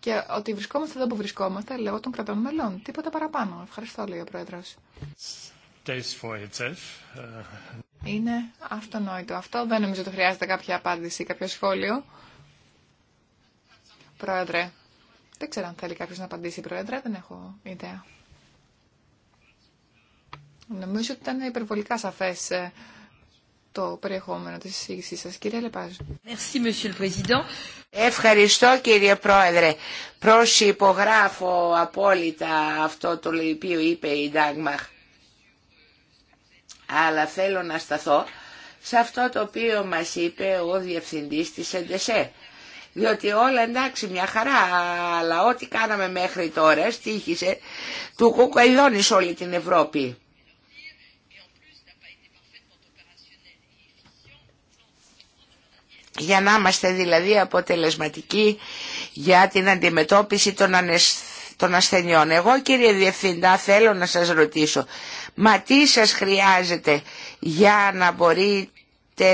Και ότι βρισκόμαστε εδώ που βρισκόμαστε λόγω των κρατών μελών. Τίποτα παραπάνω. Ευχαριστώ, λέει ο Πρόεδρο. Είναι αυτονόητο αυτό. Δεν νομίζω ότι χρειάζεται κάποια απάντηση ή κάποιο σχόλιο. Πρόεδρε, δεν ξέρω αν θέλει κάποιο να απαντήσει, Πρόεδρε. Δεν έχω ιδέα. Νομίζω ότι ήταν υπερβολικά σαφές ε, το περιεχόμενο της συζήτησής σας. Κύριε Λεπάζου. Ευχαριστώ κύριε Πρόεδρε. Προσυπογράφω απόλυτα αυτό το οποίο είπε η Ντάγμαχ. Αλλά θέλω να σταθώ σε αυτό το οποίο μας είπε ο Διευθυντής της ΕΝΤΕΣΕ. Διότι όλα εντάξει μια χαρά, αλλά ό,τι κάναμε μέχρι τώρα στήχησε του σε όλη την Ευρώπη. για να είμαστε δηλαδή αποτελεσματικοί για την αντιμετώπιση των, ανεσ... ασθενειών. Εγώ κύριε Διευθυντά θέλω να σας ρωτήσω, μα τι σας χρειάζεται για να μπορείτε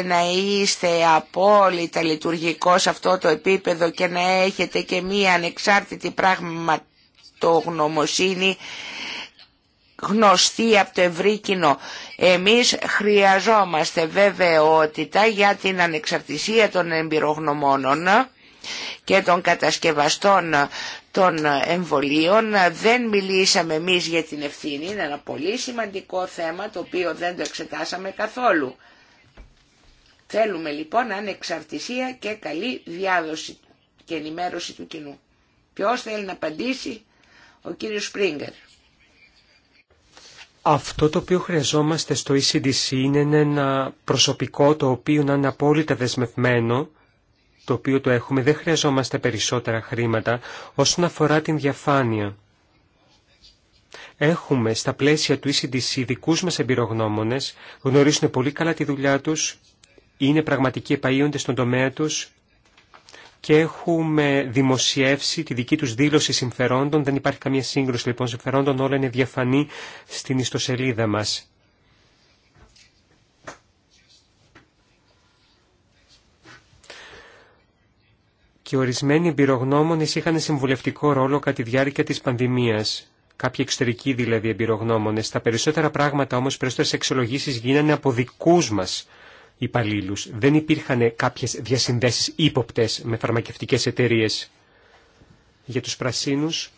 να είστε απόλυτα λειτουργικό σε αυτό το επίπεδο και να έχετε και μία ανεξάρτητη πραγματογνωμοσύνη γνωστή από το ευρύ κοινό. Εμείς χρειαζόμαστε βεβαιότητα για την ανεξαρτησία των εμπειρογνωμόνων και των κατασκευαστών των εμβολίων. Δεν μιλήσαμε εμείς για την ευθύνη, είναι ένα πολύ σημαντικό θέμα το οποίο δεν το εξετάσαμε καθόλου. Θέλουμε λοιπόν ανεξαρτησία και καλή διάδοση και ενημέρωση του κοινού. Ποιος θέλει να απαντήσει, ο κύριος Σπρίγκερ. Αυτό το οποίο χρειαζόμαστε στο ECDC είναι ένα προσωπικό το οποίο να είναι απόλυτα δεσμευμένο, το οποίο το έχουμε, δεν χρειαζόμαστε περισσότερα χρήματα όσον αφορά την διαφάνεια. Έχουμε στα πλαίσια του ECDC δικούς μας εμπειρογνώμονες, γνωρίζουν πολύ καλά τη δουλειά τους, είναι πραγματικοί επαΐοντες στον τομέα τους και έχουμε δημοσιεύσει τη δική τους δήλωση συμφερόντων. Δεν υπάρχει καμία σύγκρουση λοιπόν συμφερόντων, όλα είναι διαφανή στην ιστοσελίδα μας. Και ορισμένοι εμπειρογνώμονες είχαν συμβουλευτικό ρόλο κατά τη διάρκεια της πανδημίας. Κάποιοι εξωτερικοί δηλαδή εμπειρογνώμονες. Τα περισσότερα πράγματα όμως, περισσότερες εξολογήσεις γίνανε από δικούς μας δεν υπήρχαν κάποιες διασυνδέσεις ύποπτες με φαρμακευτικές εταιρείες. Για τους πρασίνους...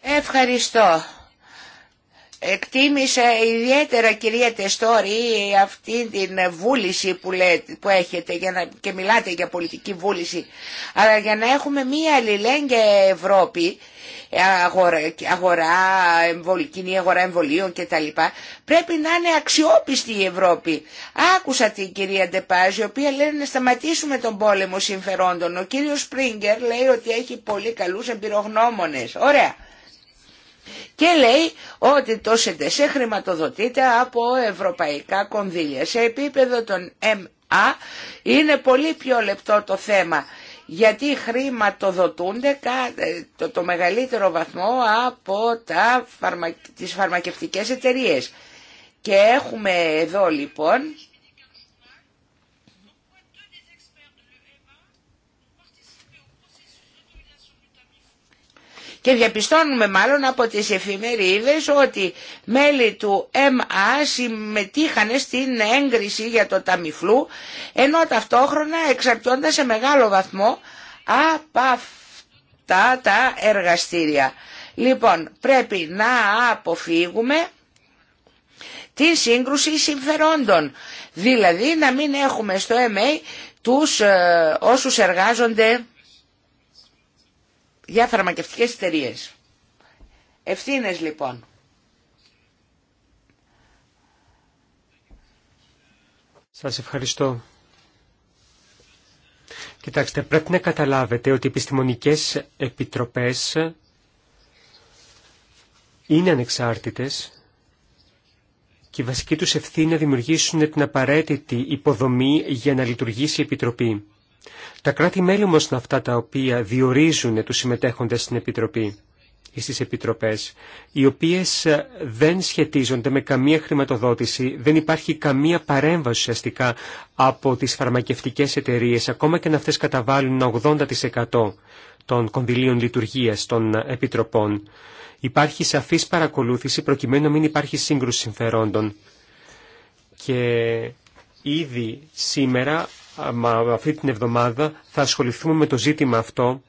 Ευχαριστώ. Εκτίμησα ιδιαίτερα κυρία Τεστόρη αυτή την βούληση που, λέτε, που έχετε για να, και μιλάτε για πολιτική βούληση αλλά για να έχουμε μία αλληλέγγυα Ευρώπη αγορά, αγορά κοινή αγορά εμβολίων κτλ πρέπει να είναι αξιόπιστη η Ευρώπη άκουσα την κυρία Ντεπάζ η οποία λέει να σταματήσουμε τον πόλεμο συμφερόντων ο κύριος Σπρίγκερ λέει ότι έχει πολύ καλούς εμπειρογνώμονες ωραία και λέει ότι το ΣΕΝΤΕΣΕ χρηματοδοτείται από ευρωπαϊκά κονδύλια. Σε επίπεδο των ΜΑ είναι πολύ πιο λεπτό το θέμα γιατί χρηματοδοτούνται ε, το, το μεγαλύτερο βαθμό από τα, φαρμα, τις φαρμακευτικές εταιρείες. Και έχουμε εδώ λοιπόν και διαπιστώνουμε μάλλον από τις εφημερίδες ότι μέλη του ΜΑ συμμετείχαν στην έγκριση για το ταμιφλού ενώ ταυτόχρονα εξαρτώντα σε μεγάλο βαθμό από αυτά τα εργαστήρια. Λοιπόν, πρέπει να αποφύγουμε τη σύγκρουση συμφερόντων. Δηλαδή να μην έχουμε στο MA τους ε, όσους εργάζονται για φαρμακευτικές εταιρείε. Ευθύνες λοιπόν. Σας ευχαριστώ. Κοιτάξτε, πρέπει να καταλάβετε ότι οι επιστημονικές επιτροπές είναι ανεξάρτητες και η βασική τους ευθύνη να δημιουργήσουν την απαραίτητη υποδομή για να λειτουργήσει η Επιτροπή. Τα κράτη-μέλη όμως είναι αυτά τα οποία διορίζουν τους συμμετέχοντες στην Επιτροπή ή στις Επιτροπές, οι οποίες ε, δεν σχετίζονται με καμία χρηματοδότηση, δεν υπάρχει καμία παρέμβαση ουσιαστικά από τις φαρμακευτικές εταιρείες, ακόμα και να αυτές καταβάλουν 80% των κονδυλίων λειτουργίας των ε, Επιτροπών. Υπάρχει σαφής παρακολούθηση προκειμένου να μην υπάρχει σύγκρουση συμφερόντων. Και ήδη σήμερα αυτή την εβδομάδα θα ασχοληθούμε με το ζήτημα αυτό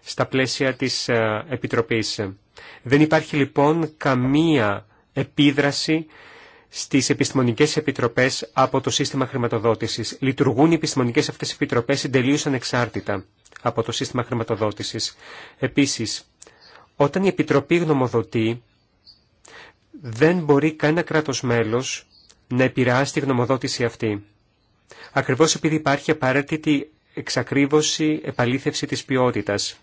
στα πλαίσια της ε, Επιτροπής. Δεν υπάρχει λοιπόν καμία επίδραση στις επιστημονικές επιτροπές από το σύστημα χρηματοδότησης. Λειτουργούν οι επιστημονικές αυτές επιτροπές ανεξάρτητα από το σύστημα χρηματοδότησης. Επίσης, όταν η Επιτροπή γνωμοδοτεί, δεν μπορεί κανένα κράτος μέλος να επηρεάσει τη γνωμοδότηση αυτή ακριβώς επειδή υπάρχει απαραίτητη εξακρίβωση, επαλήθευση της ποιότητας.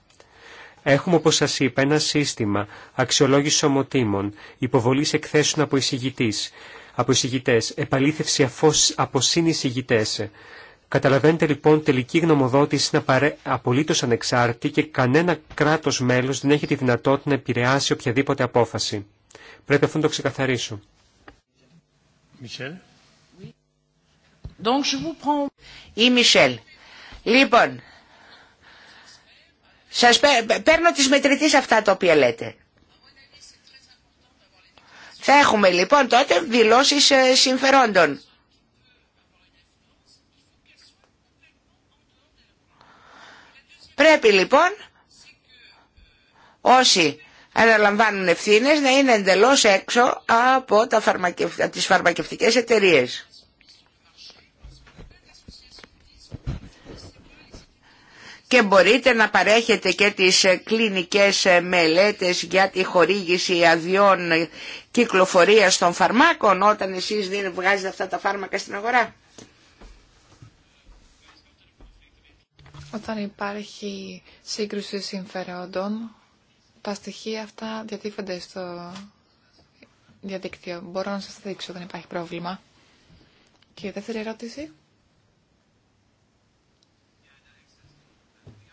Έχουμε, όπως σας είπα, ένα σύστημα αξιολόγηση ομοτήμων, υποβολής εκθέσεων από εισηγητής, από εισηγητές, επαλήθευση αφός, από συνεισηγητές. Καταλαβαίνετε λοιπόν τελική γνωμοδότηση είναι απολύτω απολύτως ανεξάρτητη και κανένα κράτος μέλος δεν έχει τη δυνατότητα να επηρεάσει οποιαδήποτε απόφαση. Πρέπει αυτό να το ξεκαθαρίσω. Donc, je Λοιπόν, σας παίρνω τις μετρητές αυτά τα οποία λέτε. Θα έχουμε λοιπόν τότε δηλώσεις ε, συμφερόντων. Πρέπει λοιπόν όσοι αναλαμβάνουν ευθύνες να είναι εντελώς έξω από τα φαρμακευ... τις φαρμακευτικές εταιρείες. και μπορείτε να παρέχετε και τις ε, κλινικές ε, μελέτες για τη χορήγηση αδειών ε, κυκλοφορίας των φαρμάκων όταν εσείς δεν βγάζετε αυτά τα φάρμακα στην αγορά. Όταν υπάρχει σύγκρουση συμφερόντων, τα στοιχεία αυτά διατίθενται στο διαδίκτυο. Μπορώ να σας δείξω, δεν υπάρχει πρόβλημα. Και η δεύτερη ερώτηση.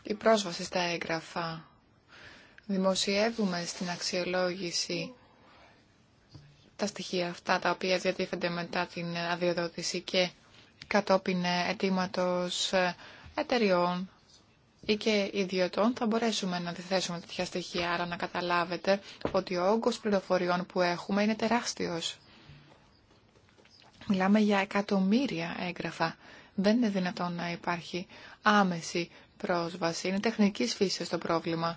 η πρόσβαση στα έγγραφα. Δημοσιεύουμε στην αξιολόγηση τα στοιχεία αυτά τα οποία διατίθενται μετά την αδειοδότηση και κατόπιν αιτήματος εταιριών ή και ιδιωτών θα μπορέσουμε να αντιθέσουμε τέτοια στοιχεία, άρα να καταλάβετε ότι ο όγκος πληροφοριών που έχουμε είναι τεράστιος. Μιλάμε για εκατομμύρια έγγραφα. Δεν είναι δυνατόν να υπάρχει άμεση πρόσβαση. Είναι τεχνικής φύσης το πρόβλημα.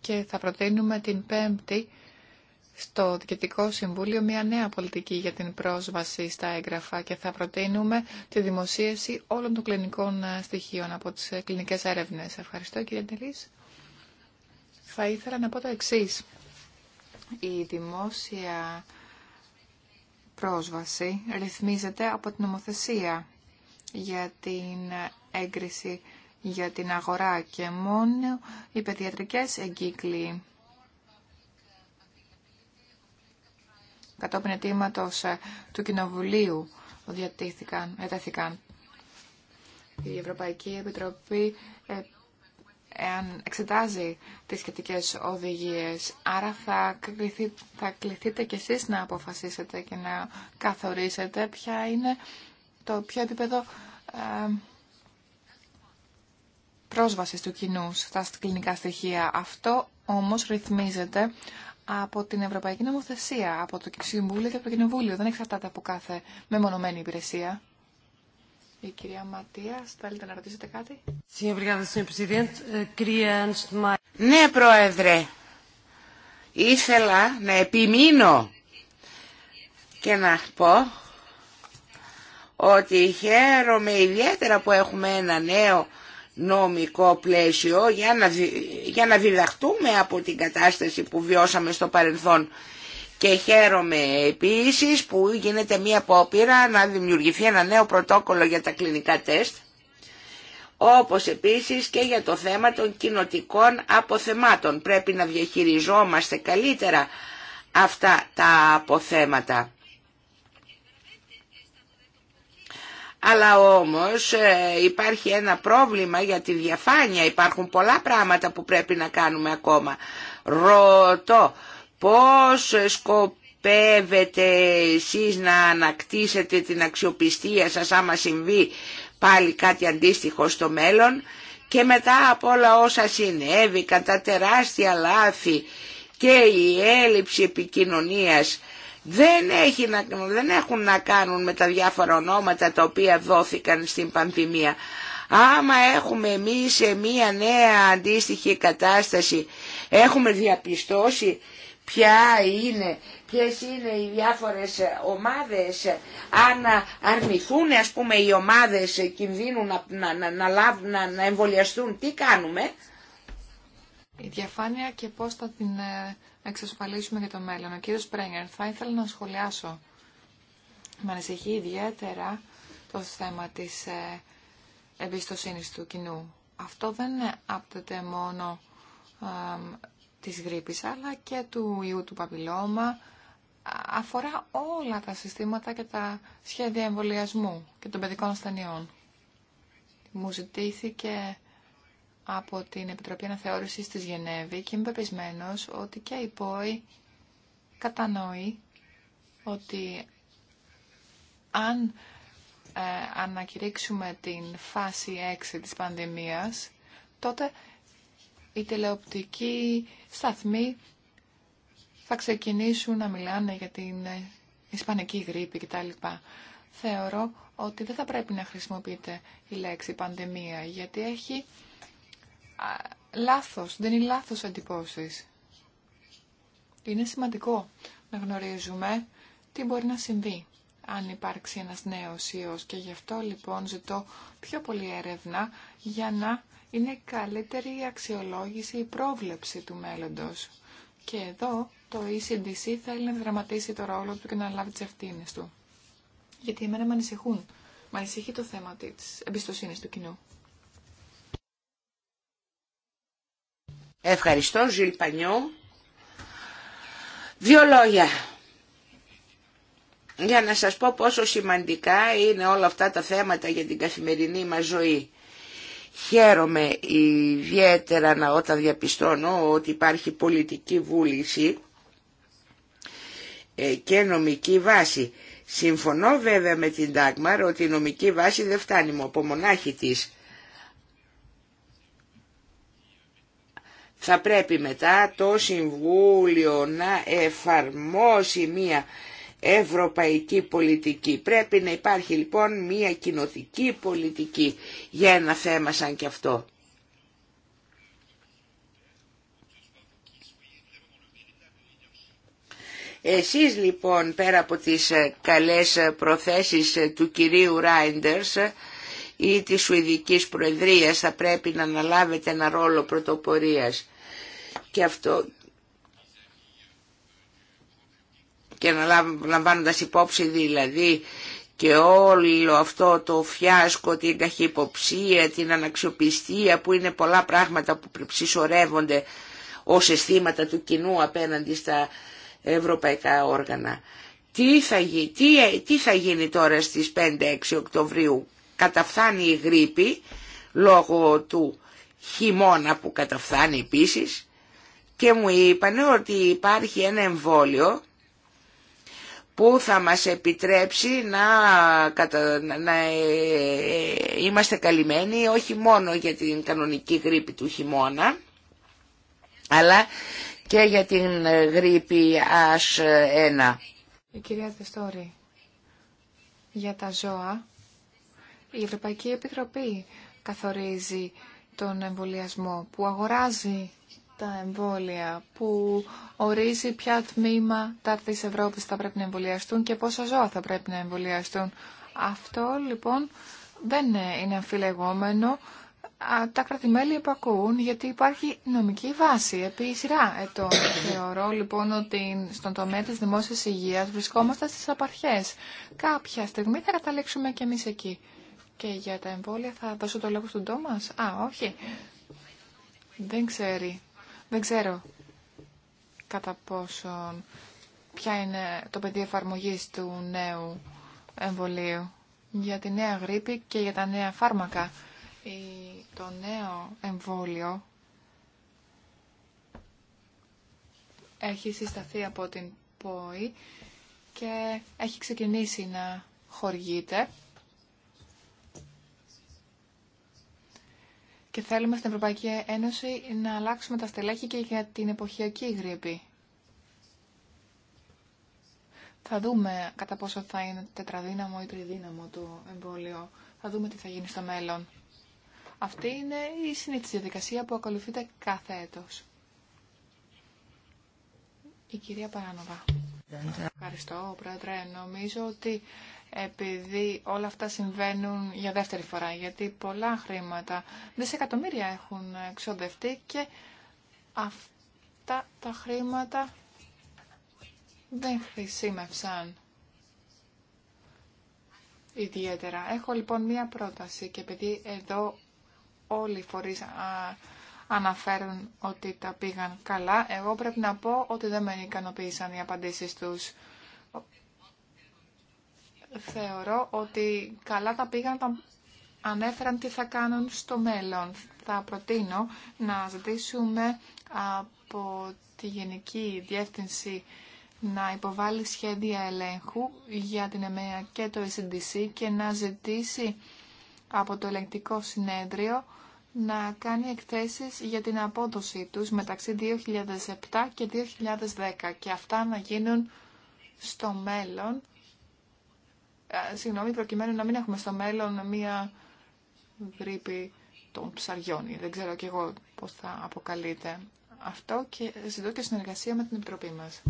Και θα προτείνουμε την Πέμπτη στο Διοικητικό Συμβούλιο μια νέα πολιτική για την πρόσβαση στα έγγραφα και θα προτείνουμε τη δημοσίευση όλων των κλινικών ε, στοιχείων από τις ε, κλινικές έρευνες. Ευχαριστώ κύριε Ντελής. Θα ήθελα να πω το εξής. Η δημόσια πρόσβαση ρυθμίζεται από την νομοθεσία για την έγκριση για την αγορά και μόνο οι παιδιατρικές εγκύκλοι κατόπιν αιτήματος ε, του Κοινοβουλίου διατήθηκαν, ετέθηκαν. Η Ευρωπαϊκή Επιτροπή ε, εάν εξετάζει τις σχετικές οδηγίες. Άρα θα, κληθεί, θα κληθείτε κι εσείς να αποφασίσετε και να καθορίσετε ποια είναι το ποιο επίπεδο ε, πρόσβασης του κοινού στα κλινικά στοιχεία. Αυτό όμως ρυθμίζεται από την Ευρωπαϊκή Νομοθεσία, από το Συμβούλιο και από το Κοινοβούλιο. Δεν εξαρτάται από κάθε μεμονωμένη υπηρεσία. Η κυρία Ματία, θέλετε να ρωτήσετε κάτι. Eh, ναι, Πρόεδρε. Ήθελα να επιμείνω και να πω ότι χαίρομαι ιδιαίτερα που έχουμε ένα νέο νομικό πλαίσιο για να, για να διδαχτούμε από την κατάσταση που βιώσαμε στο παρελθόν και χαίρομαι επίσης που γίνεται μία απόπειρα να δημιουργηθεί ένα νέο πρωτόκολλο για τα κλινικά τεστ, όπως επίσης και για το θέμα των κοινοτικών αποθεμάτων. Πρέπει να διαχειριζόμαστε καλύτερα αυτά τα αποθέματα. Αλλά όμως ε, υπάρχει ένα πρόβλημα για τη διαφάνεια. Υπάρχουν πολλά πράγματα που πρέπει να κάνουμε ακόμα. Ρωτώ, Πώς σκοπεύετε εσείς να ανακτήσετε την αξιοπιστία σας άμα συμβεί πάλι κάτι αντίστοιχο στο μέλλον και μετά από όλα όσα συνέβη κατά τεράστια λάθη και η έλλειψη επικοινωνίας δεν, έχει να, δεν έχουν να κάνουν με τα διάφορα ονόματα τα οποία δόθηκαν στην πανδημία. Άμα έχουμε εμείς σε μία νέα αντίστοιχη κατάσταση, έχουμε διαπιστώσει ποια είναι, ποιες είναι οι διάφορες ομάδες, αν αρνηθούν ας πούμε οι ομάδες κινδύνου να, να, να, να, εμβολιαστούν, τι κάνουμε. Η διαφάνεια και πώς θα την ε, εξασφαλίσουμε για το μέλλον. Ο κύριος Πρέγγερ, θα ήθελα να σχολιάσω. Με ανησυχεί ιδιαίτερα το θέμα της ε, εμπιστοσύνης του κοινού. Αυτό δεν άπτεται μόνο ε, της γρήπης αλλά και του ιού του παπιλώμα αφορά όλα τα συστήματα και τα σχέδια εμβολιασμού και των παιδικών ασθενειών. Μου ζητήθηκε από την Επιτροπή Αναθεώρησης της Γενέβη και είμαι πεπισμένος ότι και η ΠΟΗ κατανοεί ότι αν ε, ανακηρύξουμε την φάση 6 της πανδημίας, τότε οι τηλεοπτικοί σταθμοί θα ξεκινήσουν να μιλάνε για την ισπανική γρήπη κτλ. Θεωρώ ότι δεν θα πρέπει να χρησιμοποιείται η λέξη πανδημία, γιατί έχει λάθος, δεν είναι λάθος εντυπώσεις. Είναι σημαντικό να γνωρίζουμε τι μπορεί να συμβεί αν υπάρξει ένας νέος ιός και γι' αυτό λοιπόν ζητώ πιο πολύ έρευνα για να είναι καλύτερη η αξιολόγηση, η πρόβλεψη του μέλλοντος. Και εδώ το ECDC θέλει να δραματίσει το ρόλο του και να λάβει τις ευθύνε του. Γιατί εμένα με ανησυχούν. Με ανησυχεί το θέμα της εμπιστοσύνης του κοινού. Ευχαριστώ, Ζιλ Πανιό. Δύο λόγια. Για να σας πω πόσο σημαντικά είναι όλα αυτά τα θέματα για την καθημερινή μας ζωή. Χαίρομαι ιδιαίτερα να όταν διαπιστώνω ότι υπάρχει πολιτική βούληση ε, και νομική βάση. Συμφωνώ βέβαια με την Τάγμαρ ότι η νομική βάση δεν φτάνει μου από μονάχη της. Θα πρέπει μετά το Συμβούλιο να εφαρμόσει μία ευρωπαϊκή πολιτική. Πρέπει να υπάρχει λοιπόν μια κοινοτική πολιτική για ένα θέμα σαν και αυτό. Εσείς λοιπόν πέρα από τις ε, καλές ε, προθέσεις ε, του κυρίου Ράιντερς ή της Σουηδικής Προεδρίας θα πρέπει να αναλάβετε ένα ρόλο πρωτοπορίας. Και αυτό και λαμβάνοντας υπόψη δηλαδή και όλο αυτό το φιάσκο, την καχυποψία, την αναξιοπιστία που είναι πολλά πράγματα που συσσωρεύονται ως αισθήματα του κοινού απέναντι στα ευρωπαϊκά όργανα. Τι θα, γι, τι, θα γίνει τώρα στις 5-6 Οκτωβρίου. Καταφθάνει η γρήπη λόγω του χειμώνα που καταφθάνει επίσης και μου είπαν ότι υπάρχει ένα εμβόλιο που θα μας επιτρέψει να, να ε, είμαστε καλυμμένοι όχι μόνο για την κανονική γρήπη του χειμώνα, αλλά και για την γρήπη H1. Η κυρία Τεστόρη, για τα ζώα, η Ευρωπαϊκή Επιτροπή καθορίζει τον εμβολιασμό που αγοράζει τα εμβόλια που ορίζει ποια τμήμα της Ευρώπης θα πρέπει να εμβολιαστούν και πόσα ζώα θα πρέπει να εμβολιαστούν. Αυτό λοιπόν δεν είναι αμφιλεγόμενο. Τα κρατημέλη επακούν γιατί υπάρχει νομική βάση επί σειρά ετών. Θεωρώ λοιπόν ότι στον τομέα της δημόσιας υγείας βρισκόμαστε στις απαρχές. Κάποια στιγμή θα καταλήξουμε και εμείς εκεί. Και για τα εμβόλια θα δώσω το λόγο στον Τόμας. Α, όχι. Δεν ξέρει δεν ξέρω κατά πόσο ποια είναι το πεδίο εφαρμογή του νέου εμβολίου για τη νέα γρήπη και για τα νέα φάρμακα. Το νέο εμβόλιο έχει συσταθεί από την ΠΟΗ και έχει ξεκινήσει να χορηγείται Και θέλουμε στην Ευρωπαϊκή Ένωση να αλλάξουμε τα στελέχη και για την εποχιακή γρήπη. Θα δούμε κατά πόσο θα είναι τετραδύναμο ή τριδύναμο το εμβόλιο. Θα δούμε τι θα γίνει στο μέλλον. Αυτή είναι η συνήθιση διαδικασία που ακολουθείται κάθε έτος. Η κυρία Παράνοβα. Ευχαριστώ, Πρόεδρε. Νομίζω ότι επειδή όλα αυτά συμβαίνουν για δεύτερη φορά, γιατί πολλά χρήματα, δισεκατομμύρια έχουν εξοδευτεί και αυτά τα χρήματα δεν χρησιμεύσαν ιδιαίτερα. Έχω λοιπόν μία πρόταση και επειδή εδώ όλοι οι φορείς αναφέρουν ότι τα πήγαν καλά, εγώ πρέπει να πω ότι δεν με ικανοποίησαν οι απαντήσεις τους θεωρώ ότι καλά τα πήγαν τα ανέφεραν τι θα κάνουν στο μέλλον. Θα προτείνω να ζητήσουμε από τη Γενική Διεύθυνση να υποβάλει σχέδια ελέγχου για την ΕΜΕΑ και το ECDC και να ζητήσει από το ελεγκτικό συνέδριο να κάνει εκθέσεις για την απόδοσή τους μεταξύ 2007 και 2010 και αυτά να γίνουν στο μέλλον συγγνώμη, προκειμένου να μην έχουμε στο μέλλον μία γρήπη των ψαριών. Δεν ξέρω κι εγώ πώς θα αποκαλείται αυτό και ζητώ και συνεργασία με την Επιτροπή μας.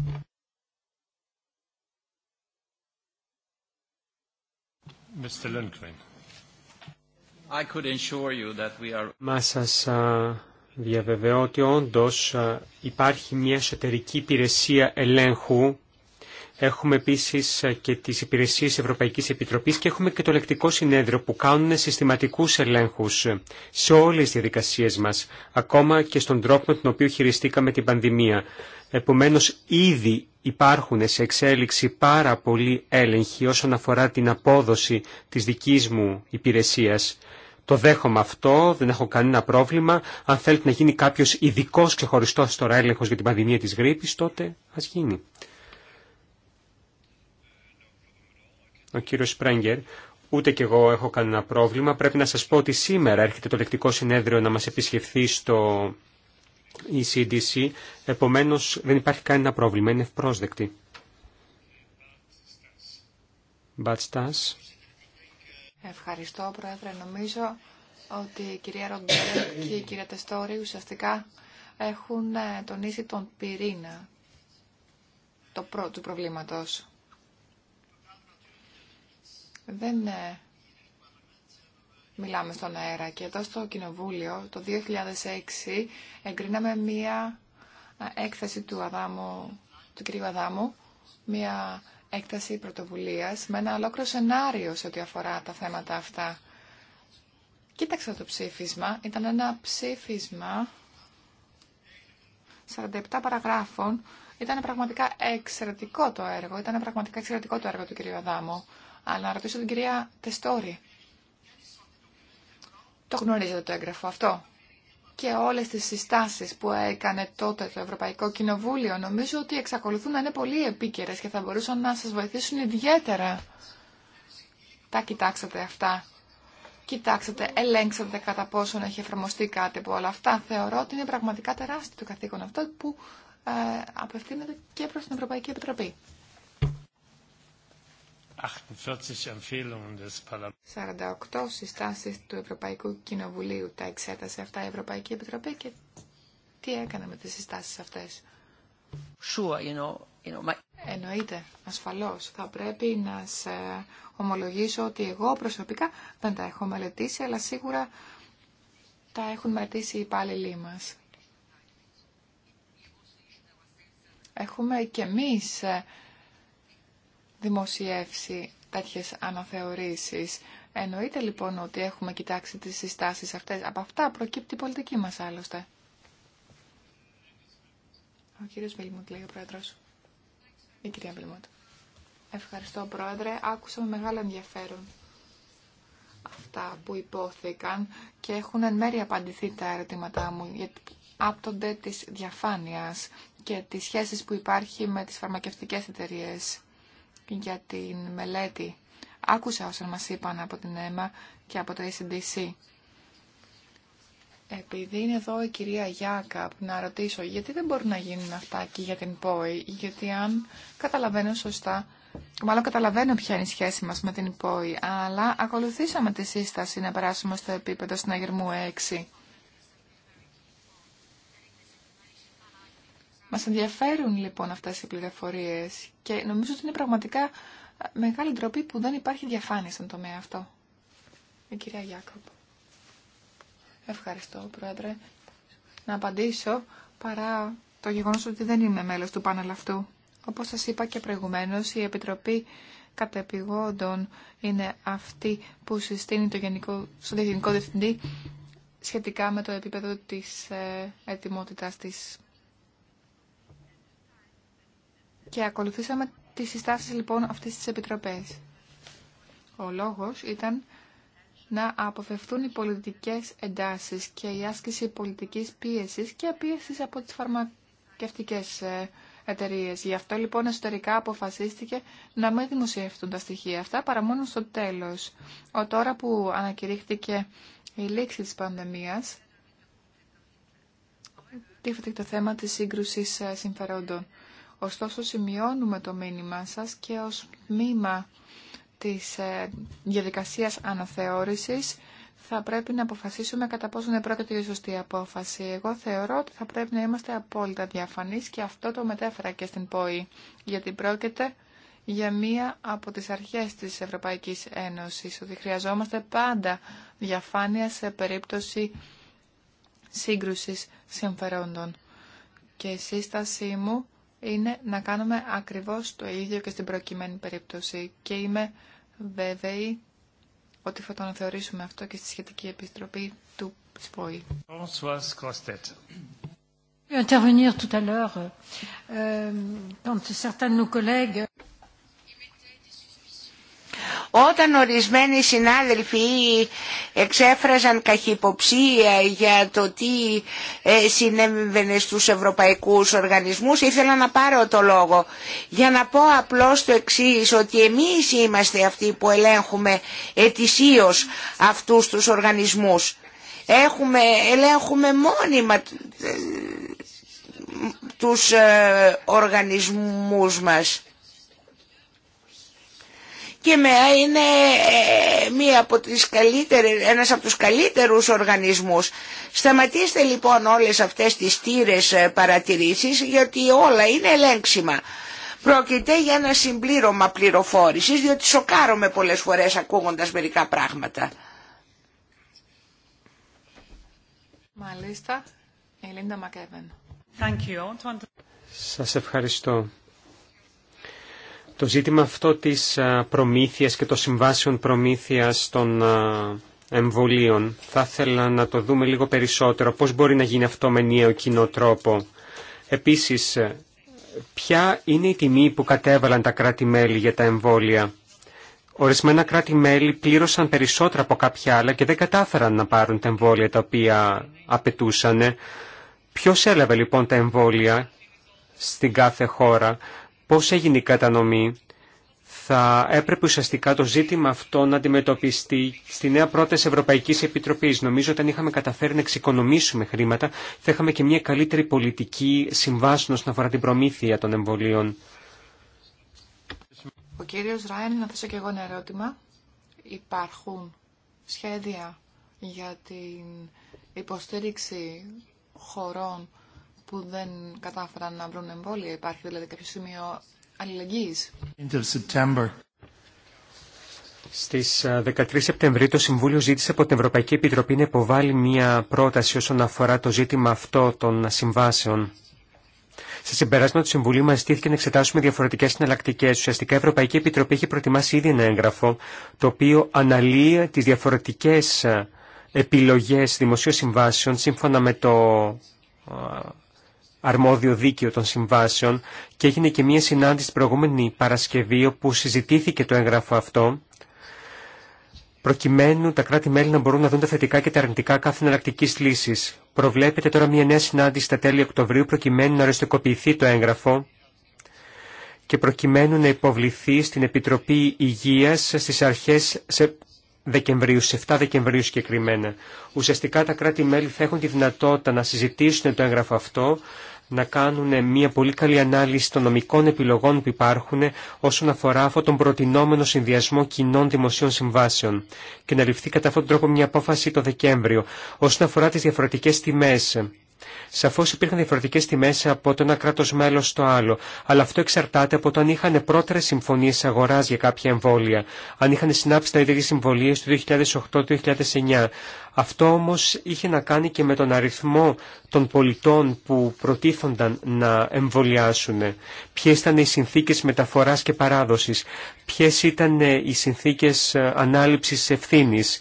Mr. Lundgren. I could ensure you that we are... Μα σας διαβεβαιώ ότι όντως υπάρχει μια εσωτερική υπηρεσία ελέγχου Έχουμε επίση και τι υπηρεσίε Ευρωπαϊκή Επιτροπή και έχουμε και το λεκτικό συνέδριο που κάνουν συστηματικού ελέγχου σε όλε τι διαδικασίε μα, ακόμα και στον τρόπο με τον οποίο χειριστήκαμε την πανδημία. Επομένω, ήδη υπάρχουν σε εξέλιξη πάρα πολλοί έλεγχοι όσον αφορά την απόδοση τη δική μου υπηρεσία. Το δέχομαι αυτό, δεν έχω κανένα πρόβλημα. Αν θέλετε να γίνει κάποιο ειδικό ξεχωριστό τώρα έλεγχο για την πανδημία τη γρήπη, τότε α γίνει. ο κύριος Σπρέγγερ, ούτε κι εγώ έχω κανένα πρόβλημα. Πρέπει να σας πω ότι σήμερα έρχεται το λεκτικό συνέδριο να μας επισκεφθεί στο ECDC, επομένως δεν υπάρχει κανένα πρόβλημα, είναι ευπρόσδεκτη. Ευχαριστώ, Πρόεδρε. Νομίζω ότι η κυρία Ρομπέρ και η κυρία Τεστόρη ουσιαστικά έχουν ε, τονίσει τον πυρήνα το του προβλήματος δεν ε, μιλάμε στον αέρα. Και εδώ στο Κοινοβούλιο το 2006 εγκρίναμε μία ε, έκθεση του, Αδάμου, του κ. Αδάμου, μία έκθεση πρωτοβουλίας με ένα ολόκληρο σενάριο σε ό,τι αφορά τα θέματα αυτά. Κοίταξα το ψήφισμα. Ήταν ένα ψήφισμα 47 παραγράφων. Ήταν πραγματικά εξαιρετικό το έργο. Ήταν πραγματικά εξαιρετικό το έργο του κυρίου Αδάμου. Αλλά να ρωτήσω την κυρία Τεστόρη. Το γνωρίζετε το έγγραφο αυτό. Και όλες τις συστάσεις που έκανε τότε το Ευρωπαϊκό Κοινοβούλιο νομίζω ότι εξακολουθούν να είναι πολύ επίκαιρες και θα μπορούσαν να σας βοηθήσουν ιδιαίτερα. Τα κοιτάξατε αυτά. Κοιτάξατε, ελέγξατε κατά πόσον έχει εφαρμοστεί κάτι από όλα αυτά. Θεωρώ ότι είναι πραγματικά τεράστιο το καθήκον αυτό που ε, απευθύνεται και προς την Ευρωπαϊκή Επιτροπή. 48 συστάσεις του Ευρωπαϊκού Κοινοβουλίου τα εξέτασε αυτά η Ευρωπαϊκή Επιτροπή και τι έκανε με τις συστάσεις αυτές. Sure, you know, Εννοείται, ασφαλώς. Θα πρέπει να σε ομολογήσω ότι εγώ προσωπικά δεν τα έχω μελετήσει, αλλά σίγουρα τα έχουν μελετήσει οι υπάλληλοι μας. Έχουμε και εμείς ε, δημοσιεύσει τέτοιες αναθεωρήσεις. Εννοείται λοιπόν ότι έχουμε κοιτάξει τις συστάσεις αυτές. Από αυτά προκύπτει η πολιτική μας άλλωστε. Ο κύριος Βελμούτ ο Η κυρία Βελμούτ. Ευχαριστώ πρόεδρε. Άκουσα με μεγάλο ενδιαφέρον αυτά που υπόθηκαν και έχουν εν μέρει απαντηθεί τα ερωτήματά μου γιατί άπτονται της διαφάνειας και τις σχέσεις που υπάρχει με τις φαρμακευτικές εταιρείες για την μελέτη. Άκουσα όσα μας είπαν από την ΕΜΑ και από το ECDC. Επειδή είναι εδώ η κυρία Γιάκα, να ρωτήσω γιατί δεν μπορούν να γίνουν αυτά και για την ΠΟΗ, γιατί αν καταλαβαίνω σωστά, μάλλον καταλαβαίνω ποια είναι η σχέση μας με την ΠΟΗ, αλλά ακολουθήσαμε τη σύσταση να περάσουμε στο επίπεδο συναγερμού 6. Μας ενδιαφέρουν λοιπόν αυτές οι πληροφορίες και νομίζω ότι είναι πραγματικά μεγάλη ντροπή που δεν υπάρχει διαφάνεια στον τομέα αυτό. Η ε, κυρία Γιάκοπ. Ευχαριστώ, Πρόεδρε. Να απαντήσω παρά το γεγονός ότι δεν είμαι μέλος του πάνελ αυτού. Όπως σας είπα και προηγουμένως, η Επιτροπή Κατεπηγόντων είναι αυτή που συστήνει το γενικό, στον Διευθυντή σχετικά με το επίπεδο της ε, ετοιμότητας της και ακολουθήσαμε τις συστάσεις λοιπόν αυτής της Επιτροπής. Ο λόγος ήταν να αποφευθούν οι πολιτικές εντάσεις και η άσκηση πολιτικής πίεσης και πίεσης από τις φαρμακευτικές ε, εταιρείες. Γι' αυτό λοιπόν εσωτερικά αποφασίστηκε να μην δημοσιεύτουν τα στοιχεία αυτά παρά μόνο στο τέλος. Ο τώρα που ανακηρύχθηκε η λήξη της πανδημίας, τίθεται το θέμα της σύγκρουσης ε, συμφερόντων. Ωστόσο, σημειώνουμε το μήνυμά σας και ως μήμα της ε, διαδικασίας αναθεώρησης θα πρέπει να αποφασίσουμε κατά πόσο είναι πρόκειται η σωστή απόφαση. Εγώ θεωρώ ότι θα πρέπει να είμαστε απόλυτα διαφανείς και αυτό το μετέφερα και στην ΠΟΗ, γιατί πρόκειται για μία από τις αρχές της Ευρωπαϊκής Ένωσης, ότι χρειαζόμαστε πάντα διαφάνεια σε περίπτωση σύγκρουσης συμφερόντων. Και η σύστασή μου είναι να κάνουμε ακριβώς το ίδιο και στην προκειμένη περίπτωση. Και είμαι βέβαιη ότι θα το αναθεωρήσουμε αυτό και στη σχετική επιστροπή του ΣΠΟΗ. intervenir tout à l'heure euh, certains de nos collègues όταν ορισμένοι συνάδελφοι εξέφραζαν καχυποψία για το τι ε, συνέβαινε στους ευρωπαϊκούς οργανισμούς, ήθελα να πάρω το λόγο για να πω απλώς το εξής, ότι εμείς είμαστε αυτοί που ελέγχουμε ετησίως αυτούς τους οργανισμούς. Έχουμε, ελέγχουμε μόνιμα ε, τους ε, οργανισμούς μας και ΜΕΑ είναι ε, μία από τις καλύτερες, ένας από τους καλύτερους οργανισμούς. Σταματήστε λοιπόν όλες αυτές τις τύρες ε, παρατηρήσεις γιατί όλα είναι ελέγξιμα. Πρόκειται για ένα συμπλήρωμα πληροφόρησης διότι σοκάρομαι πολλές φορές ακούγοντας μερικά πράγματα. Μάλιστα, Ελίντα Μακέβεν. Σας ευχαριστώ. Το ζήτημα αυτό της προμήθειας και των συμβάσεων προμήθειας των εμβολίων. Θα ήθελα να το δούμε λίγο περισσότερο. Πώς μπορεί να γίνει αυτό με νέο κοινό τρόπο. Επίσης, ε, ποια είναι η τιμή που κατέβαλαν τα κράτη-μέλη για τα εμβόλια. Ορισμένα κράτη-μέλη πλήρωσαν περισσότερα από κάποια άλλα και δεν κατάφεραν να πάρουν τα εμβόλια τα οποία απαιτούσαν. Ποιος έλαβε λοιπόν τα εμβόλια στην κάθε χώρα πώς έγινε η κατανομή, θα έπρεπε ουσιαστικά το ζήτημα αυτό να αντιμετωπιστεί στη νέα πρόταση Ευρωπαϊκής Επιτροπής. Νομίζω ότι αν είχαμε καταφέρει να εξοικονομήσουμε χρήματα, θα είχαμε και μια καλύτερη πολιτική συμβάσεων όσον αφορά την προμήθεια των εμβολίων. Ο κύριος Ράιν, να θέσω και εγώ ένα ερώτημα. Υπάρχουν σχέδια για την υποστήριξη χωρών που δεν κατάφεραν να βρουν εμβόλια. Υπάρχει δηλαδή κάποιο σημείο αλληλεγγύης. Στι 13 ε, Σεπτεμβρίου το Συμβούλιο ζήτησε από την Ευρωπαϊκή Επιτροπή να υποβάλει μια πρόταση όσον αφορά το ζήτημα αυτό των συμβάσεων. Σε συμπεράσμα του Συμβουλίου μα ζητήθηκε να εξετάσουμε διαφορετικέ συναλλακτικέ. Ουσιαστικά η Ευρωπαϊκή Επιτροπή έχει προετοιμάσει ήδη ένα έγγραφο το οποίο αναλύει τι διαφορετικέ ε, επιλογέ δημοσίων συμβάσεων σύμφωνα με το ε, αρμόδιο δίκαιο των συμβάσεων και έγινε και μία συνάντηση την προηγούμενη Παρασκευή όπου συζητήθηκε το έγγραφο αυτό προκειμένου τα κράτη-μέλη να μπορούν να δουν τα θετικά και τα αρνητικά κάθε εναλλακτική λύση. Προβλέπεται τώρα μία νέα συνάντηση στα τέλη Οκτωβρίου προκειμένου να οριστικοποιηθεί το έγγραφο και προκειμένου να υποβληθεί στην Επιτροπή Υγείας στις αρχές σε Δεκεμβρίου, σε 7 Δεκεμβρίου συγκεκριμένα. Ουσιαστικά τα κράτη-μέλη θα έχουν τη δυνατότητα να συζητήσουν το έγγραφο αυτό, να κάνουν μια πολύ καλή ανάλυση των νομικών επιλογών που υπάρχουν όσον αφορά αυτόν τον προτινόμενο συνδυασμό κοινών δημοσίων συμβάσεων και να ληφθεί κατά αυτόν τον τρόπο μια απόφαση το Δεκέμβριο όσον αφορά τις διαφορετικές τιμές. Σαφώς υπήρχαν διαφορετικές τιμές από το ένα κράτος μέλος στο άλλο, αλλά αυτό εξαρτάται από το αν είχαν πρώτερες συμφωνίες αγοράς για κάποια εμβόλια, αν είχαν συνάψει τα ίδια συμβολίες του 2008-2009. Αυτό όμως είχε να κάνει και με τον αριθμό των πολιτών που προτίθονταν να εμβολιάσουν. Ποιες ήταν οι συνθήκες μεταφοράς και παράδοσης. Ποιες ήταν οι συνθήκες ε, ανάληψης ευθύνης.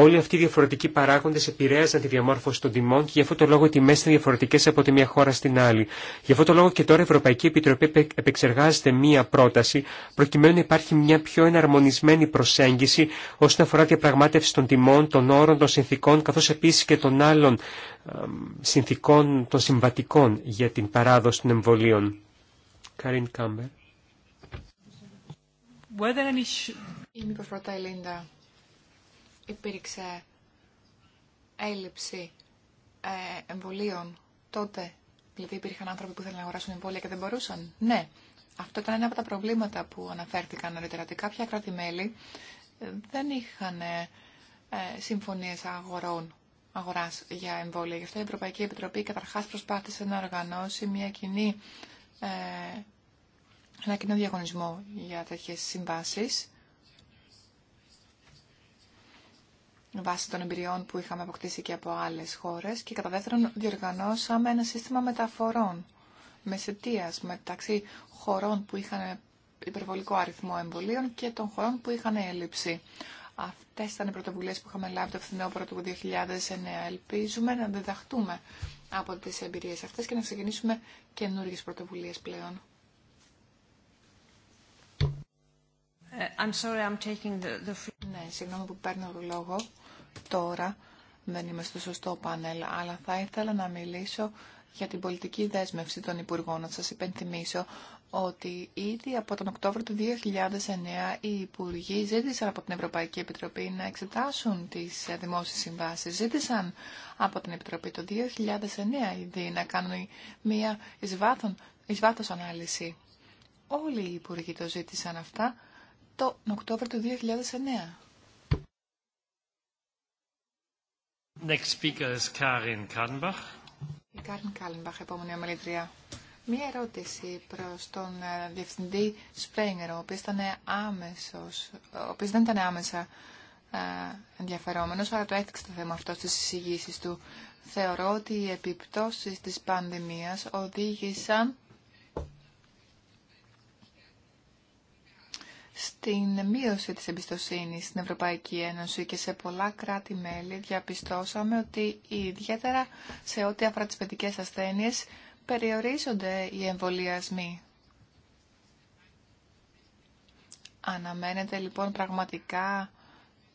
Όλοι αυτοί οι διαφορετικοί παράγοντε επηρέαζαν τη διαμόρφωση των τιμών και γι' αυτό το λόγο οι τιμέ ήταν διαφορετικέ από τη μία χώρα στην άλλη. Γι' αυτό το λόγο και τώρα η Ευρωπαϊκή Επιτροπή επεξεργάζεται μία πρόταση προκειμένου να υπάρχει μια πιο εναρμονισμένη προσέγγιση όσον αφορά τη διαπραγμάτευση των τιμών, των όρων, των συνθήκων καθώ επίση και των άλλων συνθήκων των συμβατικών για την παράδοση των εμβολίων. Καρίν Κάμπερ. Η Λίντα υπήρξε έλλειψη ε, εμβολίων τότε, δηλαδή υπήρχαν άνθρωποι που ήθελαν να αγοράσουν εμβόλια και δεν μπορούσαν. Ναι, αυτό ήταν ένα από τα προβλήματα που αναφέρθηκαν νωρίτερα, ότι κάποια κράτη-μέλη ε, δεν είχαν ε, συμφωνίες αγορών αγοράς για εμβόλια. Γι' αυτό η Ευρωπαϊκή Επιτροπή καταρχάς προσπάθησε να οργανώσει μια ένα κοινό διαγωνισμό για τέτοιες συμβάσεις βάσει των εμπειριών που είχαμε αποκτήσει και από άλλες χώρες και κατά δεύτερον διοργανώσαμε ένα σύστημα μεταφορών με μεταξύ χωρών που είχαν υπερβολικό αριθμό εμβολίων και των χωρών που είχαν έλλειψη. Αυτές ήταν οι πρωτοβουλίες που είχαμε λάβει το φθινόπωρο του 2009. Ελπίζουμε να διδαχτούμε από τις εμπειρίες αυτές και να ξεκινήσουμε καινούργιες πρωτοβουλίε πλέον. Ε, I'm sorry, I'm taking the, ναι, συγγνώμη που παίρνω το λόγο τώρα. Δεν είμαι στο σωστό πανέλ, αλλά θα ήθελα να μιλήσω για την πολιτική δέσμευση των Υπουργών. Να σας υπενθυμίσω ότι ήδη από τον Οκτώβριο του 2009 οι Υπουργοί ζήτησαν από την Ευρωπαϊκή Επιτροπή να εξετάσουν τις ε, δημόσιες συμβάσεις. Ζήτησαν από την Επιτροπή το 2009 ήδη να κάνουν μια ει ανάλυση. Όλοι οι Υπουργοί το ζήτησαν αυτά τον Οκτώβριο του 2009. Next speaker is Karin Kallenbach. Η επόμενη ομιλητρία. Μία ερώτηση προς τον ε, διευθυντή Σπρέγγερ, ο οποίος, ήταν άμεσος, ο οποίος δεν ήταν άμεσα ε, ενδιαφερόμενος, αλλά το έθιξε το θέμα αυτό στις εισηγήσεις του. Θεωρώ ότι οι επιπτώσεις της πανδημίας οδήγησαν στην μείωση της εμπιστοσύνης στην Ευρωπαϊκή Ένωση και σε πολλά κράτη-μέλη διαπιστώσαμε ότι ιδιαίτερα σε ό,τι αφορά τις παιδικές ασθένειες περιορίζονται οι εμβολιασμοί. Αναμένεται λοιπόν πραγματικά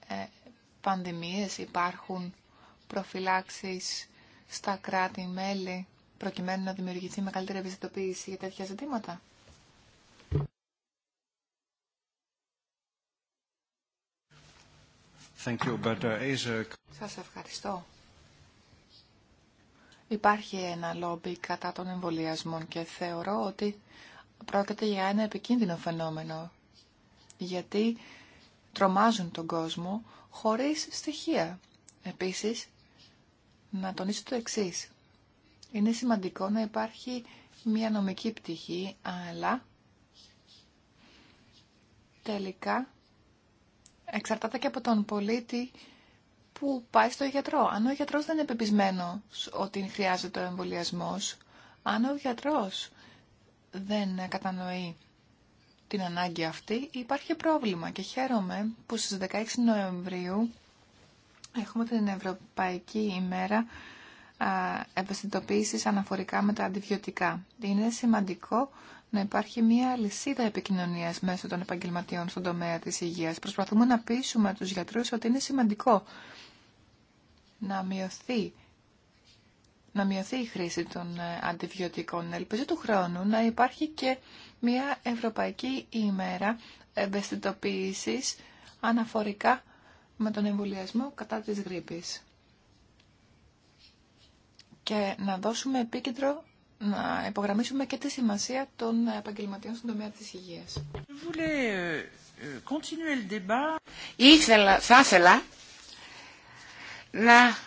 ε, πανδημίες, υπάρχουν προφυλάξεις στα κράτη-μέλη προκειμένου να δημιουργηθεί μεγαλύτερη ευαισθητοποίηση για τέτοια ζητήματα. Thank uh, uh, Σας ευχαριστώ. Υπάρχει ένα λόμπι κατά των εμβολιασμών και θεωρώ ότι πρόκειται για ένα επικίνδυνο φαινόμενο. Γιατί τρομάζουν τον κόσμο χωρίς στοιχεία. Επίσης, να τονίσω το εξής. Είναι σημαντικό να υπάρχει μια νομική πτυχή, αλλά τελικά εξαρτάται και από τον πολίτη που πάει στο γιατρό. Αν ο γιατρό δεν είναι πεπισμένο ότι χρειάζεται ο εμβολιασμό, αν ο γιατρό δεν κατανοεί την ανάγκη αυτή, υπάρχει πρόβλημα και χαίρομαι που στις 16 Νοεμβρίου έχουμε την Ευρωπαϊκή ημέρα ευαισθητοποίησης αναφορικά με τα αντιβιωτικά. Είναι σημαντικό να υπάρχει μια λυσίδα επικοινωνίας μέσω των επαγγελματιών στον τομέα της υγείας. Προσπαθούμε να πείσουμε του γιατρούς ότι είναι σημαντικό να μειωθεί να μειωθεί η χρήση των ε, αντιβιωτικών. Ελπίζω του χρόνου να υπάρχει και μια Ευρωπαϊκή ημέρα ευαισθητοποίησης αναφορικά με τον εμβολιασμό κατά της γρήπης. Και να δώσουμε επίκεντρο να υπογραμμίσουμε και τη σημασία των επαγγελματιών στον τομέα της υγείας. Euh, euh, ήθελα, θα ήθελα να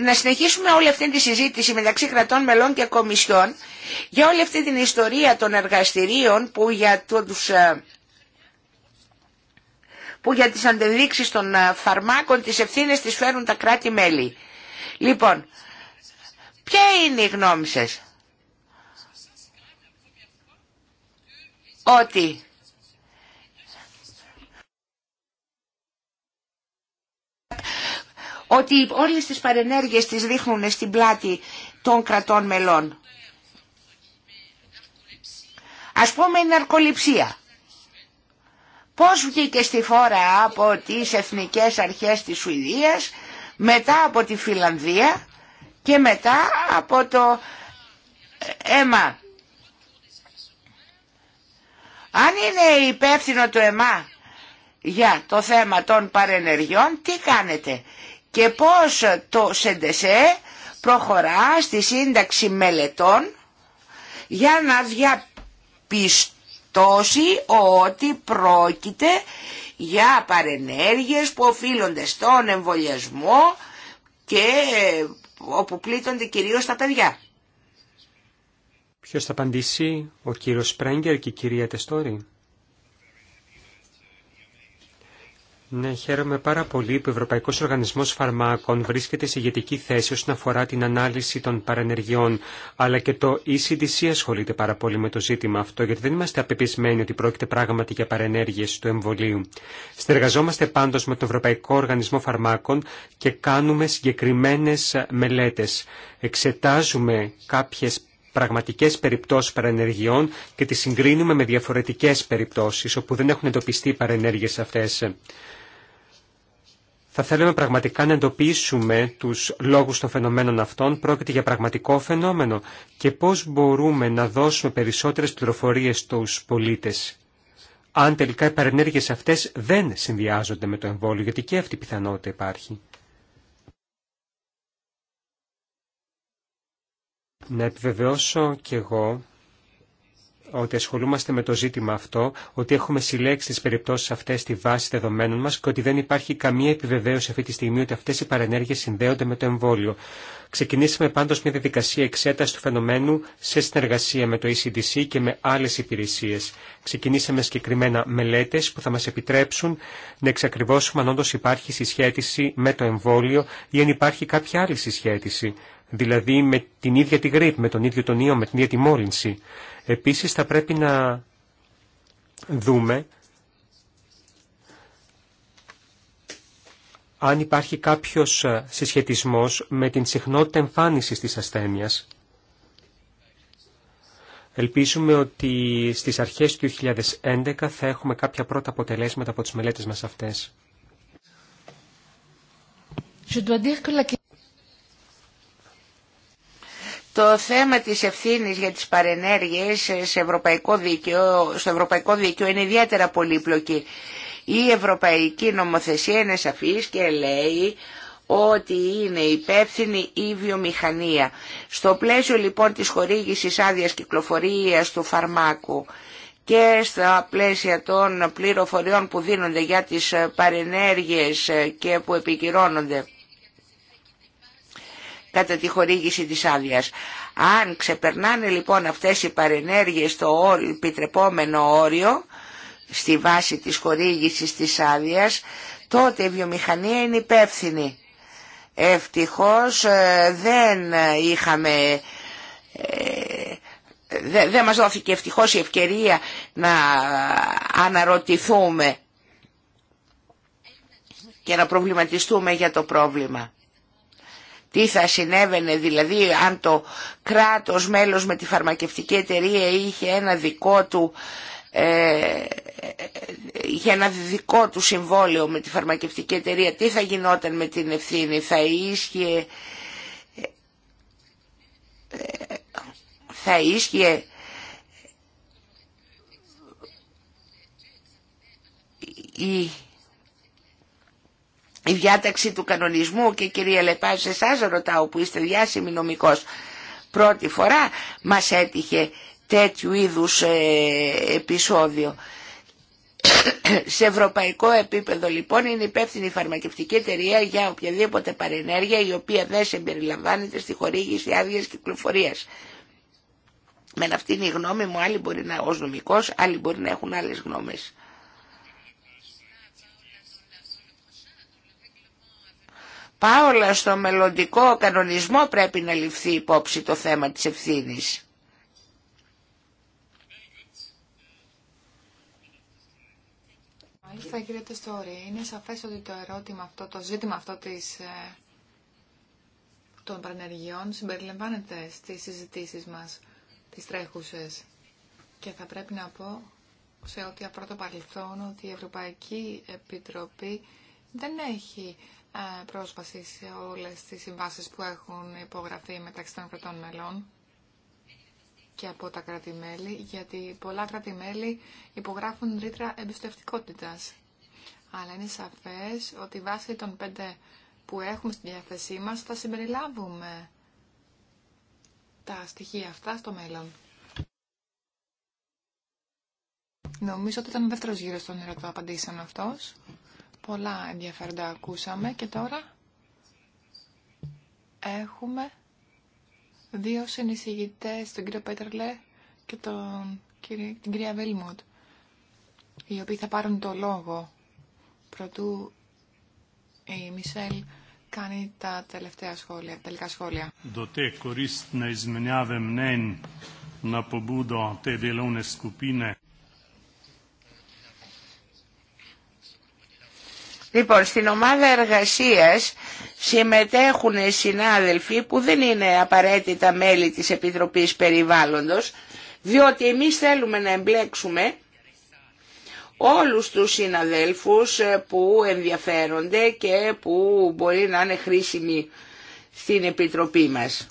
να συνεχίσουμε όλη αυτή τη συζήτηση μεταξύ κρατών μελών και κομισιών για όλη αυτή την ιστορία των εργαστηρίων που για τους ε, που για τις αντεδείξεις των ε, φαρμάκων τις ευθύνες τις φέρουν τα κράτη-μέλη. Λοιπόν, ποια είναι η γνώμη σας? Ότι ότι όλες τις παρενέργειες τις δείχνουν στην πλάτη των κρατών μελών. Ας πούμε η ναρκοληψία πώς βγήκε στη φόρα από τις εθνικές αρχές της Σουηδίας, μετά από τη Φιλανδία και μετά από το ΕΜΑ. Αν είναι υπεύθυνο το ΕΜΑ για το θέμα των παρενεργειών, τι κάνετε και πώς το ΣΕΝΤΕΣΕ προχωρά στη σύνταξη μελετών για να διαπιστώσει τόση ότι πρόκειται για παρενέργειες που οφείλονται στον εμβολιασμό και όπου πλήττονται κυρίως τα παιδιά. Ποιος θα απαντήσει, ο κύριος Σπρέγκερ και η κυρία Τεστόρη. Ναι, χαίρομαι πάρα πολύ που ο Ευρωπαϊκός Οργανισμός Φαρμάκων βρίσκεται σε ηγετική θέση όσον αφορά την ανάλυση των παρενεργειών, αλλά και το ECDC ασχολείται πάρα πολύ με το ζήτημα αυτό, γιατί δεν είμαστε απεπισμένοι ότι πρόκειται πράγματι για παρενέργειες του εμβολίου. Στεργαζόμαστε πάντως με τον Ευρωπαϊκό Οργανισμό Φαρμάκων και κάνουμε συγκεκριμένες μελέτες. Εξετάζουμε κάποιες πραγματικές περιπτώσεις παρενεργειών και τις συγκρίνουμε με διαφορετικές περιπτώσεις όπου δεν έχουν εντοπιστεί παρενέργειες αυτές. Θα θέλαμε πραγματικά να εντοπίσουμε τους λόγους των φαινομένων αυτών. Πρόκειται για πραγματικό φαινόμενο και πώς μπορούμε να δώσουμε περισσότερες πληροφορίες στους πολίτες. Αν τελικά οι παρενέργειες αυτές δεν συνδυάζονται με το εμβόλιο, γιατί και αυτή η πιθανότητα υπάρχει. Να επιβεβαιώσω κι εγώ ότι ασχολούμαστε με το ζήτημα αυτό, ότι έχουμε συλλέξει τις περιπτώσεις αυτές στη βάση δεδομένων μας και ότι δεν υπάρχει καμία επιβεβαίωση αυτή τη στιγμή ότι αυτές οι παρενέργειες συνδέονται με το εμβόλιο. Ξεκινήσαμε πάντως μια διαδικασία εξέταση του φαινομένου σε συνεργασία με το ECDC και με άλλες υπηρεσίες. Ξεκινήσαμε συγκεκριμένα μελέτες που θα μας επιτρέψουν να εξακριβώσουμε αν όντως υπάρχει συσχέτιση με το εμβόλιο ή αν υπάρχει κάποια άλλη συσχέτιση δηλαδή με την ίδια τη γρήπη, με τον ίδιο τον ιό, με την ίδια τη μόλυνση. Επίσης θα πρέπει να δούμε αν υπάρχει κάποιος ε, συσχετισμός με την συχνότητα εμφάνισης της ασθένειας. Ελπίζουμε ότι στις αρχές του 2011 θα έχουμε κάποια πρώτα αποτελέσματα από τις μελέτες μας αυτές. Το θέμα της ευθύνης για τις παρενέργειες στο ευρωπαϊκό δίκαιο είναι ιδιαίτερα πολύπλοκη. Η ευρωπαϊκή νομοθεσία είναι και λέει ότι είναι υπεύθυνη η βιομηχανία. Στο πλαίσιο λοιπόν της χορήγησης άδεια κυκλοφορίας του φαρμάκου και στα πλαίσια των πληροφοριών που δίνονται για τις παρενέργειες και που επικυρώνονται κατά τη χορήγηση της άδειας. Αν ξεπερνάνε λοιπόν αυτές οι παρενέργειες το επιτρεπόμενο όριο, στη βάση της χορήγησης της άδεια, τότε η βιομηχανία είναι υπεύθυνη. Ευτυχώς ε, δεν είχαμε... Ε, δεν μας δόθηκε ευτυχώς η ευκαιρία να αναρωτηθούμε και να προβληματιστούμε για το πρόβλημα. Τι θα συνέβαινε δηλαδή αν το κράτος μέλος με τη φαρμακευτική εταιρεία είχε ένα δικό του, ε, ένα δικό του συμβόλαιο με τη φαρμακευτική εταιρεία, τι θα γινόταν με την ευθύνη, θα ίσχυε, ε, θα ίσχυε η η διάταξη του κανονισμού και κυρία Λεπάζ σε εσάς ρωτάω που είστε διάσημοι νομικός πρώτη φορά μας έτυχε τέτοιου είδους ε, επεισόδιο. (coughs) Σε ευρωπαϊκό επίπεδο λοιπόν είναι υπεύθυνη η φαρμακευτική εταιρεία για οποιαδήποτε παρενέργεια η οποία δεν συμπεριλαμβάνεται στη χορήγηση άδειας κυκλοφορίας. Με αυτήν η γνώμη μου άλλοι μπορεί να, ως νομικός, άλλοι μπορεί να έχουν άλλες γνώμες. Πάολα στο μελλοντικό κανονισμό πρέπει να ληφθεί υπόψη το θέμα της ευθύνης. Μάλιστα κύριε Τεστόρη, είναι σαφές ότι το ερώτημα αυτό, το ζήτημα αυτό της, ε, των πανεργειών συμπεριλαμβάνεται στις συζητήσεις μας, τις τρέχουσες. Και θα πρέπει να πω σε ό,τι το παρελθόν ότι η Ευρωπαϊκή Επιτροπή δεν έχει ε, πρόσβαση σε όλες τις συμβάσεις που έχουν υπογραφεί μεταξύ των κρατών μελών και από τα κρατημέλη γιατί πολλά κρατημέλη ρήτρα εμπιστευτικότητας. Αλλά είναι σαφές ότι βάσει των πέντε που έχουμε στη διάθεσή μας θα συμπεριλάβουμε τα στοιχεία αυτά στο μέλλον. Νομίζω ότι ήταν ο δεύτερος γύρος των ερωτών απαντήσαν αυτός. Πολλά ενδιαφέροντα ακούσαμε και τώρα έχουμε δύο συνεισηγητές, τον κύριο Πέτρελε και τον, την κυρία Βέλμοντ, οι οποίοι θα πάρουν το λόγο προτού η Μισελ κάνει τα τελευταία σχόλια, τα τελικά σχόλια. Λοιπόν, στην ομάδα εργασίας συμμετέχουν συνάδελφοι που δεν είναι απαραίτητα μέλη της Επιτροπής Περιβάλλοντος, διότι εμείς θέλουμε να εμπλέξουμε όλους τους συναδέλφους που ενδιαφέρονται και που μπορεί να είναι χρήσιμοι στην Επιτροπή μας.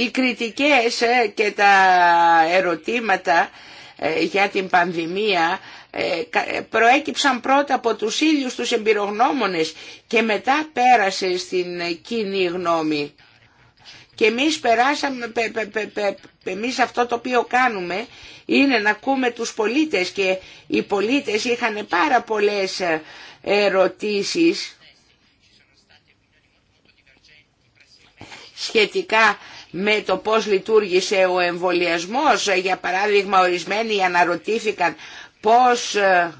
Οι κριτικές ε, και τα ερωτήματα ε, για την πανδημία ε, προέκυψαν πρώτα από τους ίδιους τους εμπειρογνώμονες και μετά πέρασε στην κοινή γνώμη. Και εμείς, περάσαμε, πε, αυτό το οποίο κάνουμε είναι να ακούμε τους πολίτες και οι πολίτες είχαν πάρα πολλές ερωτήσεις σχετικά με το πώς λειτουργήσε ο εμβολιασμός. Για παράδειγμα ορισμένοι αναρωτήθηκαν πώς ε,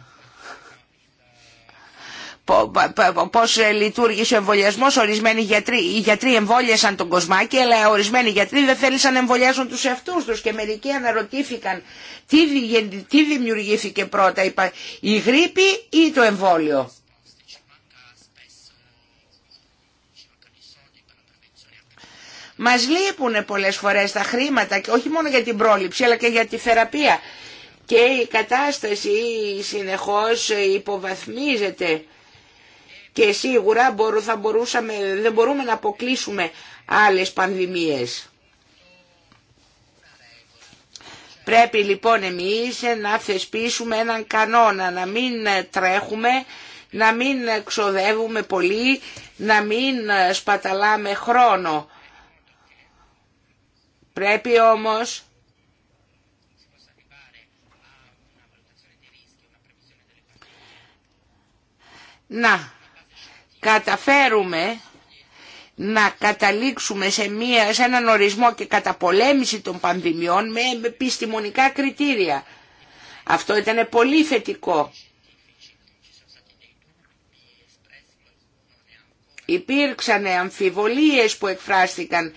πώ ε, λειτουργήσε ο εμβολιασμό. Ορισμένοι γιατροί, οι γιατροί εμβόλιασαν τον κοσμάκι, αλλά ορισμένοι γιατροί δεν θέλησαν να εμβολιάσουν του εαυτού του. Και μερικοί αναρωτήθηκαν τι, τι δημιουργήθηκε πρώτα, η γρήπη ή το εμβόλιο. Μας λείπουν πολλές φορές τα χρήματα, όχι μόνο για την πρόληψη αλλά και για τη θεραπεία. Και η κατάσταση συνεχώς υποβαθμίζεται και σίγουρα θα μπορούσαμε, δεν μπορούμε να αποκλείσουμε άλλες πανδημίες. Πρέπει λοιπόν εμείς να θεσπίσουμε έναν κανόνα, να μην τρέχουμε, να μην ξοδεύουμε πολύ, να μην σπαταλάμε χρόνο. Πρέπει όμως να καταφέρουμε να καταλήξουμε σε, μία, σε έναν ορισμό και καταπολέμηση των πανδημιών με επιστημονικά κριτήρια. Αυτό ήταν πολύ θετικό. Υπήρξαν αμφιβολίες που εκφράστηκαν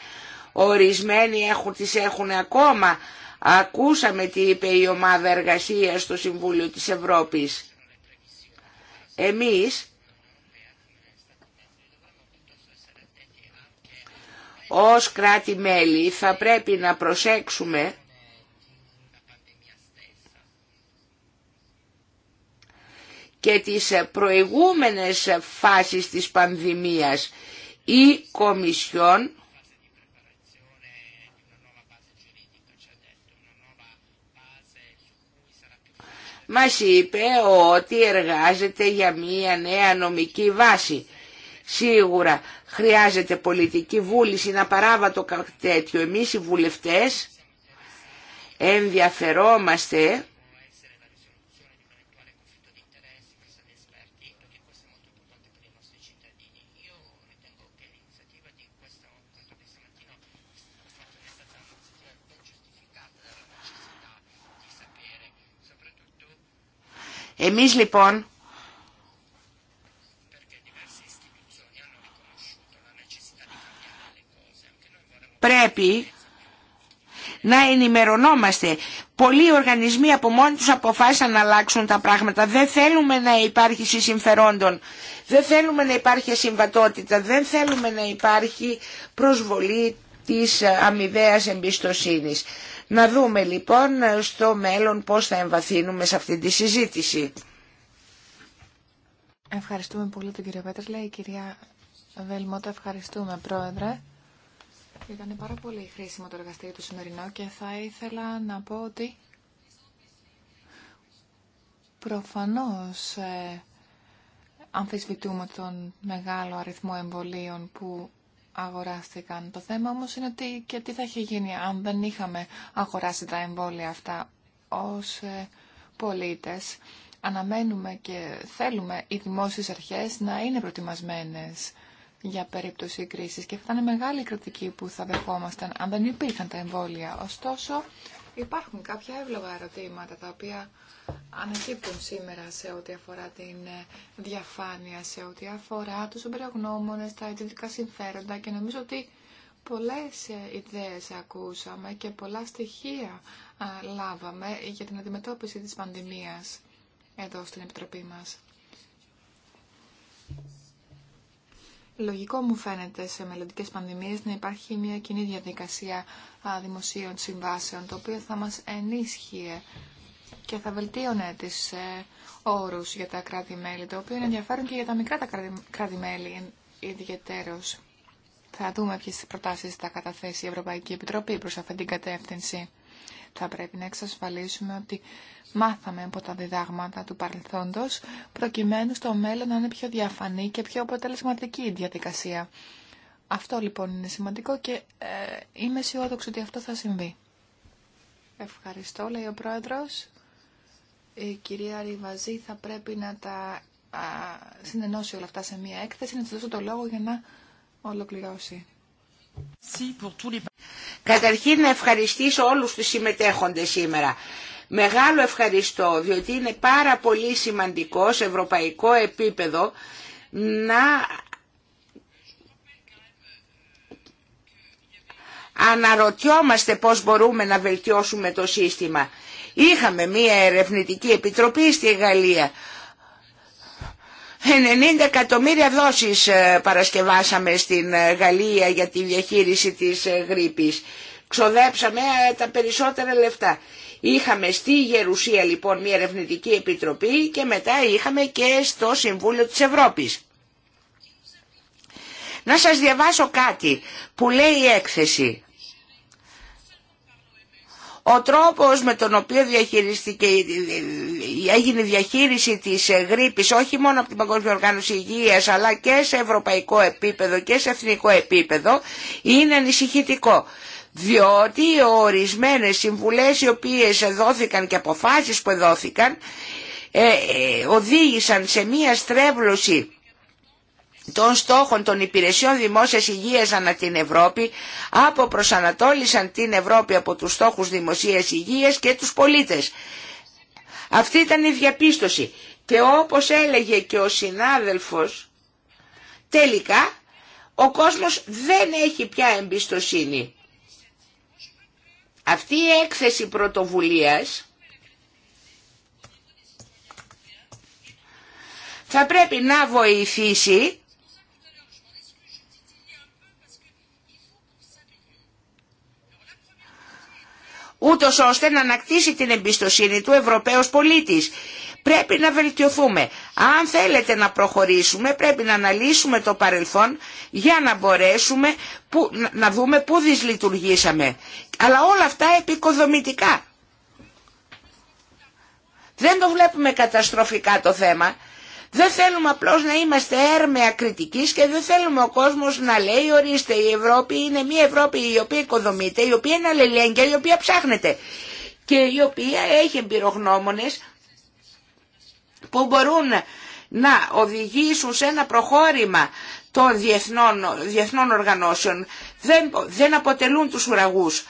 Ορισμένοι έχουν, τις έχουν ακόμα. Ακούσαμε τι είπε η ομάδα εργασίας στο Συμβούλιο της Ευρώπης. Εμείς ως κράτη-μέλη θα πρέπει να προσέξουμε και τις προηγούμενες φάσεις της πανδημίας. Η Κομισιόν μας είπε ότι εργάζεται για μία νέα νομική βάση. Σίγουρα χρειάζεται πολιτική βούληση να παράβα το τέτοιο. Εμείς οι βουλευτές ενδιαφερόμαστε Εμείς λοιπόν πρέπει να ενημερωνόμαστε. Πολλοί οργανισμοί από μόνοι τους αποφάσισαν να αλλάξουν τα πράγματα. Δεν θέλουμε να υπάρχει συμφερόντων, δεν θέλουμε να υπάρχει συμβατότητα, δεν θέλουμε να υπάρχει προσβολή της αμοιβαίας εμπιστοσύνης. Να δούμε λοιπόν στο μέλλον πώς θα εμβαθύνουμε σε αυτή τη συζήτηση. Ευχαριστούμε πολύ τον κύριο Πέτρελα. Η κυρία Βελμότα, ευχαριστούμε πρόεδρε. Ήταν πάρα πολύ χρήσιμο το εργαστήριο του σημερινό και θα ήθελα να πω ότι προφανώς ε, αμφισβητούμε τον μεγάλο αριθμό εμβολίων που αγοράστηκαν. Το θέμα όμως είναι ότι και τι θα είχε γίνει αν δεν είχαμε αγοράσει τα εμβόλια αυτά ως ε, πολίτες. Αναμένουμε και θέλουμε οι δημόσιες αρχές να είναι προετοιμασμένες για περίπτωση κρίσης και θα είναι μεγάλη κριτική που θα δεχόμασταν αν δεν υπήρχαν τα εμβόλια. Ωστόσο, Υπάρχουν κάποια εύλογα ερωτήματα τα οποία ανακύπτουν σήμερα σε ό,τι αφορά την ε, διαφάνεια, σε ό,τι αφορά τους εμπειρογνώμονες, τα ειδικά συμφέροντα και νομίζω ότι πολλές ε, ιδέες ακούσαμε και πολλά στοιχεία λάβαμε για την αντιμετώπιση της πανδημίας εδώ στην Επιτροπή μας. Λογικό μου φαίνεται σε μελλοντικές πανδημίες να υπάρχει μια κοινή διαδικασία δημοσίων συμβάσεων, το οποίο θα μας ενίσχυε και θα βελτίωνε τις ε, όρους για τα κράτη-μέλη, το οποίο είναι ενδιαφέρον και για τα μικρά τα κράτη-μέλη ιδιαιτέρως. Θα δούμε ποιες προτάσεις θα καταθέσει η Ευρωπαϊκή Επιτροπή προς αυτήν την κατεύθυνση. Θα πρέπει να εξασφαλίσουμε ότι μάθαμε από τα διδάγματα του παρελθόντος, προκειμένου στο μέλλον να είναι πιο διαφανή και πιο αποτελεσματική η διαδικασία. Αυτό λοιπόν είναι σημαντικό και ε, είμαι αισιόδοξη ότι αυτό θα συμβεί. Ευχαριστώ, λέει ο Πρόεδρος. Η κυρία Ριβαζή θα πρέπει να τα α, συνενώσει όλα αυτά σε μία έκθεση, να της δώσω το λόγο για να ολοκληρώσει. Καταρχήν να ευχαριστήσω όλους τους συμμετέχοντες σήμερα. Μεγάλο ευχαριστώ, διότι είναι πάρα πολύ σημαντικό σε ευρωπαϊκό επίπεδο να αναρωτιόμαστε πώς μπορούμε να βελτιώσουμε το σύστημα. Είχαμε μία ερευνητική επιτροπή στη Γαλλία 90 εκατομμύρια δόσεις ε, παρασκευάσαμε στην ε, Γαλλία για τη διαχείριση της ε, γρήπης. Ξοδέψαμε τα περισσότερα λεφτά. Είχαμε στη Γερουσία λοιπόν μια ερευνητική επιτροπή και μετά είχαμε και στο Συμβούλιο της Ευρώπης. Να σας διαβάσω κάτι που λέει η έκθεση. Ο τρόπος με τον οποίο διαχειριστήκε, έγινε η διαχείριση της γρήπης όχι μόνο από την Παγκόσμια Οργάνωση Υγείας αλλά και σε ευρωπαϊκό επίπεδο και σε εθνικό επίπεδο είναι ανησυχητικό. Διότι ορισμένες συμβουλές οι οποίες δόθηκαν και αποφάσεις που δόθηκαν ε, ε, οδήγησαν σε μία στρέβλωση των στόχων των υπηρεσιών δημόσιας υγείας ανά την Ευρώπη από προσανατόλισαν την Ευρώπη από τους στόχους δημοσίας υγείας και τους πολίτες. Αυτή ήταν η διαπίστωση και όπως έλεγε και ο συνάδελφος τελικά ο κόσμος δεν έχει πια εμπιστοσύνη. Αυτή η έκθεση πρωτοβουλίας θα πρέπει να βοηθήσει ούτω ώστε να ανακτήσει την εμπιστοσύνη του Ευρωπαίος πολίτης. Πρέπει να βελτιωθούμε. Αν θέλετε να προχωρήσουμε πρέπει να αναλύσουμε το παρελθόν για να μπορέσουμε να δούμε πού δυσλειτουργήσαμε. Αλλά όλα αυτά επικοδομητικά. Δεν το βλέπουμε καταστροφικά το θέμα. Δεν θέλουμε απλώς να είμαστε έρμεα κριτικής και δεν θέλουμε ο κόσμος να λέει ορίστε η Ευρώπη είναι μια Ευρώπη η οποία οικοδομείται, η οποία είναι αλληλέγγυα, η οποία ψάχνεται και η οποία έχει εμπειρογνώμονες που μπορούν να οδηγήσουν σε ένα προχώρημα των διεθνών, διεθνών οργανώσεων. Δεν, δεν αποτελούν τους ουραγούς.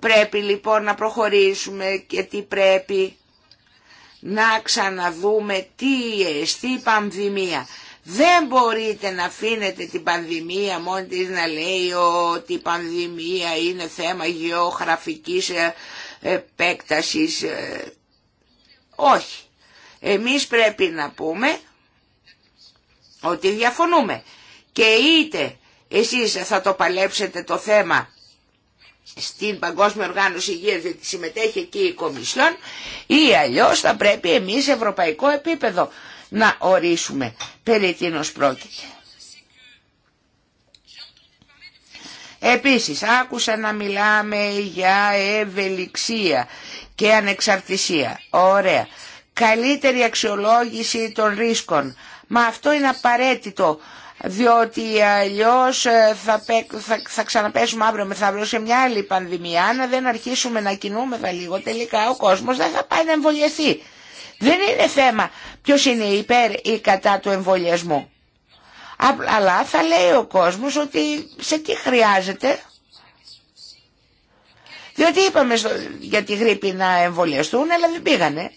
Πρέπει λοιπόν να προχωρήσουμε και τι πρέπει να ξαναδούμε τι εστί πανδημία. Δεν μπορείτε να αφήνετε την πανδημία μόνη της να λέει ότι η πανδημία είναι θέμα γεωγραφικής ε, επέκτασης. Ε, όχι. Εμείς πρέπει να πούμε ότι διαφωνούμε. Και είτε εσείς θα το παλέψετε το θέμα στην Παγκόσμια Οργάνωση Υγείας διότι συμμετέχει εκεί η Κομισιόν ή αλλιώς θα πρέπει εμείς ευρωπαϊκό επίπεδο να ορίσουμε περί τίνος πρόκειται. Επίσης άκουσα να μιλάμε για ευελιξία και ανεξαρτησία. Ωραία. Καλύτερη αξιολόγηση των ρίσκων. Μα αυτό είναι απαραίτητο διότι αλλιώς ε, θα, θα, θα ξαναπέσουμε αύριο μεθαύριο σε μια άλλη πανδημία. Αν δεν αρχίσουμε να θα λίγο, τελικά ο κόσμος δεν θα πάει να εμβολιαστεί. Δεν είναι θέμα ποιος είναι υπέρ ή κατά του εμβολιασμού. Αλλά θα λέει ο κόσμος ότι σε τι χρειάζεται. Διότι είπαμε για τη γρήπη να εμβολιαστούν, αλλά δεν πήγανε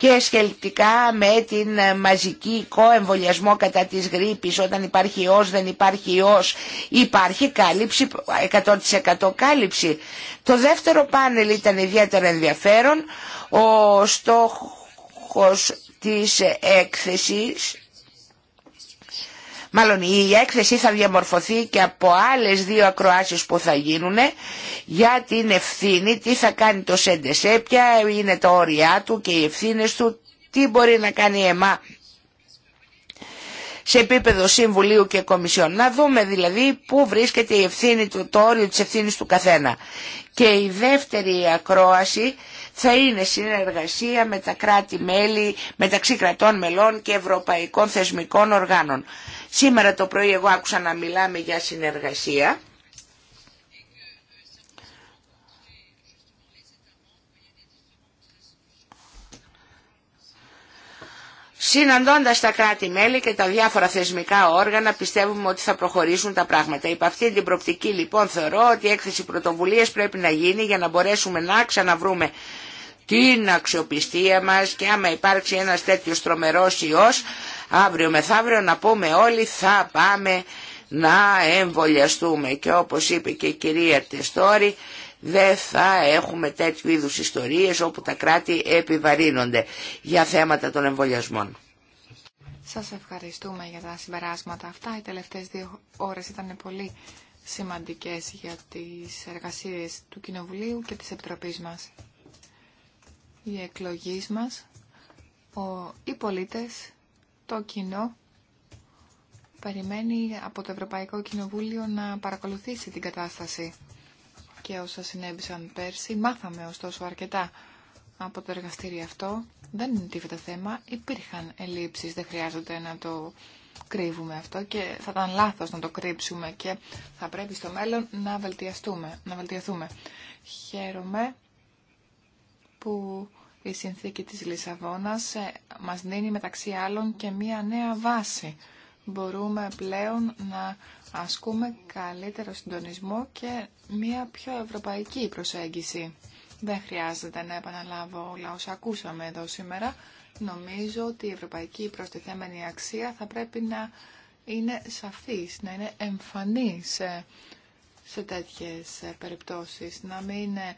και σχετικά με την ε, μαζική κοεμβολιασμό κατά της γρήπης, όταν υπάρχει ιός, δεν υπάρχει ιός, υπάρχει κάλυψη, 100% κάλυψη. Το δεύτερο πάνελ ήταν ιδιαίτερα ενδιαφέρον, ο στόχος της έκθεσης μάλλον η έκθεση θα διαμορφωθεί και από άλλες δύο ακροάσεις που θα γίνουν για την ευθύνη, τι θα κάνει το ΣΕΝΤΕΣΕ, ποια είναι τα όρια του και οι ευθύνε του, τι μπορεί να κάνει ΕΜΑ σε επίπεδο Συμβουλίου και Κομισιόν. Να δούμε δηλαδή πού βρίσκεται η ευθύνη του, το όριο της ευθύνης του καθένα. Και η δεύτερη ακρόαση θα είναι συνεργασία με τα κράτη-μέλη, μεταξύ κρατών μελών και ευρωπαϊκών θεσμικών οργάνων. Σήμερα το πρωί εγώ άκουσα να μιλάμε για συνεργασία. Συναντώντας τα κράτη-μέλη και τα διάφορα θεσμικά όργανα πιστεύουμε ότι θα προχωρήσουν τα πράγματα. Υπ' αυτή την προπτική λοιπόν θεωρώ ότι η έκθεση πρωτοβουλίας πρέπει να γίνει για να μπορέσουμε να ξαναβρούμε την αξιοπιστία μας και άμα υπάρξει ένας τέτοιος τρομερός ιός αύριο μεθαύριο να πούμε όλοι θα πάμε να εμβολιαστούμε και όπως είπε και η κυρία Τεστόρη δεν θα έχουμε τέτοιου είδους ιστορίες όπου τα κράτη επιβαρύνονται για θέματα των εμβολιασμών. Σας ευχαριστούμε για τα συμπεράσματα αυτά. Οι τελευταίες δύο ώρες ήταν πολύ σημαντικές για τις εργασίες του Κοινοβουλίου και της Επιτροπής μας. Οι εκλογείς μας, οι πολίτες το κοινό περιμένει από το Ευρωπαϊκό Κοινοβούλιο να παρακολουθήσει την κατάσταση. Και όσα συνέβησαν πέρσι, μάθαμε ωστόσο αρκετά από το εργαστήριο αυτό. Δεν είναι τίποτα θέμα. Υπήρχαν ελλείψεις, δεν χρειάζεται να το κρύβουμε αυτό και θα ήταν λάθος να το κρύψουμε και θα πρέπει στο μέλλον να βελτιαστούμε, να βελτιωθούμε. Χαίρομαι που η συνθήκη της Λισαβόνας ε, μας δίνει μεταξύ άλλων και μία νέα βάση. Μπορούμε πλέον να ασκούμε καλύτερο συντονισμό και μία πιο ευρωπαϊκή προσέγγιση. Δεν χρειάζεται να επαναλάβω όλα όσα ακούσαμε εδώ σήμερα. Νομίζω ότι η ευρωπαϊκή προστιθέμενη αξία θα πρέπει να είναι σαφής, να είναι εμφανής ε, σε τέτοιες ε, περιπτώσεις, να μην είναι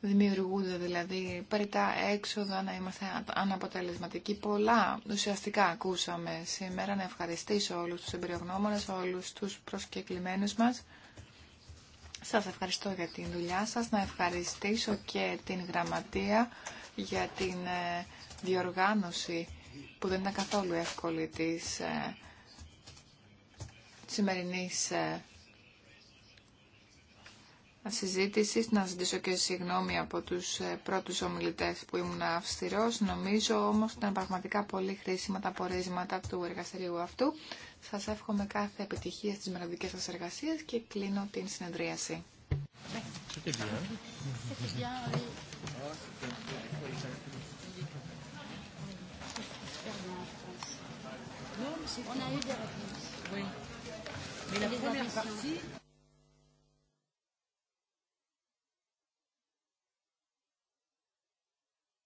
δημιουργούνται δηλαδή παρετά έξοδα, να είμαστε αναποτελεσματικοί. Πολλά ουσιαστικά ακούσαμε σήμερα να ευχαριστήσω όλους τους εμπειρογνώμονες, όλους τους προσκεκλημένους μας. Σας ευχαριστώ για την δουλειά σας, να ευχαριστήσω και την γραμματεία για την ε, διοργάνωση που δεν είναι καθόλου εύκολη της ε, σημερινής ε, συζήτησης, να ζητήσω και συγγνώμη από τους ε, πρώτους ομιλητές που ήμουν αυστηρός. Νομίζω όμως ότι ήταν πραγματικά πολύ χρήσιμα τα πορίσματα του εργαστηρίου αυτού. Σας εύχομαι κάθε επιτυχία στις μελλοντικές εργασίες και κλείνω την συνεδρίαση. On a eu des réponses. Oui. Mais la première